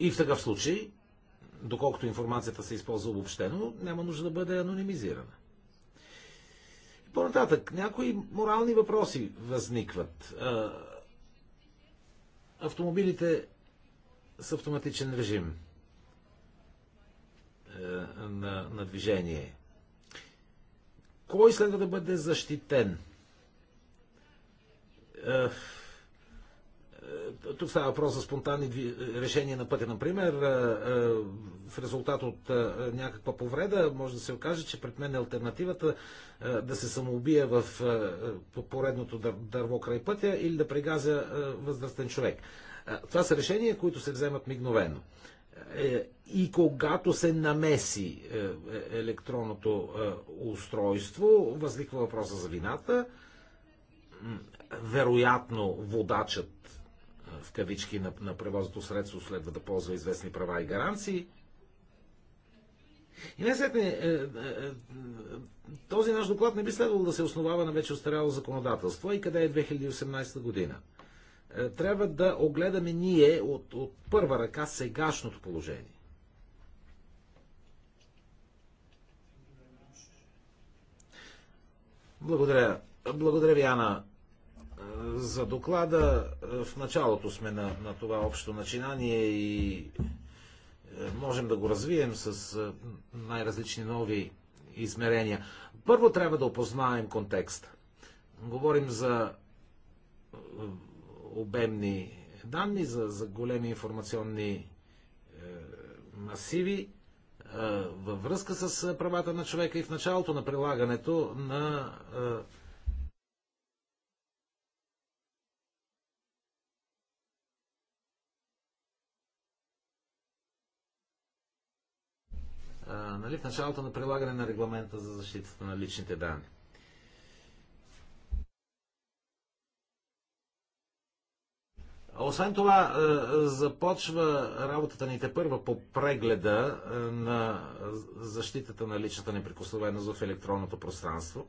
И в такъв случай, доколкото информацията се използва обобщено, няма нужда да бъде анонимизирана. по-нататък, някои морални въпроси възникват. Автомобилите с автоматичен режим на, на движение. Кой следва да бъде защитен? Е, тук става въпрос за спонтанни решения на пътя. Например, е, е, в резултат от някаква повреда може да се окаже, че пред мен е альтернативата да се самоубия в поредното дърво край пътя или да прегазя възрастен човек. Това са решения, които се вземат мигновено. И когато се намеси електронното устройство, възниква въпроса за вината вероятно водачът в кавички на, на превозното средство следва да ползва известни права и гаранции. И не сетне, е, е, е, този наш доклад не би следвало да се основава на вече устаряло законодателство и къде е 2018 година. Е, трябва да огледаме ние от, от първа ръка сегашното положение. Благодаря. Благодаря ви, Ана за доклада. Е, в началото сме на, на това общо начинание и е, можем да го развием с е, най-различни нови измерения. Първо трябва да опознаем контекста. Говорим за обемни данни, за, за големи информационни е, масиви е, във връзка с правата на човека и в началото на прилагането на е, нали, в началото на прилагане на регламента за защитата на личните данни. Освен това, започва работата ни те първа по прегледа на защитата на личната неприкосновеност в електронното пространство.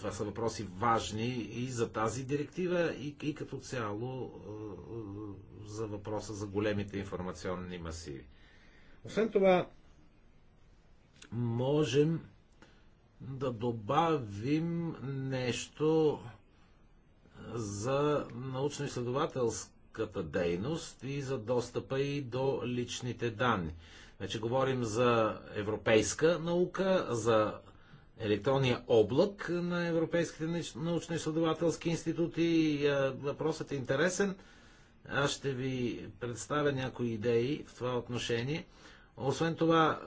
Това са въпроси важни и за тази директива, и, и като цяло е, е, за въпроса за големите информационни масиви. Освен това, можем да добавим нещо е, за научно-изследователската дейност и за достъпа и до личните данни. Вече значи, говорим за европейска наука, за електронния облак на европейските научно-изследователски институти. Въпросът е интересен. Аз ще ви представя някои идеи в това отношение. Освен това,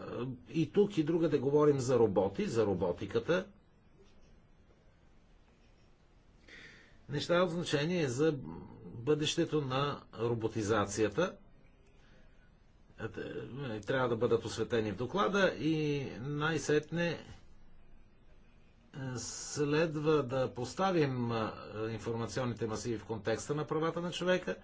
и тук, и друга да говорим за роботи, за роботиката. Неща от значение за бъдещето на роботизацията. Е, е, трябва да бъдат осветени в доклада и най-сетне следва да поставим информационните масиви в контекста на правата на човека,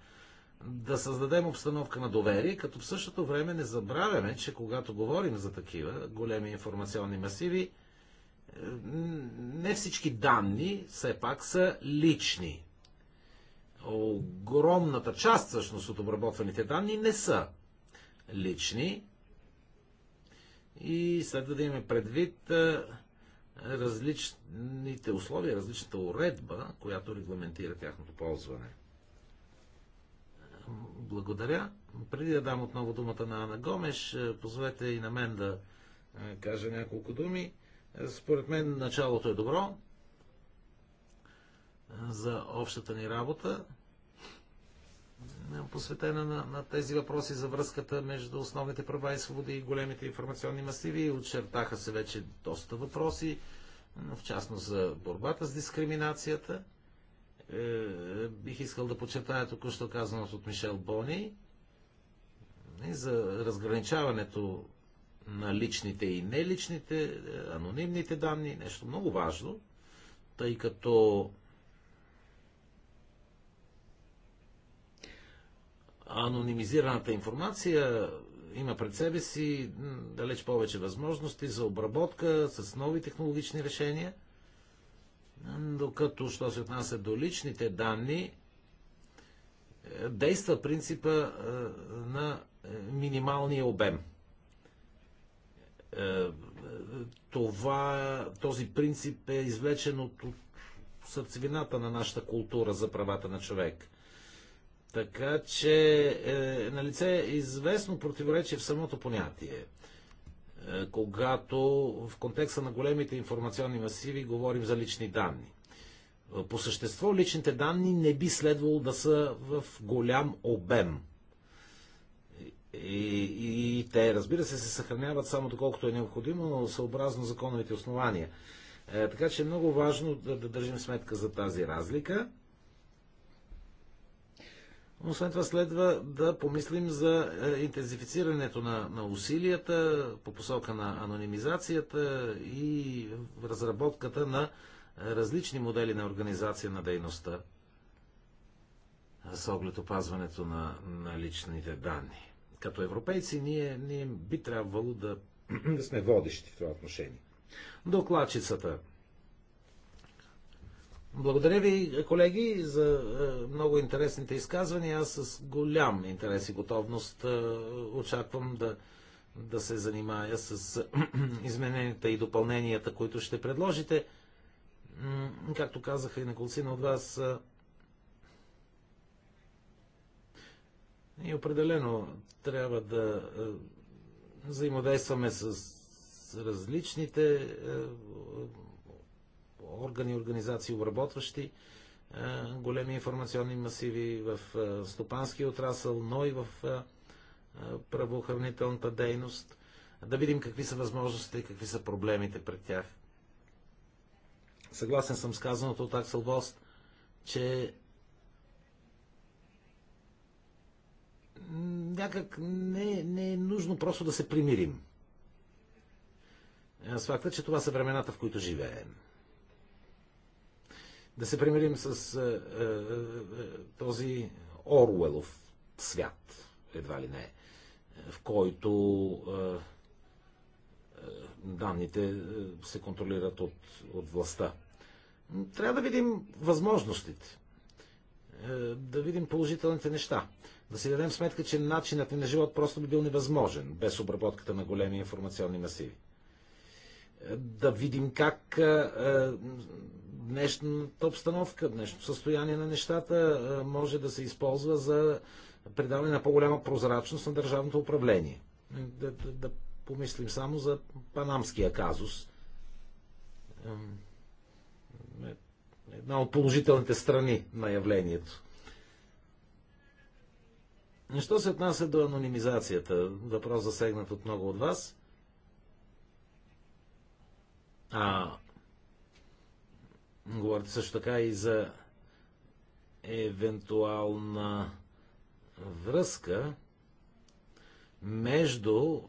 да създадем обстановка на доверие, като в същото време не забравяме, че когато говорим за такива големи информационни масиви, е, не всички данни все пак са лични. Огромната част всъщност от обработваните данни не са лични и следва да имаме предвид е, различните условия, различната уредба, която регламентира тяхното ползване. Благодаря. Преди да дам отново думата на Ана Гомеш, позволете и на мен да е, кажа няколко думи. Е, според мен началото е добро е, за общата ни работа. Е, посветена на, на тези въпроси за връзката между основните права и свободи и големите информационни масиви. Очертаха се вече доста въпроси, в частност за борбата с дискриминацията. Е, бих искал да подчертая току-що казаното от Мишел Бони И е, за разграничаването на личните и неличните, е, анонимните данни, нещо много важно, тъй като анонимизираната информация има пред себе си далеч повече възможности за обработка с нови технологични решения, докато, що се отнася до личните данни, е, действа принципа е, на минималния обем. Е, това, този принцип е извлечен от, от сърцевината на нашата култура за правата на човек – така че е, на лице е известно противоречие в самото понятие. Е, когато в контекста на големите информационни масиви говорим за лични данни. По същество личните данни не би следвало да са в голям обем. И, и, и те, разбира се, се съхраняват само доколкото е необходимо, но съобразно законовите основания. Е, така че е много важно да, да държим сметка за тази разлика. Освен това следва да помислим за е, интензифицирането на, на усилията по посока на анонимизацията и разработката на е, различни модели на организация на дейността с оглед опазването на, на личните данни. Като европейци ние, ние би трябвало да, да сме водещи в това отношение. Докладчицата благодаря ви, колеги, за е, много интересните изказвания. Аз с голям интерес и готовност е, очаквам да, да се занимая с е, измененията и допълненията, които ще предложите. Както казаха и неколцина от вас, и определено трябва да взаимодействаме с различните органи, организации, обработващи е, големи информационни масиви в е, стопанския отрасъл, но и в е, правоохранителната дейност. Да видим какви са възможностите и какви са проблемите пред тях. Съгласен съм с казаното от Аксел Вост, че някак не, не е нужно просто да се примирим. С факта, че това са времената, в които живеем да се примирим с а, е, а, е, е, този Оруелов свят, едва ли не, в който а, данните се контролират от, от властта. Трябва да видим възможностите, да видим положителните неща. Да си дадем сметка, че начинът ни на живот просто би бил невъзможен без обработката на големи информационни масиви. Да видим как днешната обстановка, днешното състояние на нещата може да се използва за придаване на по-голяма прозрачност на държавното управление. Да, да, да помислим само за панамския казус. Е една от положителните страни на явлението. Нещо се отнася до анонимизацията? Въпрос засегнат от много от вас. А Говорите също така и за евентуална връзка между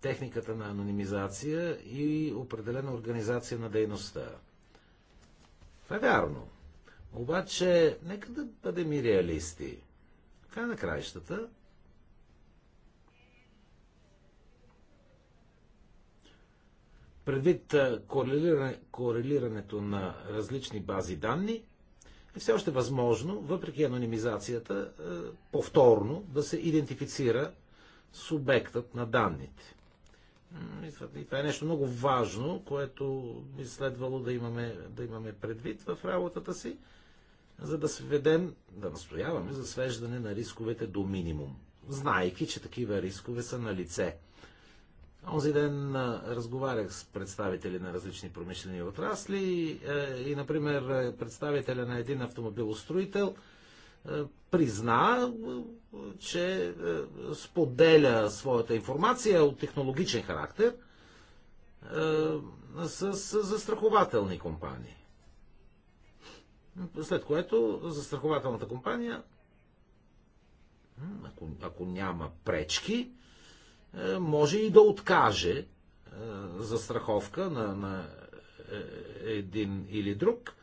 техниката на анонимизация и определена организация на дейността. Това е вярно. Обаче, нека да бъдем и реалисти. Край на краищата, Предвид корелиране, корелирането на различни бази данни, е все още възможно, въпреки анонимизацията, повторно да се идентифицира субектът на данните. И това е нещо много важно, което би следвало да имаме, да имаме предвид в работата си, за да сведем, да настояваме за свеждане на рисковете до минимум, знайки, че такива рискове са на лице – Онзи ден разговарях с представители на различни промишлени отрасли е, и, например, е, представителя на един автомобилостроител е, призна, че споделя своята информация от технологичен характер с застрахователни компании. След което застрахователната компания, ако, ако няма пречки, е, може и да откаже е, застраховка на, на е, един или друг,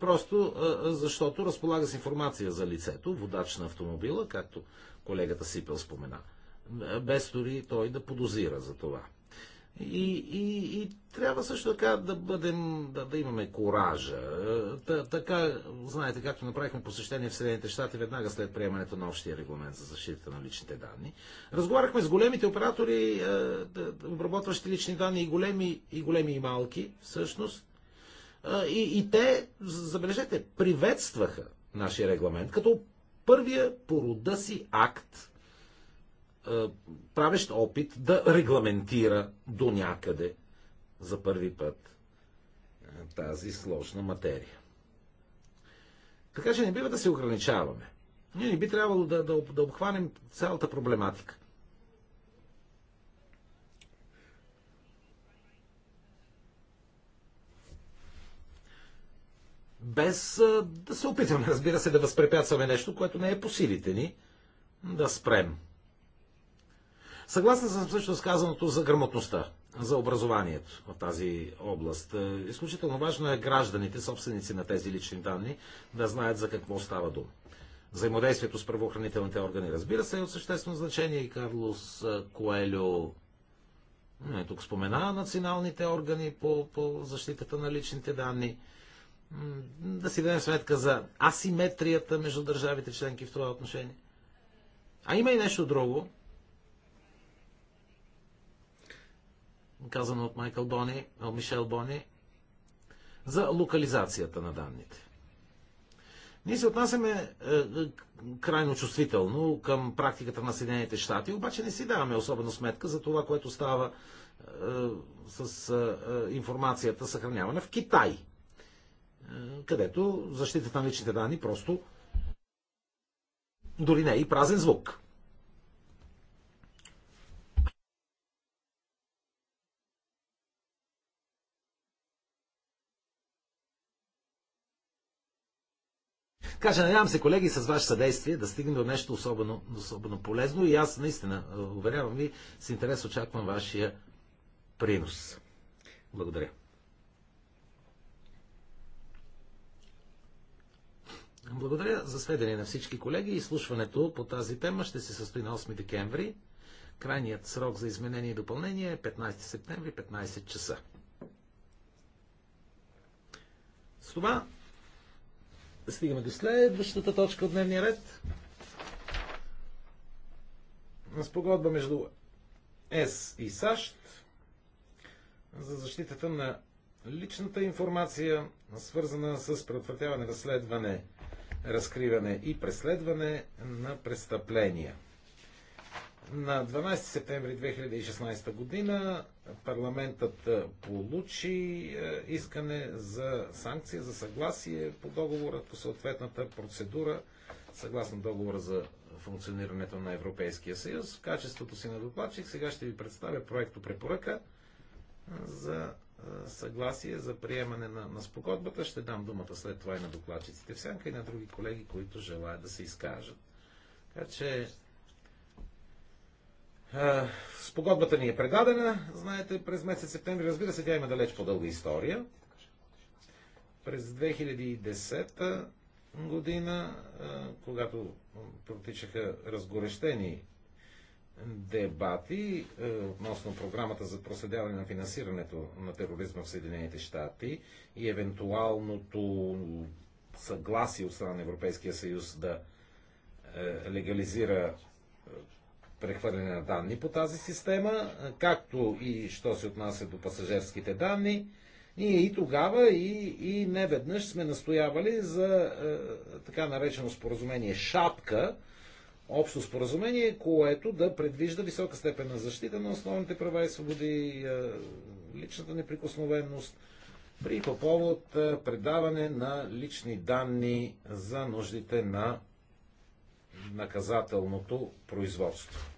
просто защото разполага с информация за лицето, водач на автомобила, както колегата Сипел спомена, без дори той да подозира за това. И, и, и трябва също така да бъдем, да, да имаме коража. Та, така, знаете, както направихме посещение в Съединените щати веднага след приемането на общия регламент за защита на личните данни. Разговаряхме с големите оператори, е, е, обработващи лични данни и големи, и големи и малки, всъщност. Е, и, и те, забележете, приветстваха нашия регламент като първия по рода си акт е, правещ опит да регламентира до някъде за първи път е, тази сложна материя. Така че не бива да се ограничаваме. Ние не би трябвало да, да, да обхванем цялата проблематика. Без е, да се опитваме, разбира се, да възпрепятстваме нещо, което не е по силите ни, да спрем Съгласен съм също с казаното за грамотността, за образованието в тази област. Е, изключително важно е гражданите, собственици на тези лични данни, да знаят за какво става дума. Взаимодействието с правоохранителните органи, разбира се, е от съществено значение и Карлос е, Коелю не, тук спомена националните органи по, по защитата на личните данни. Да си дадем сметка за асиметрията между държавите членки в това отношение. А има и нещо друго, казано от Майкъл Бони, от Мишел Бони, за локализацията на данните. Ние се отнасяме е, е, крайно чувствително към практиката на Съединените щати, обаче не си даваме особено сметка за това, което става е, с е, е информацията съхранявана в Китай, е, където защитата на личните данни просто дори не е и празен звук. Така че надявам се, колеги, с ваше съдействие да стигнем до нещо особено, особено полезно и аз наистина, е, уверявам ви, с интерес очаквам вашия принос. Благодаря. Благодаря за сведение на всички колеги. Изслушването по тази тема ще се състои на 8 декември. Крайният срок за изменение и допълнение е 15 септември, 15 часа. С това стигаме до следващата точка от дневния ред. на Спогодба между ЕС и САЩ за защитата на личната информация, свързана с предотвратяване, разследване, разкриване и преследване на престъпления. На 12 септември 2016 година парламентът е, получи е, искане за санкция, за съгласие по договора, по съответната процедура, съгласно договора за функционирането на Европейския съюз. В качеството си на докладчик сега ще ви представя проекто препоръка е, за съгласие за приемане на, на спогодбата. Ще дам думата след това и на докладчиците в сянка и на други колеги, които желаят да се изкажат. Така че е, спогодбата ни е предадена, знаете, през месец септември. Разбира се, тя има далеч по-дълга история. През 2010 година, е, когато протичаха разгорещени дебати е, относно програмата за проследяване на финансирането на тероризма в Съединените щати и евентуалното съгласие от страна на Европейския съюз да легализира прехвърляне на данни по тази система, както и що се отнася до пасажирските данни. Ние и тогава, и, и не веднъж сме настоявали за е, така наречено споразумение шапка, общо споразумение, което да предвижда висока степен на защита на основните права и свободи, е, личната неприкосновенност, при по повод е, предаване на лични данни за нуждите на наказателното производство.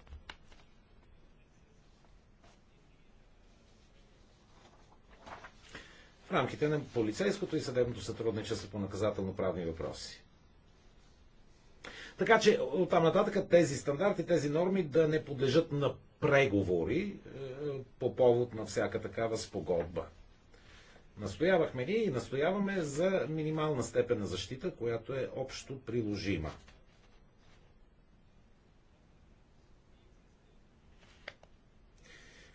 рамките на полицейското и съдебното сътрудничество по наказателно-правни въпроси. Така че оттам нататък тези стандарти, тези норми да не подлежат на преговори е, по повод на всяка такава спогодба. Настоявахме ние и настояваме за минимална степен на защита, която е общо приложима.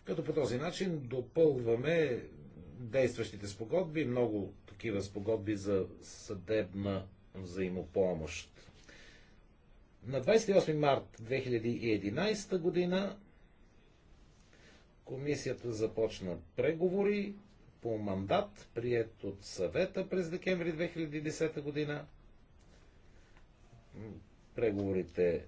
Като по този начин допълваме действащите спогодби, много такива спогодби за съдебна взаимопомощ. На 28 март 2011 година комисията започна преговори по мандат, прият от съвета през декември 2010 година. Преговорите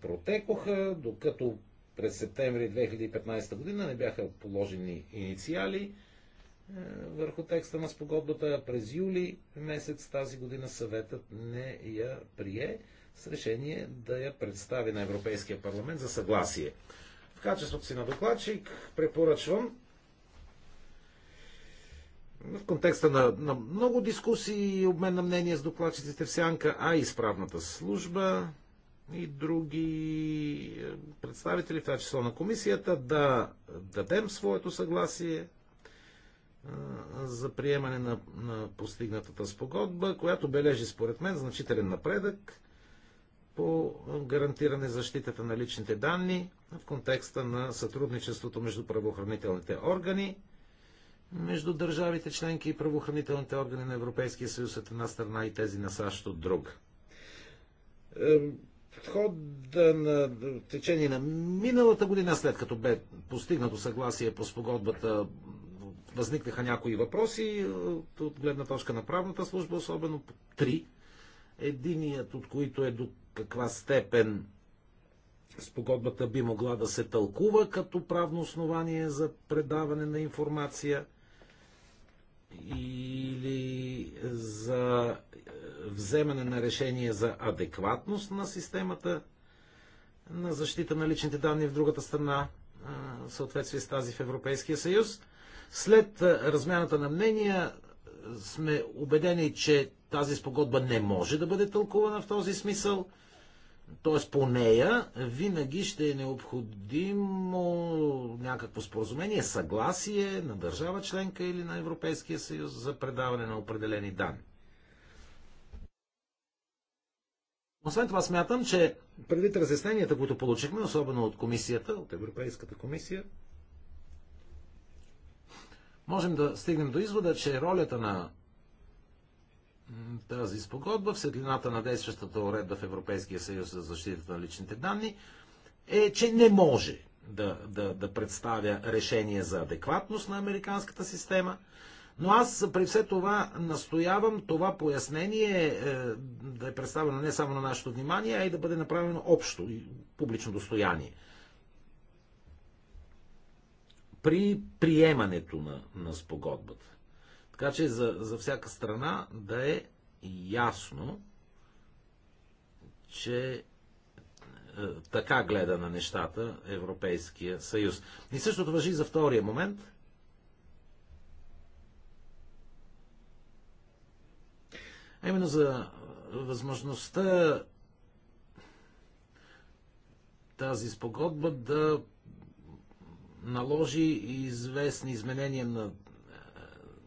протекоха, докато през септември 2015 година не бяха положени инициали – върху текста на спогодбата. През юли месец тази година съветът не я прие с решение да я представи на Европейския парламент за съгласие. В качеството си на докладчик препоръчвам в контекста на, на много дискусии и обмен на мнения с докладчиците в Сянка, а и справната служба и други е, представители, в това число на комисията, да дадем своето съгласие за приемане на, на постигнатата спогодба, която бележи според мен значителен напредък по гарантиране защитата на личните данни в контекста на сътрудничеството между правоохранителните органи, между държавите членки и правоохранителните органи на Европейския съюз от една страна и тези на САЩ от друга. Е, в хода на течение на миналата година, след като бе постигнато съгласие по спогодбата Възникнаха някои въпроси е, от гледна точка на правната служба, особено три. Единият от които е до каква степен спогодбата би могла да се тълкува като правно основание за предаване на информация или за е, вземане на решение за адекватност на системата на защита на личните данни в другата страна е, в съответствие с тази в Европейския съюз. След размяната на мнения сме убедени, че тази спогодба не може да бъде тълкувана в този смисъл. Т.е. по нея винаги ще е необходимо някакво споразумение, съгласие на държава членка или на Европейския съюз за предаване на определени данни. Освен това смятам, че предвид разясненията, които получихме, особено от комисията, от Европейската комисия, можем да стигнем до извода, че ролята на тази спогодба в светлината на действащата уредба в Европейския съюз за защита на личните данни е, че не може да, да, да представя решение за адекватност на американската система. Но аз при все това настоявам това пояснение е, да е представено не само на нашето внимание, а и да бъде направено общо и публично достояние при приемането на, на спогодбата. Така че за, за всяка страна да е ясно, че е, така гледа на нещата Европейския съюз. И същото въжи за втория момент. А именно за възможността тази спогодба да наложи известни изменения на е,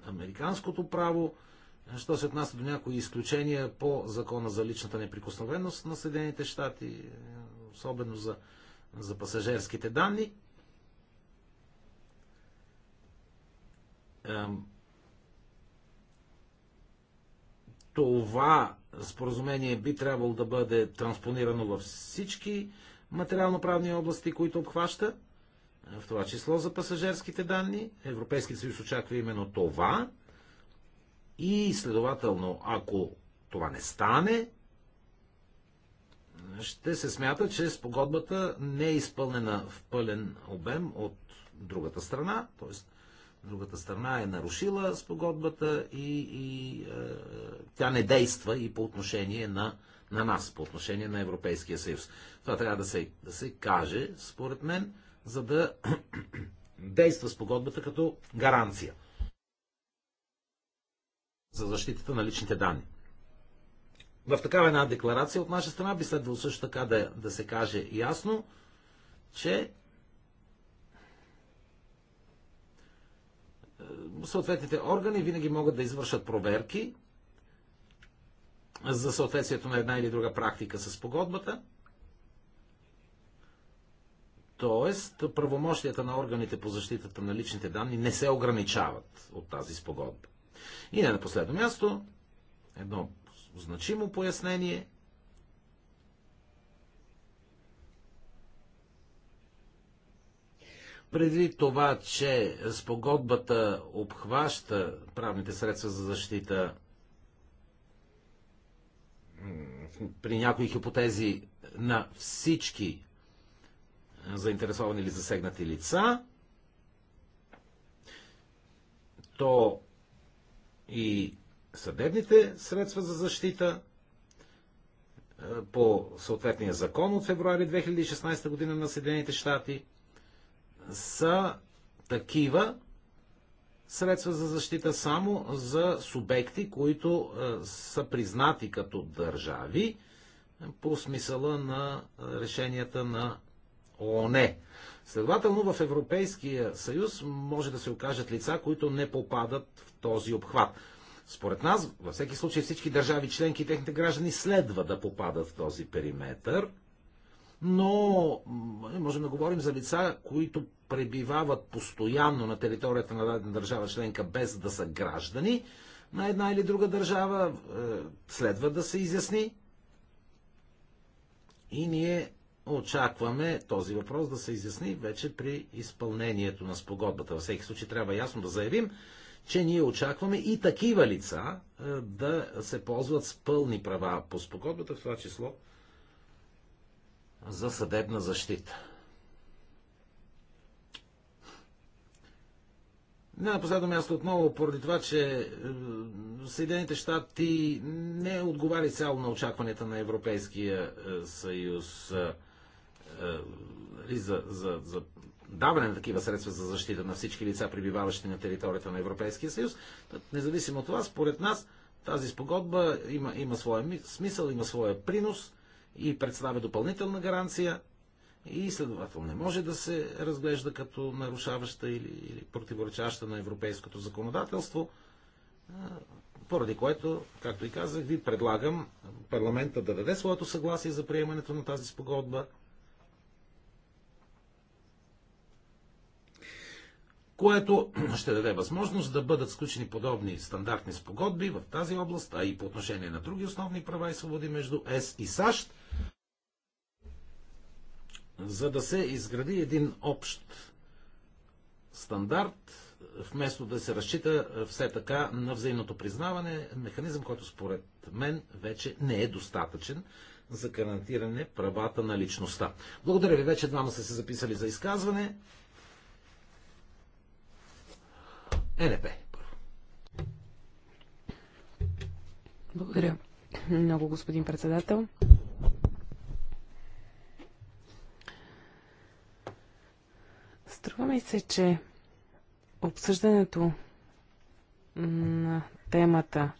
американското право, е, що се отнася до някои изключения по закона за личната неприкосновеност на Съединените щати, е, особено за, за пасажирските данни. Това споразумение би трябвало да бъде транспонирано във всички материално-правни области, които обхващат в това число за пасажирските данни. Европейският съюз очаква именно това. И следователно, ако това не стане, ще се смята, че спогодбата не е изпълнена в пълен обем от другата страна, т.е. другата страна е нарушила спогодбата и, и е, тя не действа и по отношение на, на нас, по отношение на Европейския съюз. Това трябва да се, да се каже, според мен за да действа спогодбата като гаранция за защитата на личните данни. В такава една декларация от наша страна би следвало също така да, да се каже ясно, че е, съответните органи винаги могат да извършат проверки за съответствието на една или друга практика с погодбата – Тоест, правомощията на органите по защитата на личните данни не се ограничават от тази спогодба. И не на последно място, едно значимо пояснение. Преди това, че спогодбата обхваща правните средства за защита при някои хипотези на всички заинтересовани или засегнати лица, то и съдебните средства за защита е, по съответния закон от февруари 2016 година на Съединените щати са такива средства за защита само за субекти, които е, са признати като държави е, по смисъла на решенията на ООН. Следователно в Европейския съюз може да се окажат лица, които не попадат в този обхват. Според нас, във всеки случай всички държави членки и техните граждани следва да попадат в този периметр. но можем да говорим за лица, които пребивават постоянно на територията на дадена държава членка без да са граждани на една или друга държава, е, следва да се изясни. И ние очакваме този въпрос да се изясни вече при изпълнението на спогодбата. Във всеки случай трябва ясно да заявим, че ние очакваме и такива лица е, да се ползват с пълни права по спогодбата, в това число за съдебна защита. Не на последно място отново, поради това, че е, Съединените щати не отговаря цяло на очакванията на Европейския е, съюз. Е, за, за, за даване на такива средства за защита на всички лица, прибиваващи на територията на Европейския съюз. Независимо от това, според нас тази спогодба има, има своя смисъл, има своя принос и представя допълнителна гаранция и следователно не може да се разглежда като нарушаваща или, или противоречаща на европейското законодателство, е, поради което, както и казах, ви предлагам парламента да даде своето съгласие за приемането на тази спогодба което ще даде възможност да бъдат сключени подобни стандартни спогодби в тази област, а и по отношение на други основни права и свободи между ЕС и САЩ, за да се изгради един общ стандарт, вместо да се разчита все така на взаимното признаване, механизъм, който според мен вече не е достатъчен за гарантиране правата на личността. Благодаря ви, вече двама са се записали за изказване. Е НП. Благодаря много, господин председател. Струва ми се, че обсъждането на темата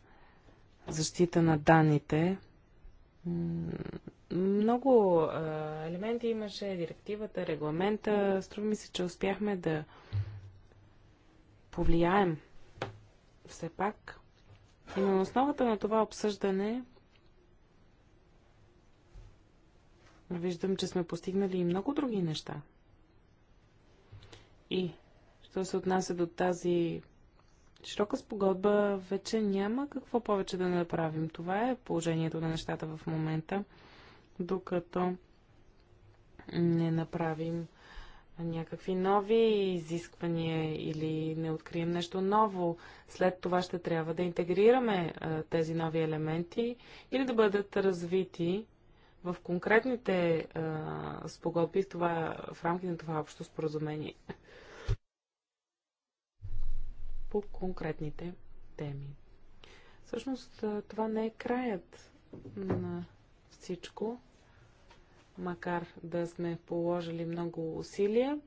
защита на данните много елементи имаше, директивата, регламента. Струва ми се, че успяхме да повлияем. Все пак. И на основата на това обсъждане виждам, че сме постигнали и много други неща. И, що се отнася до тази широка спогодба, вече няма какво повече да направим. Това е положението на нещата в момента, докато не направим някакви нови изисквания или не открием нещо ново, след това ще трябва да интегрираме а, тези нови елементи или да бъдат развити в конкретните а, спогодби в, това, в рамките на това общо споразумение по конкретните теми. Всъщност това не е краят на всичко макар да сме положили много усилия.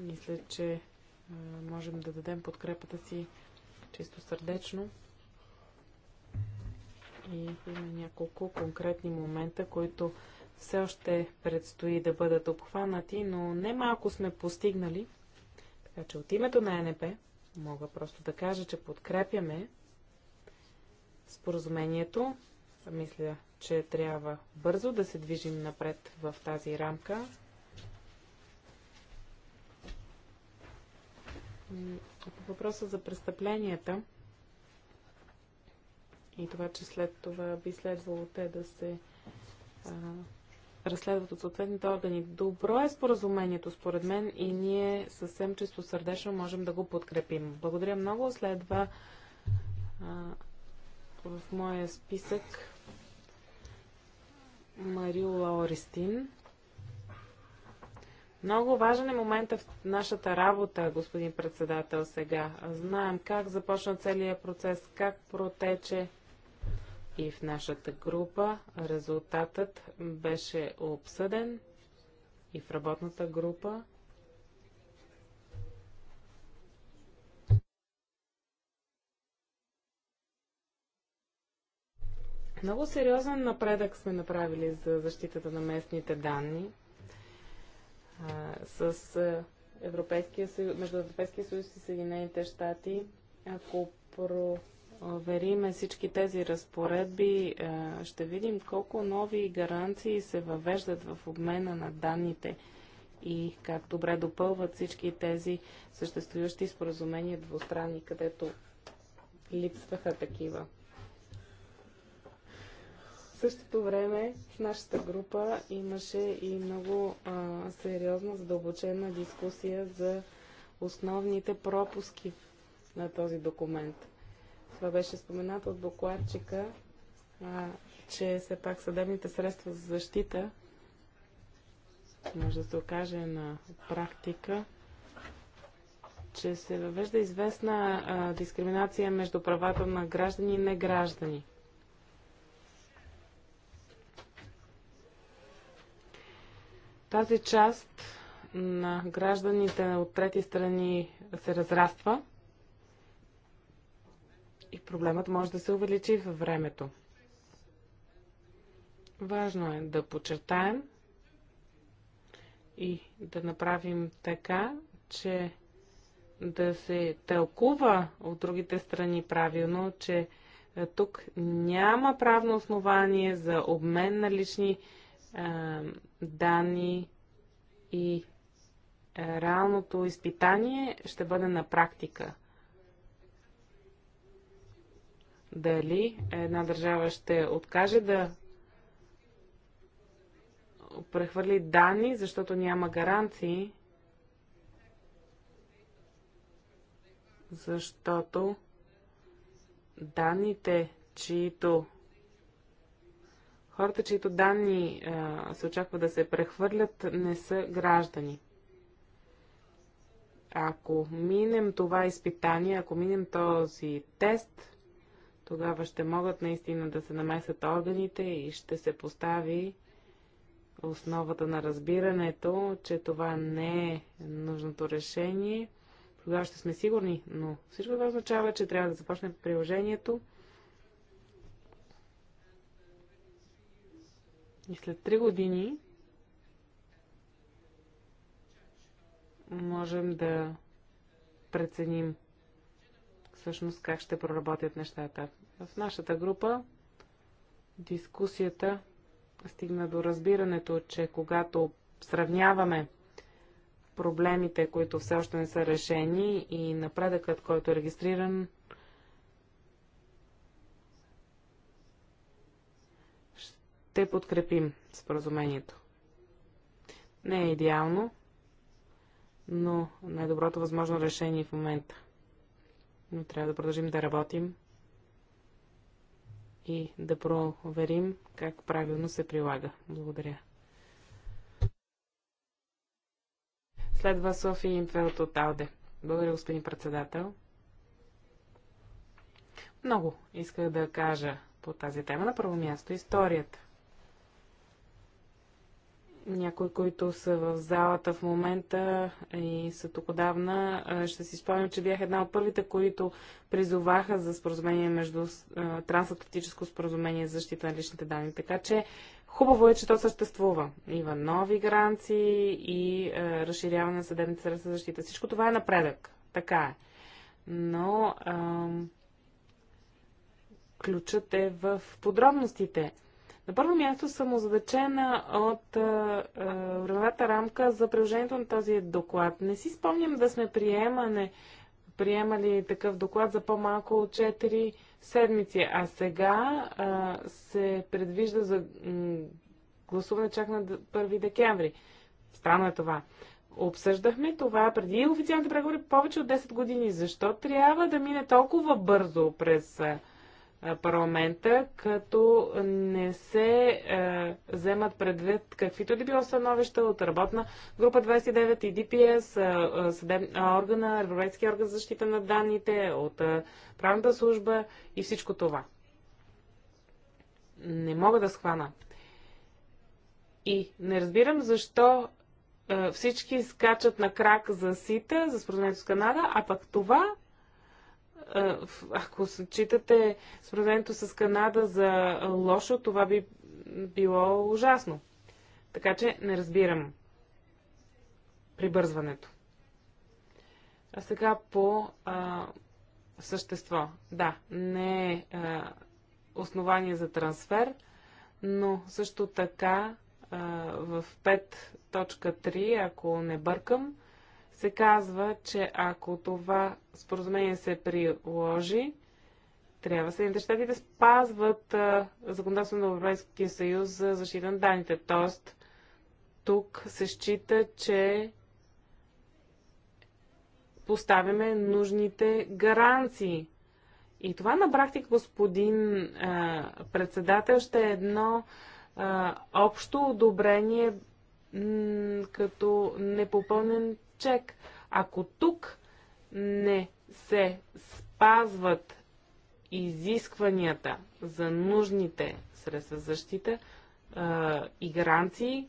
Мисля, че можем да дадем подкрепата си чисто сърдечно. И има няколко конкретни момента, които все още предстои да бъдат обхванати, но не малко сме постигнали. Така че от името на НП мога просто да кажа, че подкрепяме споразумението. Мисля, че трябва бързо да се движим напред в тази рамка. По въпроса за престъпленията и това, че след това би следвало те да се а, разследват от съответните органи. Добро е споразумението, според мен, и ние съвсем чисто сърдечно можем да го подкрепим. Благодаря много. Следва а, в моя списък Марио Лауристин. Много важен е момента в нашата работа, господин председател, сега. Знаем как започна целият процес, как протече и в нашата група. Резултатът беше обсъден и в работната група. Много сериозен напредък сме направили за защитата на местните данни а, с Европейския съюз, между Европейския съюз и Съединените щати. Ако провериме всички тези разпоредби, а, ще видим колко нови гаранции се въвеждат в обмена на данните и как добре допълват всички тези съществуващи споразумения двустранни, където липсваха такива. В същото време в нашата група имаше и много а, сериозна, задълбочена дискусия за основните пропуски на този документ. Това беше споменато от докладчика, а, че все пак съдебните средства за защита може да се окаже на практика, че се въвежда известна а, дискриминация между правата на граждани и неграждани. Тази част на гражданите от трети страни се разраства и проблемът може да се увеличи във времето. Важно е да подчертаем и да направим така, че да се тълкува от другите страни правилно, че е, тук няма правно основание за обмен на лични данни и реалното изпитание ще бъде на практика. Дали една държава ще откаже да прехвърли данни, защото няма гаранции, защото данните, чието Хората, чието данни а, се очаква да се прехвърлят, не са граждани. Ако минем това изпитание, ако минем този тест, тогава ще могат наистина да се намесят органите и ще се постави основата на разбирането, че това не е нужното решение. Тогава ще сме сигурни, но всичко това означава, че трябва да започне приложението И след 3 години можем да преценим всъщност как ще проработят нещата. В нашата група дискусията стигна до разбирането, че когато сравняваме проблемите, които все още не са решени и напредъкът, който е регистриран ще подкрепим споразумението. Не е идеално, но най-доброто е възможно решение в момента. Но трябва да продължим да работим и да проверим как правилно се прилага. Благодаря. Следва София Инфелт от Ауде. Благодаря, господин председател. Много исках да кажа по тази тема. На първо място историята някои, които са в залата в момента и са тук отдавна, ще си спомням, че бях една от първите, които призоваха за споразумение между трансатлантическо споразумение за защита на личните данни. Така че хубаво е, че то съществува. Има нови гаранции и е, разширяване на съдебните средства за защита. Всичко това е напредък. Така е. Но е, ключът е в подробностите. На първо място съм озадачена от времевата рамка за приложението на този доклад. Не си спомням да сме приемане, приемали такъв доклад за по-малко от 4 седмици, а сега а, се предвижда за гласуване чак на 1 декември. Странно е това. Обсъждахме това преди официалните преговори повече от 10 години. Защо трябва да мине толкова бързо през парламента, като не се е, вземат предвид каквито ли било становища от работна група 29 и ДПС, е, съдеб, органа, Европейския орган за защита на данните, от е, правната служба и всичко това. Не мога да схвана. И не разбирам защо е, всички скачат на крак за сита, за споразумението с Канада, а пък това ако читате сравнението с Канада за лошо, това би било ужасно. Така че не разбирам прибързването. А сега по а, същество. Да, не е а, основание за трансфер, но също така а, в 5.3, ако не бъркам, се казва, че ако това споразумение се приложи, трябва Съединените щати да спазват законодателството на Европейския съюз за защита на данните. Тоест, тук се счита, че поставяме нужните гаранции. И това на практика, господин а, председател, ще е едно а, общо одобрение като непопълнен чек. Ако тук не се спазват изискванията за нужните средства защита а, и гаранции,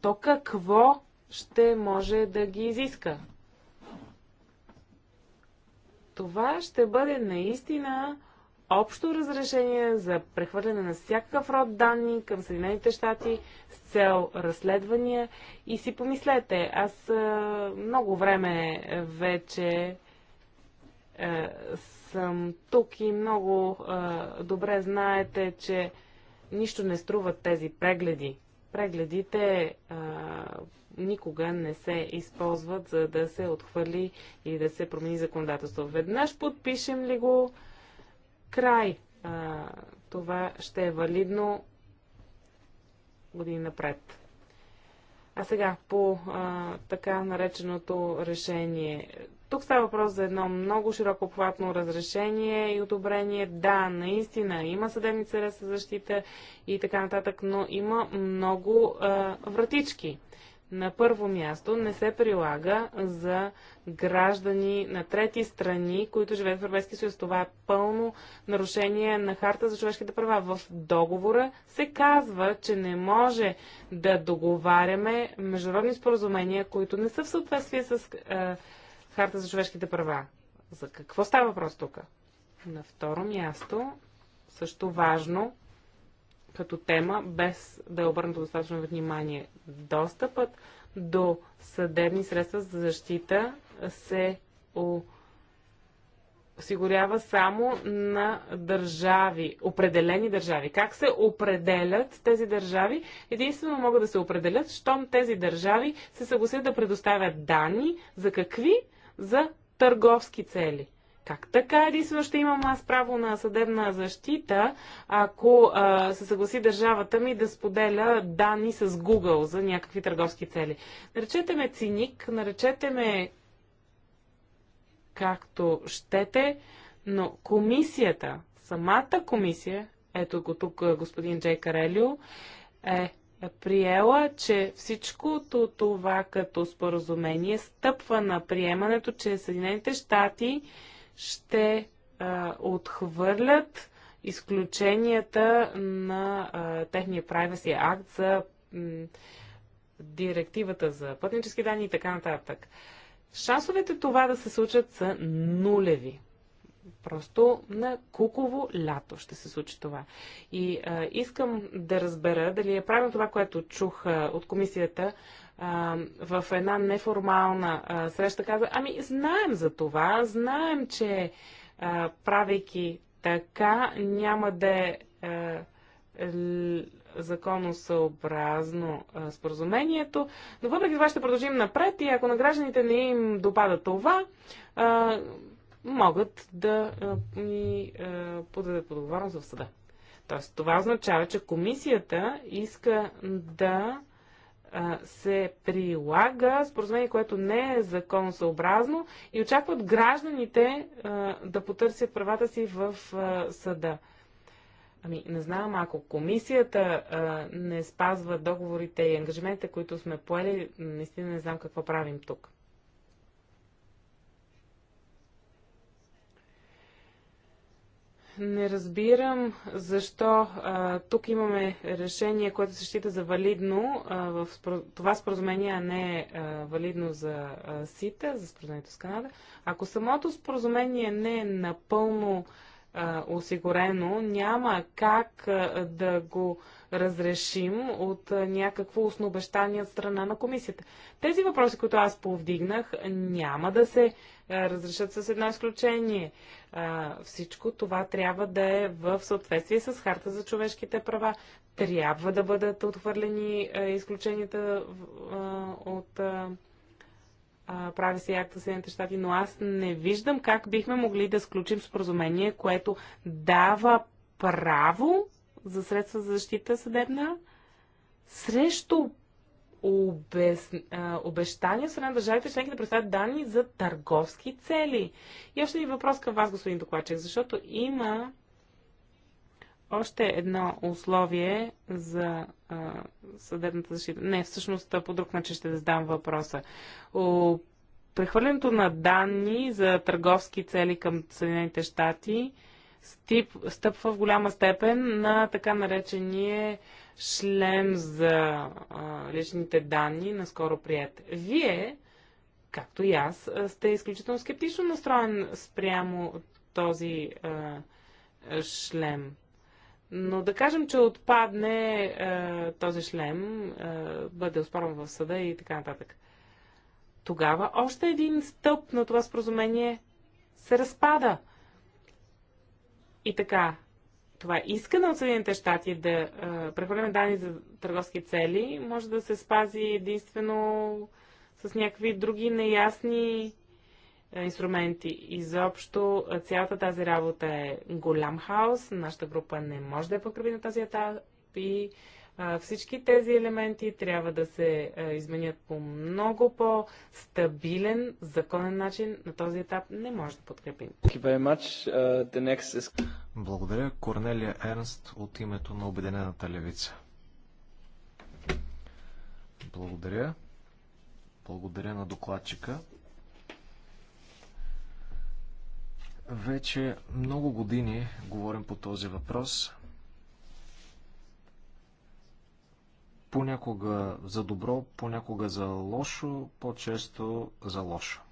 то какво ще може да ги изиска? Това ще бъде наистина общо разрешение за прехвърляне на всякакъв род данни към Съединените щати с цел разследвания. И си помислете, аз много време вече съм тук и много добре знаете, че нищо не струват тези прегледи. Прегледите никога не се използват, за да се отхвърли и да се промени законодателство. Веднъж подпишем ли го, край. А, това ще е валидно години напред. А сега по а, така нареченото решение. Тук става въпрос за едно много широко обхватно разрешение и одобрение. Да, наистина има съдебни цели за защита и така нататък, но има много а, вратички. На първо място не се прилага за граждани на трети страни, които живеят в Европейския съюз. Това е пълно нарушение на Харта за човешките права. В договора се казва, че не може да договаряме международни споразумения, които не са в съответствие с е, Харта за човешките права. За какво става въпрос тук? На второ място, също важно, като тема, без да е обърнато достатъчно внимание. Достъпът до съдебни средства за защита се осигурява само на държави, определени държави. Как се определят тези държави? Единствено могат да се определят, щом тези държави се съгласят да предоставят данни за какви? За търговски цели. Как така единствено ще имам аз право на съдебна защита, ако а, се съгласи държавата ми да споделя данни с Google за някакви търговски цели? Наречете ме циник, наречете ме както щете, но комисията, самата комисия, ето го тук господин Джей Карелио, е приела, че всичкото това като споразумение стъпва на приемането, че Съединените щати ще а, отхвърлят изключенията на а, техния privacy акт за директивата за пътнически данни и така нататък. Шансовете това да се случат са нулеви. Просто на куково лято ще се случи това. И а, искам да разбера дали е правилно това, което чух а, от комисията а, в една неформална а, среща. Каза, ами знаем за това, знаем, че а, правейки така няма да е законосъобразно споразумението. Но въпреки това ще продължим напред и ако на гражданите не им допада това, могат да ни подадат подговорност в съда. Тоест, това означава, че комисията иска да се прилага споразумение, което не е законосъобразно и очакват гражданите да потърсят правата си в съда. Ами, не знам, ако комисията а, не спазва договорите и ангажиментите, които сме поели, наистина не знам какво правим тук. Не разбирам защо а, тук имаме решение, което се счита за валидно а, в това споразумение, а не е валидно за а, СИТА, за споразумението с Канада. Ако самото споразумение не е напълно а, осигурено, няма как а, да го разрешим от а, някакво основещание от страна на комисията. Тези въпроси, които аз повдигнах, няма да се разрешат с едно изключение. Всичко това трябва да е в съответствие с Харта за човешките права. Трябва да бъдат отхвърлени изключенията от прави се акта Съединените щати, но аз не виждам как бихме могли да сключим споразумение, което дава право за средства за защита съдебна срещу обез... обещания от страна на държавите членки да представят данни за търговски цели. И още един въпрос към вас, господин докладчик, защото има още едно условие за а, съдебната защита. Не, всъщност по друг начин ще задам въпроса. О, прехвърлянето на данни за търговски цели към Съединените щати стъпва в голяма степен на така наречения шлем за а, личните данни, наскоро прият. Вие, както и аз, сте изключително скептично настроен спрямо този а, шлем. Но да кажем, че отпадне а, този шлем, а, бъде оспорван в съда и така нататък. Тогава още един стъп на това споразумение се разпада. И така, това искане от Съединените щати да а, прехвърляме данни за търговски цели може да се спази единствено с някакви други неясни инструменти. Изобщо цялата тази работа е голям хаос. Нашата група не може да е подкрепи на тази етап и всички тези елементи трябва да се изменят по много по-стабилен законен начин. На този етап не може да подкрепим. Uh, Благодаря, Корнелия Ернст от името на Обединената левица. Благодаря. Благодаря на докладчика. Вече много години говорим по този въпрос. понякога за добро, понякога за лошо, по-често за лошо.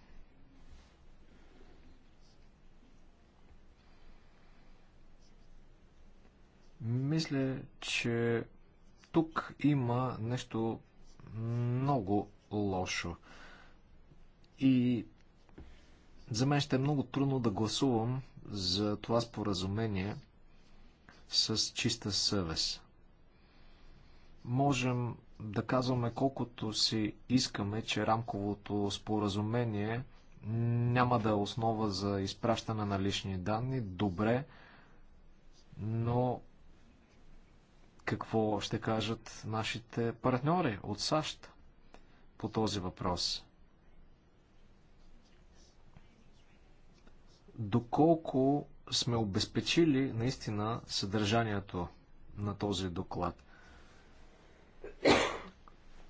Мисля, че тук има нещо много лошо. И за мен ще е много трудно да гласувам за това споразумение с чиста съвест можем да казваме колкото си искаме, че рамковото споразумение няма да е основа за изпращане на лични данни. Добре, но какво ще кажат нашите партньори от САЩ по този въпрос? Доколко сме обезпечили наистина съдържанието на този доклад?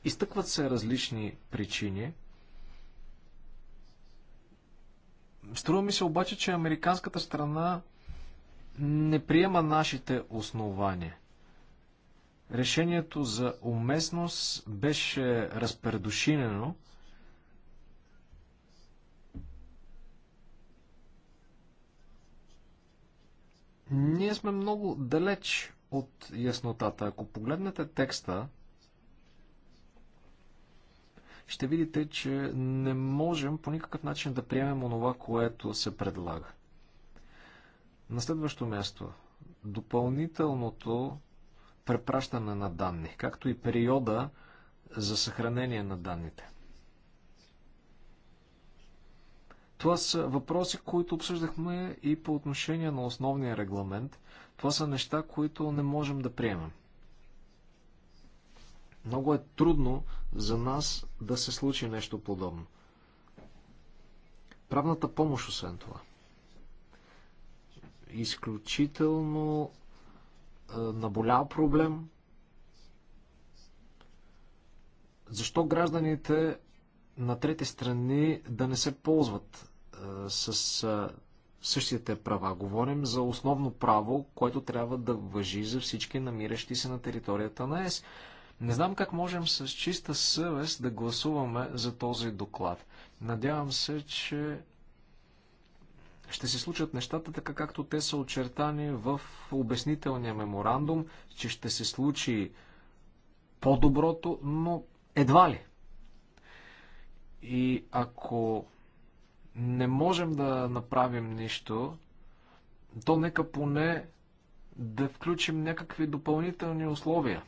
Изтъкват се различни причини. Струва ми се обаче, че американската страна не приема нашите основания. Решението за уместност беше разпредушинено. Ние сме много далеч от яснотата. Ако погледнете текста, ще видите, че не можем по никакъв начин да приемем онова, което се предлага. На следващо място, допълнителното препращане на данни, както и периода за съхранение на данните. Това са въпроси, които обсъждахме и по отношение на основния регламент. Това са неща, които не можем да приемем. Много е трудно за нас да се случи нещо подобно. Правната помощ, освен това. Изключително е, наболял проблем. Защо гражданите на трети страни да не се ползват е, с е, същите права? Говорим за основно право, което трябва да въжи за всички намиращи се на територията на ЕС. Не знам как можем с чиста съвест да гласуваме за този доклад. Надявам се, че ще се случат нещата така, както те са очертани в обяснителния меморандум, че ще се случи по-доброто, но едва ли. И ако не можем да направим нищо, то нека поне да включим някакви допълнителни условия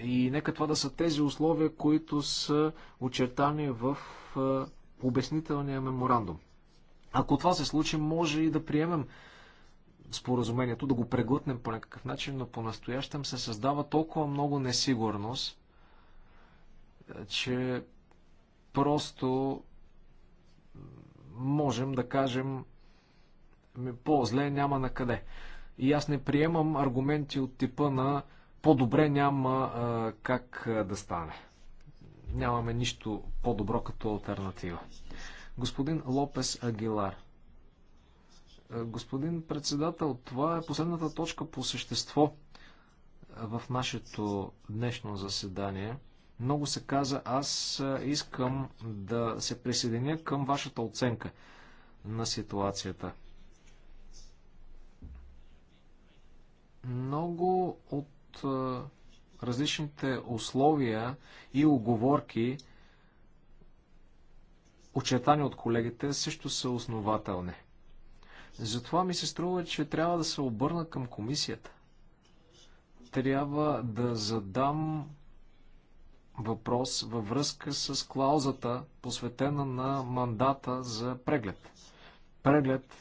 и нека това да са тези условия, които са очертани в обяснителния меморандум. Ако това се случи, може и да приемем споразумението, да го преглътнем по някакъв начин, но по-настоящем се създава толкова много несигурност, че просто можем да кажем ами, по-зле няма на къде. И аз не приемам аргументи от типа на по-добре няма а, как да стане. Нямаме нищо по-добро като альтернатива. Господин Лопес Агилар. Господин председател, това е последната точка по същество в нашето днешно заседание. Много се каза, аз искам да се присъединя към вашата оценка на ситуацията. Много от различните условия и оговорки, очертани от колегите, също са основателни. Затова ми се струва, че трябва да се обърна към комисията. Трябва да задам въпрос във връзка с клаузата, посветена на мандата за преглед. Преглед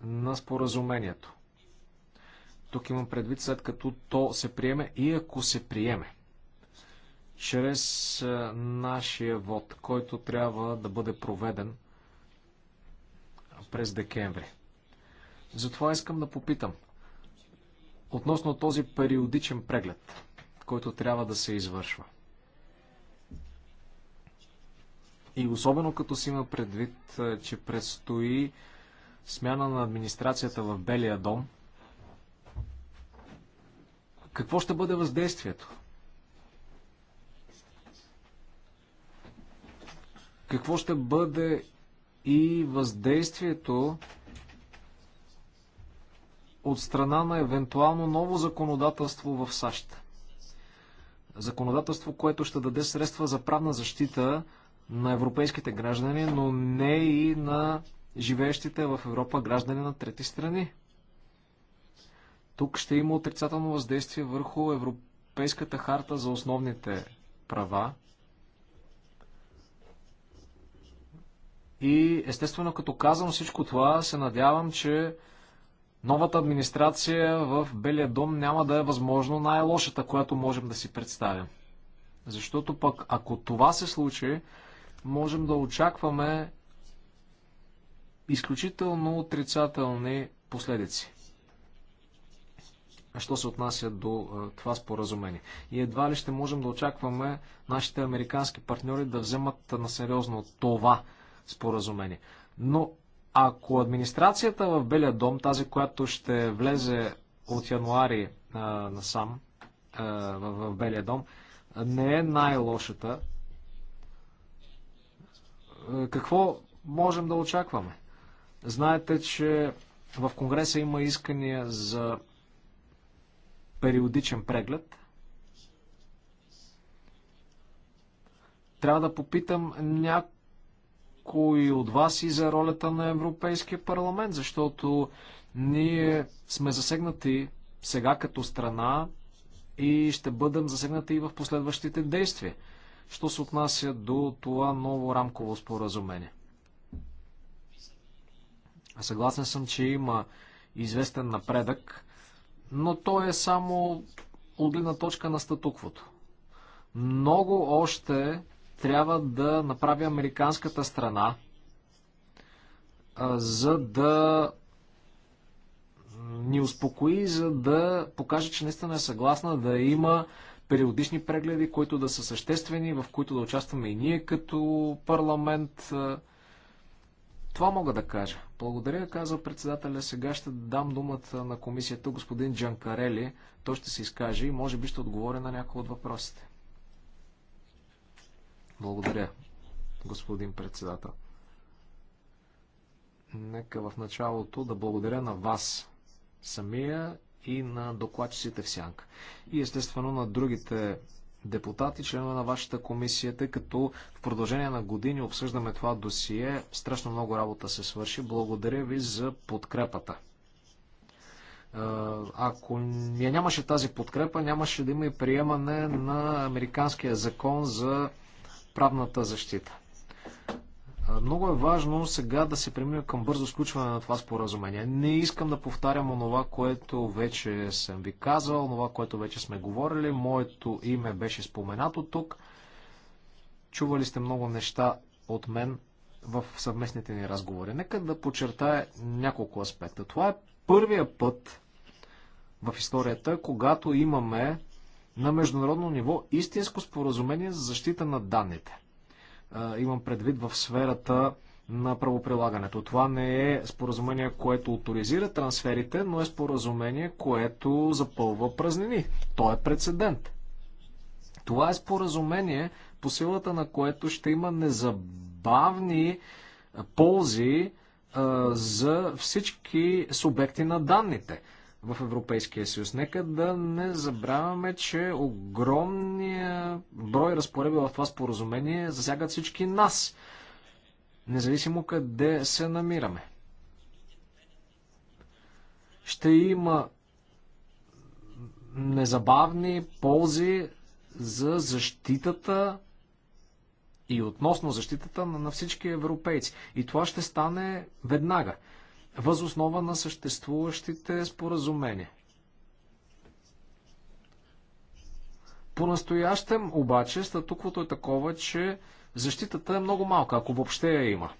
на споразумението. Тук имам предвид след като то се приеме и ако се приеме. Чрез нашия вод, който трябва да бъде проведен през декември. Затова искам да попитам. Относно този периодичен преглед, който трябва да се извършва. И особено като си има предвид, че предстои смяна на администрацията в Белия дом, какво ще бъде въздействието? Какво ще бъде и въздействието от страна на евентуално ново законодателство в САЩ? Законодателство, което ще даде средства за правна защита на европейските граждани, но не и на живеещите в Европа граждани на трети страни. Тук ще има отрицателно въздействие върху Европейската харта за основните права. И естествено, като казвам всичко това, се надявам, че новата администрация в Белия дом няма да е възможно най-лошата, която можем да си представим. Защото пък, ако това се случи, можем да очакваме изключително отрицателни последици що се отнася до това споразумение. И едва ли ще можем да очакваме нашите американски партньори да вземат на сериозно това споразумение. Но ако администрацията в Белия дом, тази, която ще влезе от януари а, насам а, в, в Белия дом, не е най-лошата, какво можем да очакваме? Знаете, че в Конгреса има искания за периодичен преглед. Трябва да попитам някой от вас и за ролята на Европейския парламент, защото ние сме засегнати сега като страна и ще бъдем засегнати и в последващите действия, що се отнася до това ново рамково споразумение. Съгласен съм, че има известен напредък но то е само от гледна точка на статуквото. Много още трябва да направи американската страна, за да ни успокои, за да покаже, че наистина е съгласна да има периодични прегледи, които да са съществени, в които да участваме и ние като парламент. Това мога да кажа. Благодаря, каза председателя. Сега ще дам думата на комисията господин Джанкарели. Той ще се изкаже и може би ще отговори на някои от въпросите. Благодаря, господин председател. Нека в началото да благодаря на вас самия и на докладчиците в Сянка. И естествено на другите депутати, членове на вашата комисия, тъй като в продължение на години обсъждаме това досие. Страшно много работа се свърши. Благодаря ви за подкрепата. Е, ако я нямаше тази подкрепа, нямаше да има и приемане на Американския закон за правната защита. Много е важно сега да се премине към бързо сключване на това споразумение. Не искам да повтарям онова, което вече съм ви казал, онова, което вече сме говорили. Моето име беше споменато тук. Чували сте много неща от мен в съвместните ни разговори. Нека да подчертая няколко аспекта. Това е първия път в историята, когато имаме на международно ниво истинско споразумение за защита на данните имам предвид в сферата на правоприлагането. Това не е споразумение, което авторизира трансферите, но е споразумение, което запълва празнини. То е прецедент. Това е споразумение, по силата на което ще има незабавни ползи а, за всички субекти на данните в Европейския съюз. Нека да не забравяме, че огромния брой разпореби в това споразумение засягат всички нас, независимо къде се намираме. Ще има незабавни ползи за защитата и относно защитата на всички европейци. И това ще стане веднага възоснова на съществуващите споразумения. По-настоящем обаче статуквото е такова, че защитата е много малка, ако въобще я има.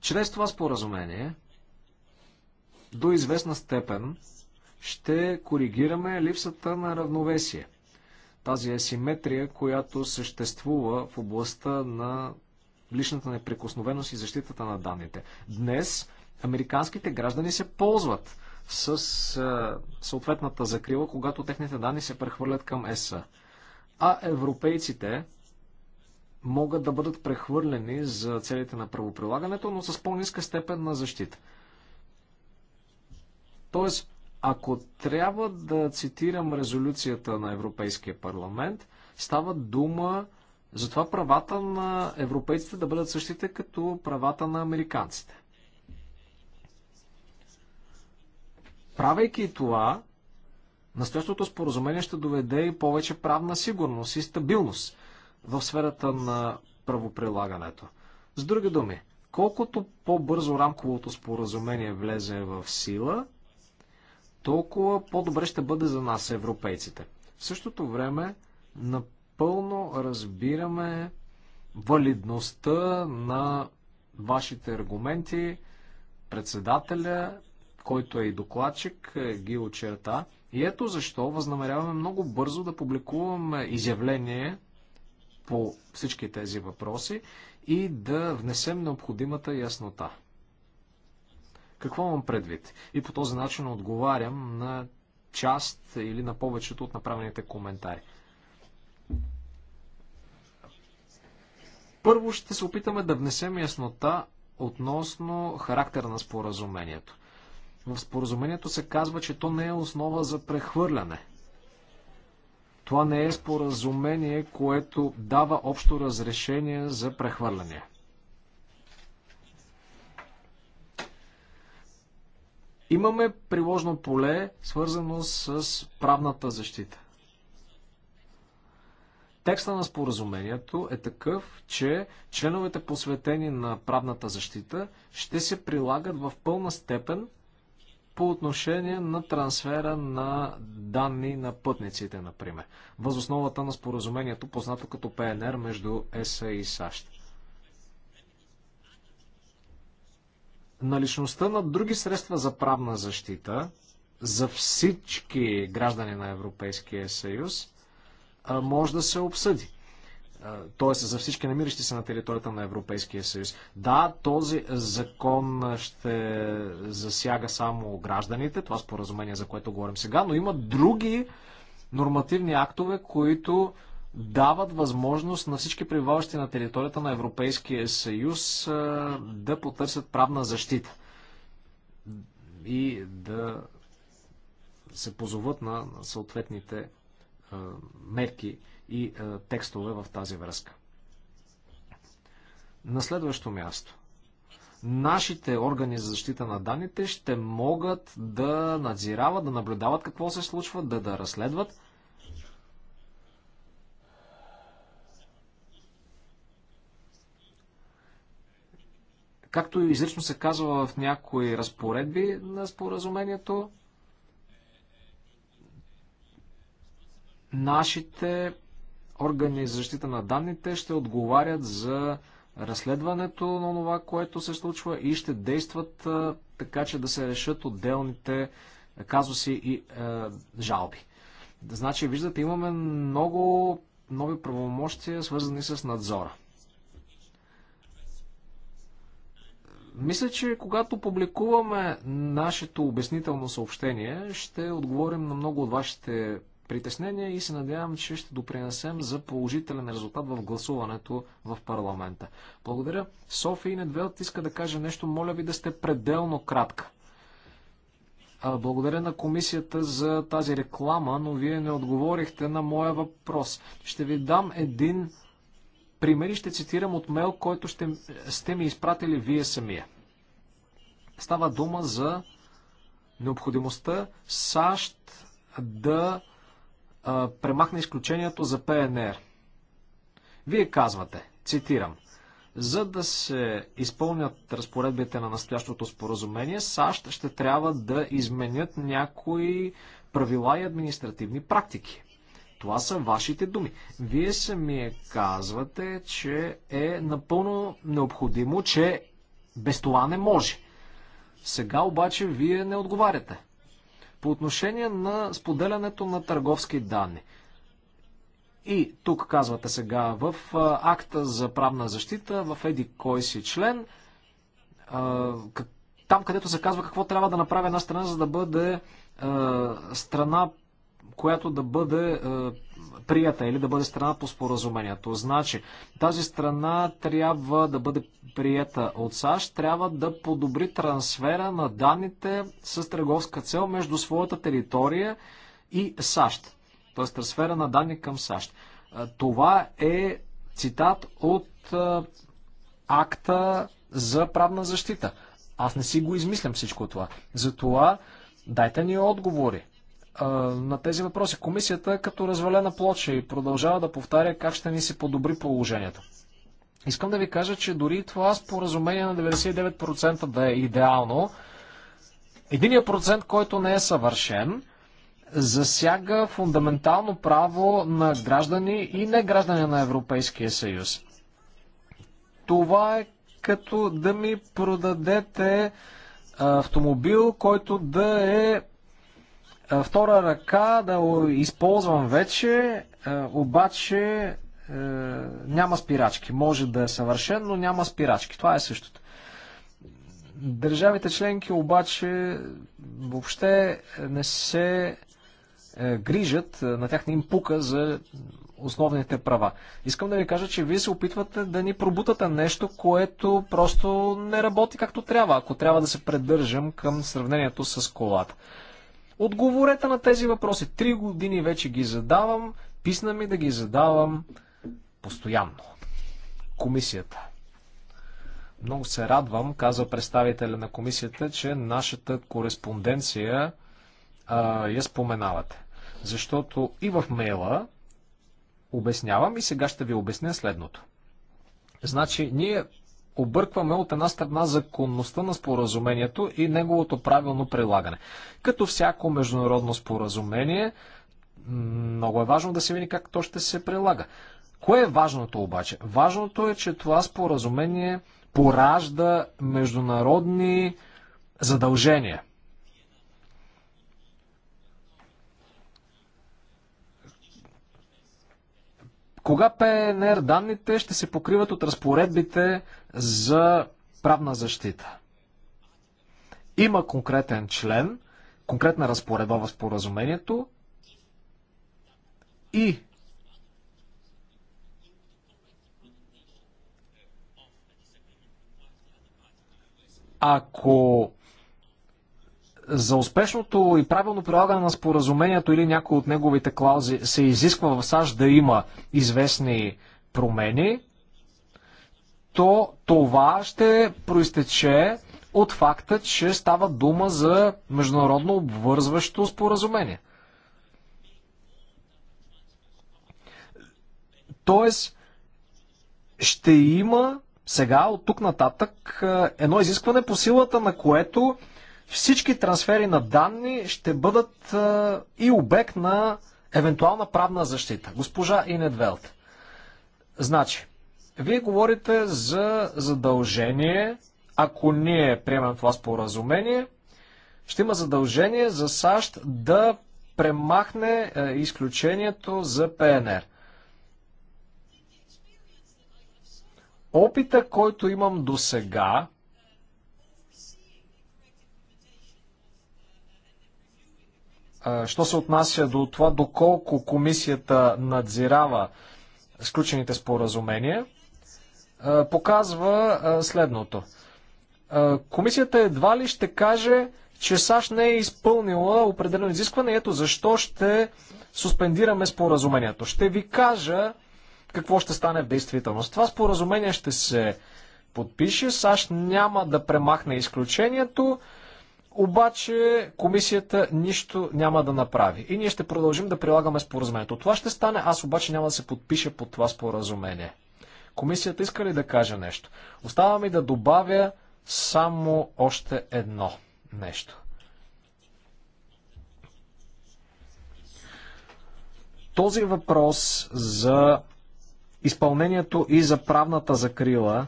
Чрез това споразумение до известна степен ще коригираме липсата на равновесие. Тази асиметрия, която съществува в областта на личната неприкосновеност и защитата на данните. Днес американските граждани се ползват с а, съответната закрила, когато техните данни се прехвърлят към ЕСА. А европейците могат да бъдат прехвърлени за целите на правоприлагането, но с по-ниска степен на защита. Тоест, ако трябва да цитирам резолюцията на Европейския парламент, става дума затова правата на европейците да бъдат същите като правата на американците. Правейки това, настоящото споразумение ще доведе и повече правна сигурност и стабилност в сферата на правоприлагането. С други думи, колкото по-бързо рамковото споразумение влезе в сила, толкова по-добре ще бъде за нас, европейците. В същото време, на напълно разбираме валидността на вашите аргументи. Председателя, който е и докладчик, е ги очерта. И ето защо възнамеряваме много бързо да публикуваме изявление по всички тези въпроси и да внесем необходимата яснота. Какво имам предвид? И по този начин отговарям на част или на повечето от направените коментари. Първо ще се опитаме да внесем яснота относно характера на споразумението. В споразумението се казва, че то не е основа за прехвърляне. Това не е споразумение, което дава общо разрешение за прехвърляне. Имаме приложно поле, свързано с правната защита. Текста на споразумението е такъв, че членовете посветени на правната защита ще се прилагат в пълна степен по отношение на трансфера на данни на пътниците, например, възосновата на споразумението, познато като ПНР между ЕСА и САЩ. Наличността на други средства за правна защита за всички граждани на Европейския съюз може да се обсъди. Т.е. за всички намиращи се на територията на Европейския съюз. Да, този закон ще засяга само гражданите, това споразумение, за което говорим сега, но има други нормативни актове, които дават възможност на всички пребиваващи на територията на Европейския съюз да потърсят правна защита и да се позоват на съответните мерки и текстове в тази връзка. На следващо място. Нашите органи за защита на данните ще могат да надзирават, да наблюдават какво се случва, да, да разследват. Както изрично се казва в някои разпоредби на споразумението, Нашите органи за защита на данните ще отговарят за разследването на това, което се случва и ще действат така, че да се решат отделните казуси и е, жалби. Значи, виждате, имаме много нови правомощия, свързани с надзора. Мисля, че когато публикуваме нашето обяснително съобщение, ще отговорим на много от вашите притеснения и се надявам, че ще допринесем за положителен резултат в гласуването в парламента. Благодаря. София Недвелт иска да каже нещо. Моля ви да сте пределно кратка. Благодаря на комисията за тази реклама, но вие не отговорихте на моя въпрос. Ще ви дам един пример и ще цитирам от мейл, който ще, сте ми изпратили вие самия. Става дума за необходимостта САЩ да а, премахна изключението за ПНР. Вие казвате, цитирам, за да се изпълнят разпоредбите на настоящото споразумение, САЩ ще трябва да изменят някои правила и административни практики. Това са вашите думи. Вие самия е казвате, че е напълно необходимо, че без това не може. Сега обаче вие не отговаряте. По отношение на споделянето на търговски данни. И тук казвате сега, в акта за правна защита, в еди кой си член, там където се казва какво трябва да направи една страна, за да бъде страна която да бъде е, прията или да бъде страна по споразумението. Значи, тази страна трябва да бъде прията от САЩ, трябва да подобри трансфера на данните с търговска цел между своята територия и САЩ. Т.е. трансфера на данни към САЩ. Е, това е цитат от е, акта за правна защита. Аз не си го измислям всичко това. Затова дайте ни отговори на тези въпроси. Комисията е като развалена плоча и продължава да повтаря как ще ни се подобри положението. Искам да ви кажа, че дори това споразумение на 99% да е идеално, единият процент, който не е съвършен, засяга фундаментално право на граждани и не граждани на Европейския съюз. Това е като да ми продадете автомобил, който да е втора ръка да използвам вече, обаче е, няма спирачки. Може да е съвършен, но няма спирачки. Това е същото. Държавите членки обаче въобще не се е, грижат, е, на тях не им пука за основните права. Искам да ви кажа, че вие се опитвате да ни пробутате нещо, което просто не работи както трябва, ако трябва да се придържам към сравнението с колата. Отговорете на тези въпроси. Три години вече ги задавам. Писна ми да ги задавам постоянно. Комисията. Много се радвам, каза представителя на комисията, че нашата кореспонденция а, я споменавате. Защото и в мейла обяснявам и сега ще ви обясня следното. Значи, ние объркваме от една страна законността на споразумението и неговото правилно прилагане. Като всяко международно споразумение, много е важно да се види как то ще се прилага. Кое е важното обаче? Важното е, че това споразумение поражда международни задължения. Кога ПНР данните ще се покриват от разпоредбите за правна защита? Има конкретен член, конкретна разпоредба в споразумението и ако за успешното и правилно прилагане на споразумението или някои от неговите клаузи се изисква в САЩ да има известни промени, то това ще проистече от факта, че става дума за международно обвързващо споразумение. Тоест, ще има сега от тук нататък е, едно изискване по силата на което всички трансфери на данни ще бъдат и обект на евентуална правна защита. Госпожа Инедвелт. Значи, вие говорите за задължение, ако ние приемем това споразумение, ще има задължение за САЩ да премахне е, изключението за ПНР. Опита, който имам до сега, Що се отнася до това, доколко комисията надзирава сключените споразумения, показва следното. Комисията едва ли ще каже, че САЩ не е изпълнила определено изискване, ето защо ще суспендираме споразумението. Ще ви кажа какво ще стане в действителност. Това споразумение ще се подпише, САЩ няма да премахне изключението, обаче комисията нищо няма да направи. И ние ще продължим да прилагаме споразумението. Това ще стане, аз обаче няма да се подпиша под това споразумение. Комисията иска ли да каже нещо? Остава ми да добавя само още едно нещо. Този въпрос за изпълнението и за правната закрила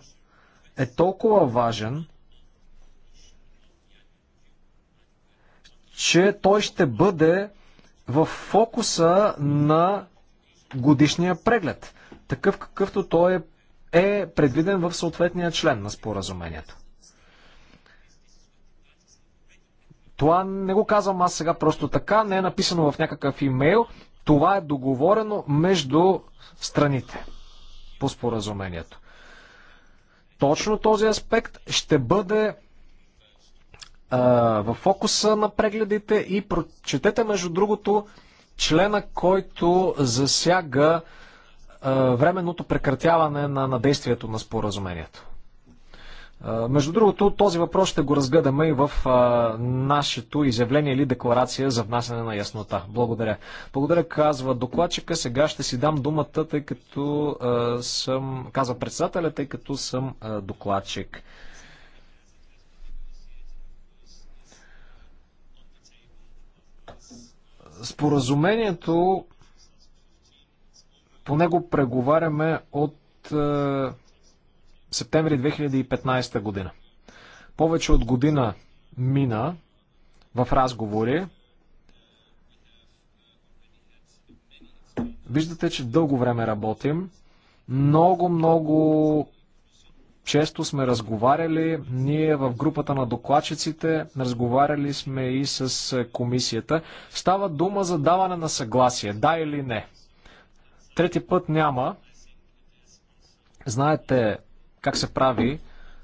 е толкова важен, че той ще бъде в фокуса на годишния преглед, такъв какъвто той е, е, предвиден в съответния член на споразумението. Това не го казвам аз сега просто така, не е написано в някакъв имейл. Това е договорено между страните по споразумението. Точно този аспект ще бъде в фокуса на прегледите и прочетете, между другото, члена, който засяга временното прекратяване на, на действието на споразумението. Между другото, този въпрос ще го разгледаме и в а, нашето изявление или декларация за внасяне на яснота. Благодаря. Благодаря, казва докладчика. Сега ще си дам думата, тъй като а, съм, казва председателя, тъй като съм а, докладчик. Споразумението по него преговаряме от е, септември 2015 година. Повече от година мина в разговори. Виждате, че дълго време работим. Много, много често сме разговаряли, ние в групата на докладчиците, разговаряли сме и с е, комисията. Става дума за даване на съгласие, да или не. Трети път няма. Знаете как се прави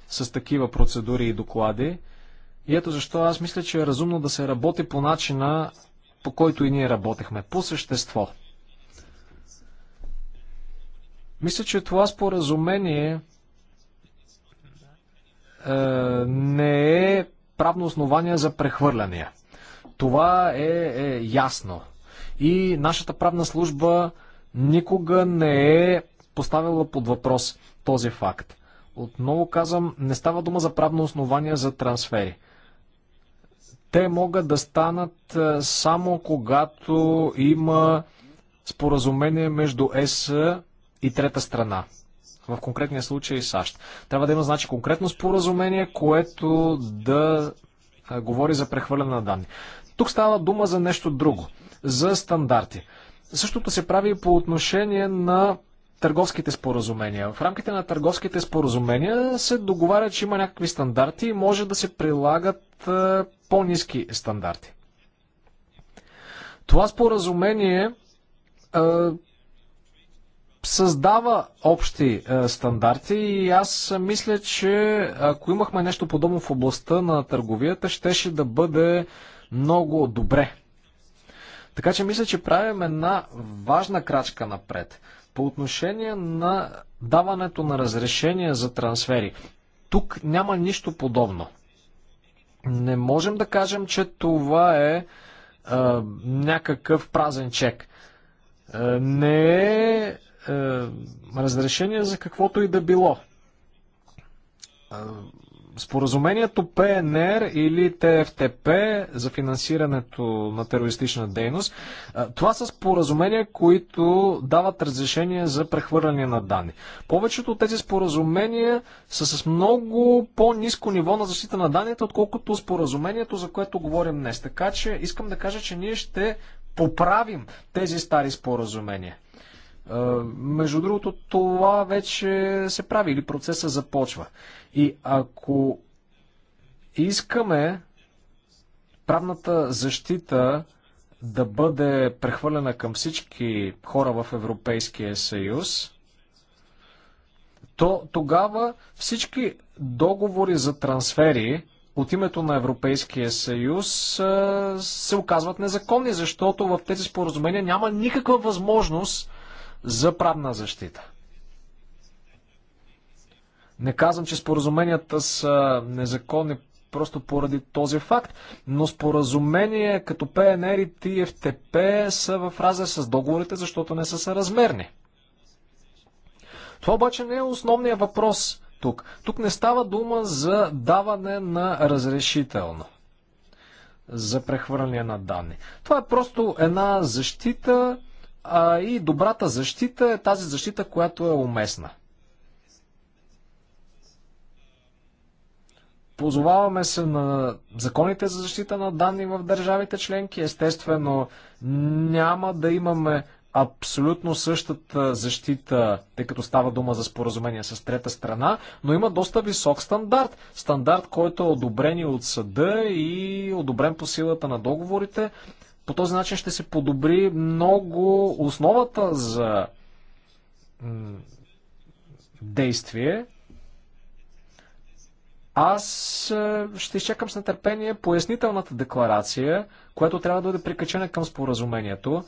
с такива процедури и доклади. И ето защо аз мисля, че е разумно да се работи по начина, по който и ние работехме, по същество. Мисля, че това споразумение е, не е правно основание за прехвърляния. Това е, е ясно. И нашата правна служба никога не е поставила под въпрос този факт. Отново казвам, не става дума за правно основание за трансфери. Те могат да станат е, само когато има споразумение между ЕС и трета страна в конкретния случай САЩ. Трябва да има значи конкретно споразумение, което да говори за прехвърляне на данни. Тук става дума за нещо друго, за стандарти. Същото се прави и по отношение на търговските споразумения. В рамките на търговските споразумения се договаря, че има някакви стандарти и може да се прилагат по-низки стандарти. Това споразумение създава общи е, стандарти и аз мисля, че ако имахме нещо подобно в областта на търговията, щеше да бъде много добре. Така че мисля, че правим една важна крачка напред по отношение на даването на разрешение за трансфери. Тук няма нищо подобно. Не можем да кажем, че това е, е някакъв празен чек. Е, не е е, разрешение за каквото и да било. Споразумението ПНР или ТФТП за финансирането на терористична дейност, това са споразумения, които дават разрешение за прехвърляне на данни. Повечето от тези споразумения са с много по-низко ниво на защита на данните, отколкото споразумението, за което говорим днес. Така че искам да кажа, че ние ще поправим тези стари споразумения. Между другото, това вече се прави или процесът започва. И ако искаме правната защита да бъде прехвърлена към всички хора в Европейския съюз, то тогава всички договори за трансфери от името на Европейския съюз се оказват незаконни, защото в тези споразумения няма никаква възможност за правна защита. Не казвам, че споразуменията са незаконни просто поради този факт, но споразумения като ПНР и ТФТП са в разрез с договорите, защото не са съразмерни. Това обаче не е основният въпрос тук. Тук не става дума за даване на разрешително за прехвърляне на данни. Това е просто една защита а и добрата защита е тази защита, която е уместна. Позоваваме се на законите за защита на данни в държавите членки. Естествено, няма да имаме абсолютно същата защита, тъй като става дума за споразумение с трета страна, но има доста висок стандарт. Стандарт, който е одобрен и от съда и одобрен по силата на договорите. По този начин ще се подобри много основата за действие. Аз е, ще изчакам с нетърпение пояснителната декларация, която трябва да бъде прикачена към споразумението,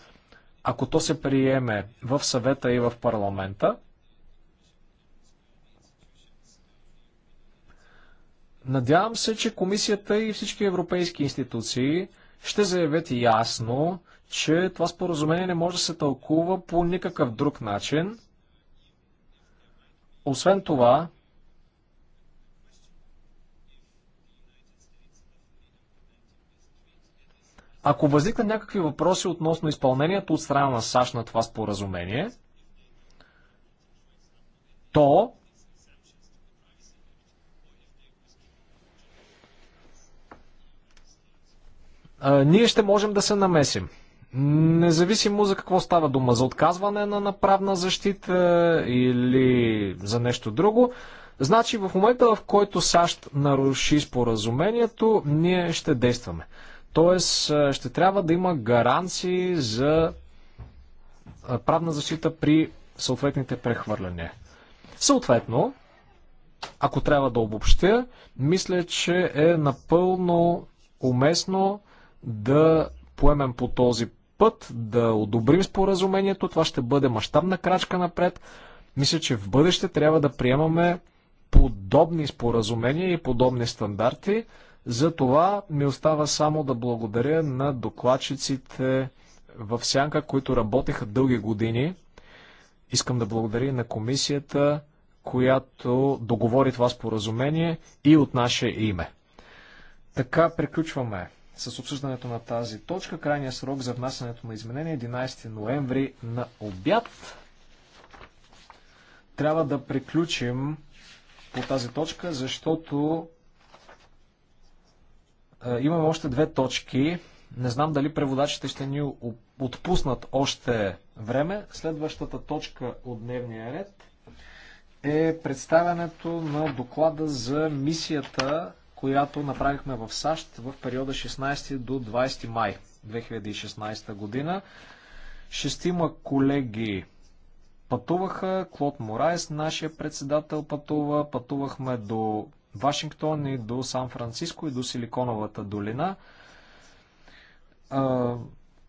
ако то се приеме в съвета и в парламента. Надявам се, че комисията и всички европейски институции ще заявят ясно, че това споразумение не може да се тълкува по никакъв друг начин. Освен това, ако възникнат някакви въпроси относно изпълнението от страна на САЩ на това споразумение, то ние ще можем да се намесим. Независимо за какво става дума, за отказване на направна защита или за нещо друго, значи в момента в който САЩ наруши споразумението, ние ще действаме. Тоест ще трябва да има гаранции за правна защита при съответните прехвърляния. Съответно, ако трябва да обобщя, мисля, че е напълно уместно да поемем по този път, да одобрим споразумението. Това ще бъде мащабна крачка напред. Мисля, че в бъдеще трябва да приемаме подобни споразумения и подобни стандарти. За това ми остава само да благодаря на докладчиците в Сянка, които работеха дълги години. Искам да благодаря и на комисията, която договори това споразумение и от наше име. Така приключваме с обсъждането на тази точка. Крайният срок за внасянето на изменение 11 ноември на обяд. Трябва да приключим по тази точка, защото е, имаме още две точки. Не знам дали преводачите ще ни отпуснат още време. Следващата точка от дневния ред е представянето на доклада за мисията която направихме в САЩ в периода 16 до 20 май 2016 година. Шестима колеги пътуваха. Клод Морайс, нашия председател, пътува. Пътувахме до Вашингтон и до Сан-Франциско и до Силиконовата долина. А,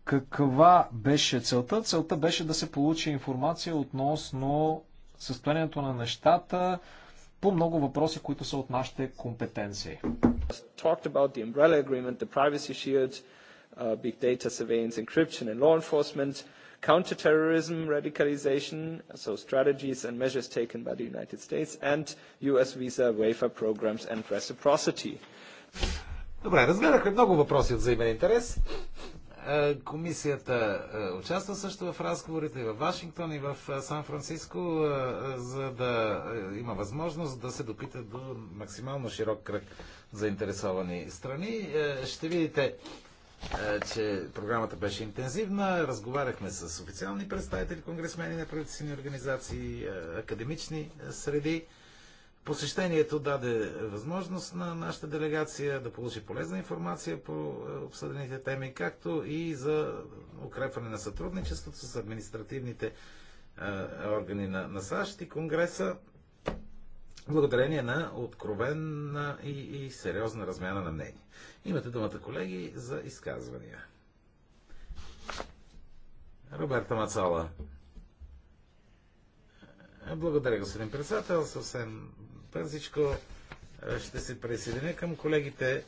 каква беше целта? Целта беше да се получи информация относно състоянието на нещата, по много въпроси, които са от нашите компетенции. Uh, big data surveillance, encryption and law enforcement, counterterrorism, radicalization, so strategies and measures taken by the United States, and US visa waiver programs and reciprocity. Добре, разгледахме много въпроси от взаимен интерес. Е, комисията е, участва също в разговорите и в Вашингтон, и в е, Сан-Франциско, за да има възможност да се допита до максимално широк кръг заинтересовани страни. Ще видите, че програмата беше интензивна. Разговаряхме с официални представители, конгресмени на правителствени организации, академични среди. Посещението даде възможност на нашата делегация да получи полезна информация по е, обсъдените теми, както и за укрепване на сътрудничеството с административните е, органи на, на САЩ и Конгреса, благодарение на откровенна и, и сериозна размяна на мнение. Имате думата, колеги, за изказвания. Роберта Мацала. Благодаря, господин председател. Съвсем Пързичко е, ще се присъединя към колегите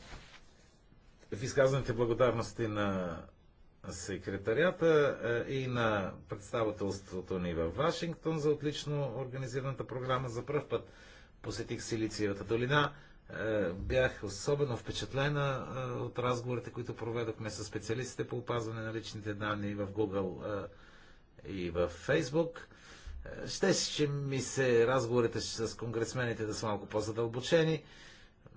в изказаните благодарности на секретарията е, и на представителството ни в Вашингтон за отлично организираната програма. За първ път посетих Силициевата долина. Е, бях особено впечатлена от разговорите, които проведохме с специалистите по опазване на личните данни в Google и в Facebook. Щеше ми се разговорите с конгресмените да са малко по-задълбочени.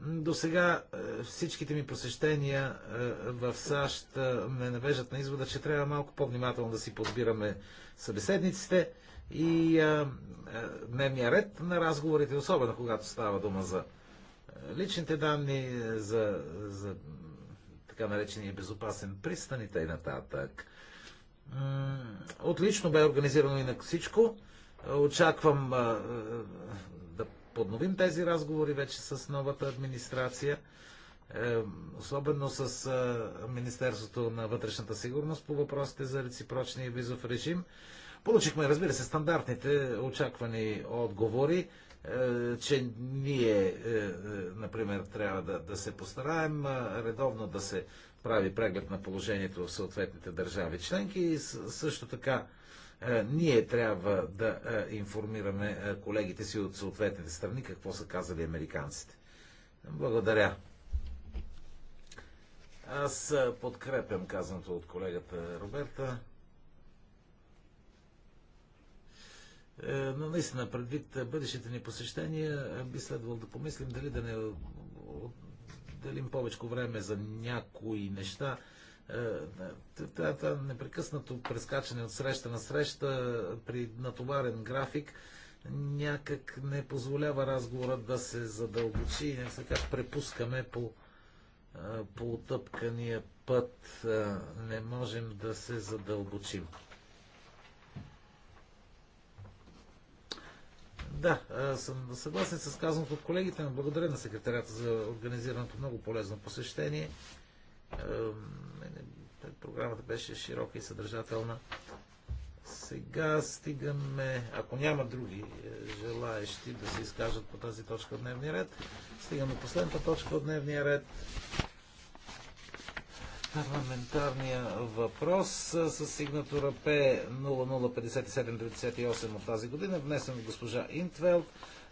До сега е, всичките ми посещения е, в САЩ е, ме навежат на извода, че трябва малко по-внимателно да си подбираме събеседниците и дневния ред на разговорите, особено когато става дума за личните данни, за, за така наречения безопасен пристан и т.н. Отлично бе организирано и на всичко. Очаквам да подновим тези разговори вече с новата администрация, е, особено с Министерството на вътрешната сигурност по въпросите за реципрочния визов режим. Получихме, разбира се, стандартните очаквани отговори е, че ние, е, например, трябва да, да се постараем редовно да се прави преглед на положението в съответните държави членки и също така е, ние трябва да е, информираме е, колегите си от съответните страни какво са казали американците. Благодаря. Аз подкрепям казаното от колегата Роберта. Но наистина, предвид бъдещите ни посещения, би следвало да помислим дали да не отделим повече време за някои неща, това е, непрекъснато прескачане от среща на среща при натоварен график някак не позволява разговорът да се задълбочи и каже, препускаме по, е, по отъпкания път. Е, не можем да се задълбочим. Да, съм съгласен с казаното от колегите, но благодаря на секретарята за организираното много полезно посещение. Програмата беше широка и съдържателна. Сега стигаме, ако няма други е, желаещи да се изкажат по тази точка от дневния ред, стигаме последната точка от дневния ред. Парламентарния въпрос е, с сигнатура П 005738 от тази година, внесен от госпожа Интвелд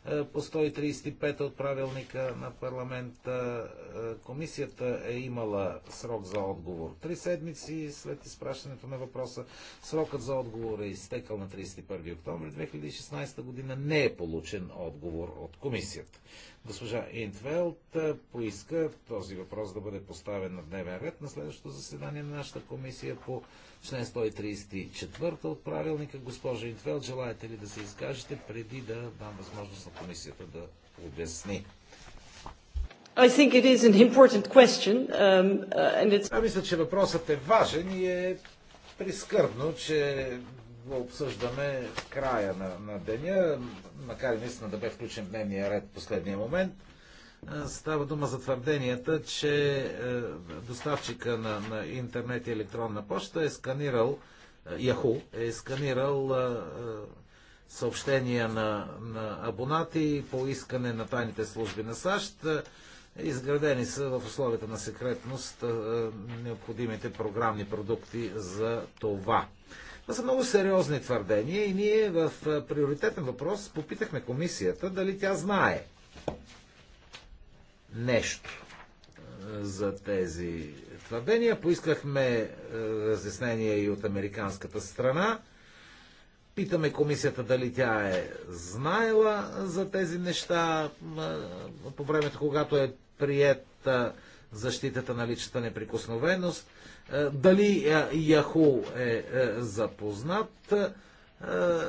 е, по 135 от правилника на парламента. Е, комисията е имала срок за отговор. Три седмици след изпращането на въпроса. Срокът за отговор е изтекал на 31 октомври 2016 година. Не е получен отговор от комисията. Госпожа Интвелт е, поиска този въпрос да бъде поставен на дневен ред на следващото заседание на нашата комисия по член 134 от правилника. Госпожа Интвел, желаете ли да се изкажете преди да дам възможност на комисията да обясни? I think it is an important question, um, uh, and it's... А мисля, че въпросът е важен и е прискърбно, че го обсъждаме края на, на деня, макар и наистина да бе включен в дневния ред в последния момент. Става дума за твърденията, че е, доставчика на, на интернет и електронна почта е сканирал, е, Яху е сканирал е, съобщения на, на абонати по искане на тайните служби на САЩ. Изградени са в условията на секретност необходимите програмни продукти за това. Това са много сериозни твърдения и ние в приоритетен въпрос попитахме комисията дали тя знае нещо за тези твърдения. Поискахме разяснение и от американската страна. Питаме комисията дали тя е знаела за тези неща по времето, когато е прият защитата на личната неприкосновеност. Дали Яху е, е запознат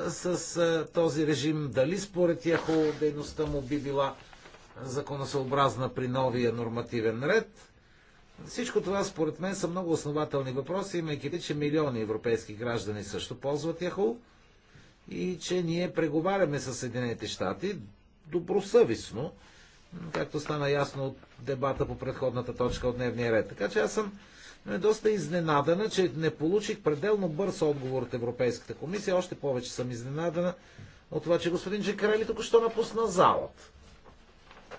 с този режим, дали според Яху дейността му би била законосъобразна при новия нормативен ред. Всичко това, според мен, са много основателни въпроси, имайки че милиони европейски граждани също ползват Яху и че ние преговаряме с Съединените щати добросъвестно, както стана ясно от дебата по предходната точка от дневния ред. Така че аз съм е доста изненадана, че не получих пределно бърз отговор от Европейската комисия. Още повече съм изненадана от това, че господин Джекарели току-що напусна залата.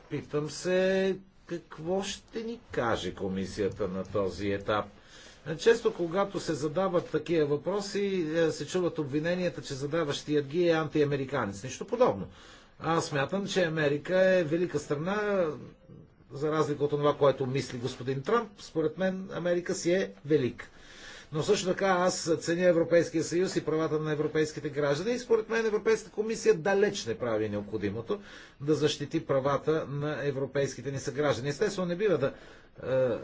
Питам се какво ще ни каже комисията на този етап. Често, когато се задават такива въпроси, е, се чуват обвиненията, че задаващият ги е антиамериканец. Нищо подобно. Аз смятам, че Америка е велика страна, за разлика от това, което мисли господин Трамп. Според мен Америка си е велика. Но също така аз ценя Европейския съюз и правата на европейските граждани и според мен Европейската комисия далеч не прави необходимото да защити правата на европейските ни съграждани. Естествено не бива да е,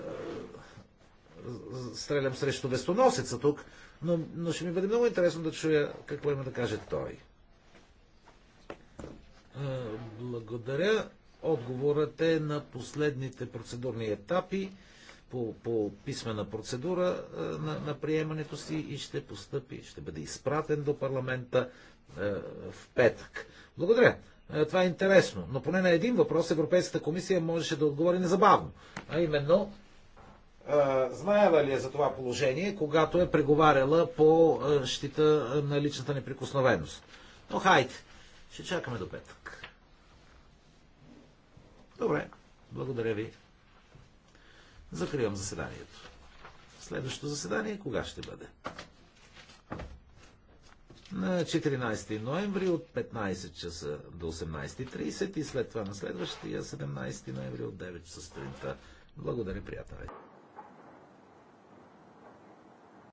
стрелям срещу вестоносеца тук, но, но ще ми бъде много интересно да чуя какво има да каже той. Е, благодаря. Отговорът е на последните процедурни етапи по, по писмена процедура е, на, на приемането си и ще постъпи, ще бъде изпратен до парламента е, в петък. Благодаря. Е, това е интересно. Но поне на един въпрос Европейската комисия можеше да отговори незабавно. А именно, знаела ли е за това положение, когато е преговаряла по щита на личната неприкосновеност. Но хайде, ще чакаме до петък. Добре, благодаря ви. Закривам заседанието. Следващото заседание кога ще бъде? На 14 ноември от 15 часа до 18.30 и след това на следващия 17 ноември от 9 часа сутринта. Благодаря, приятели.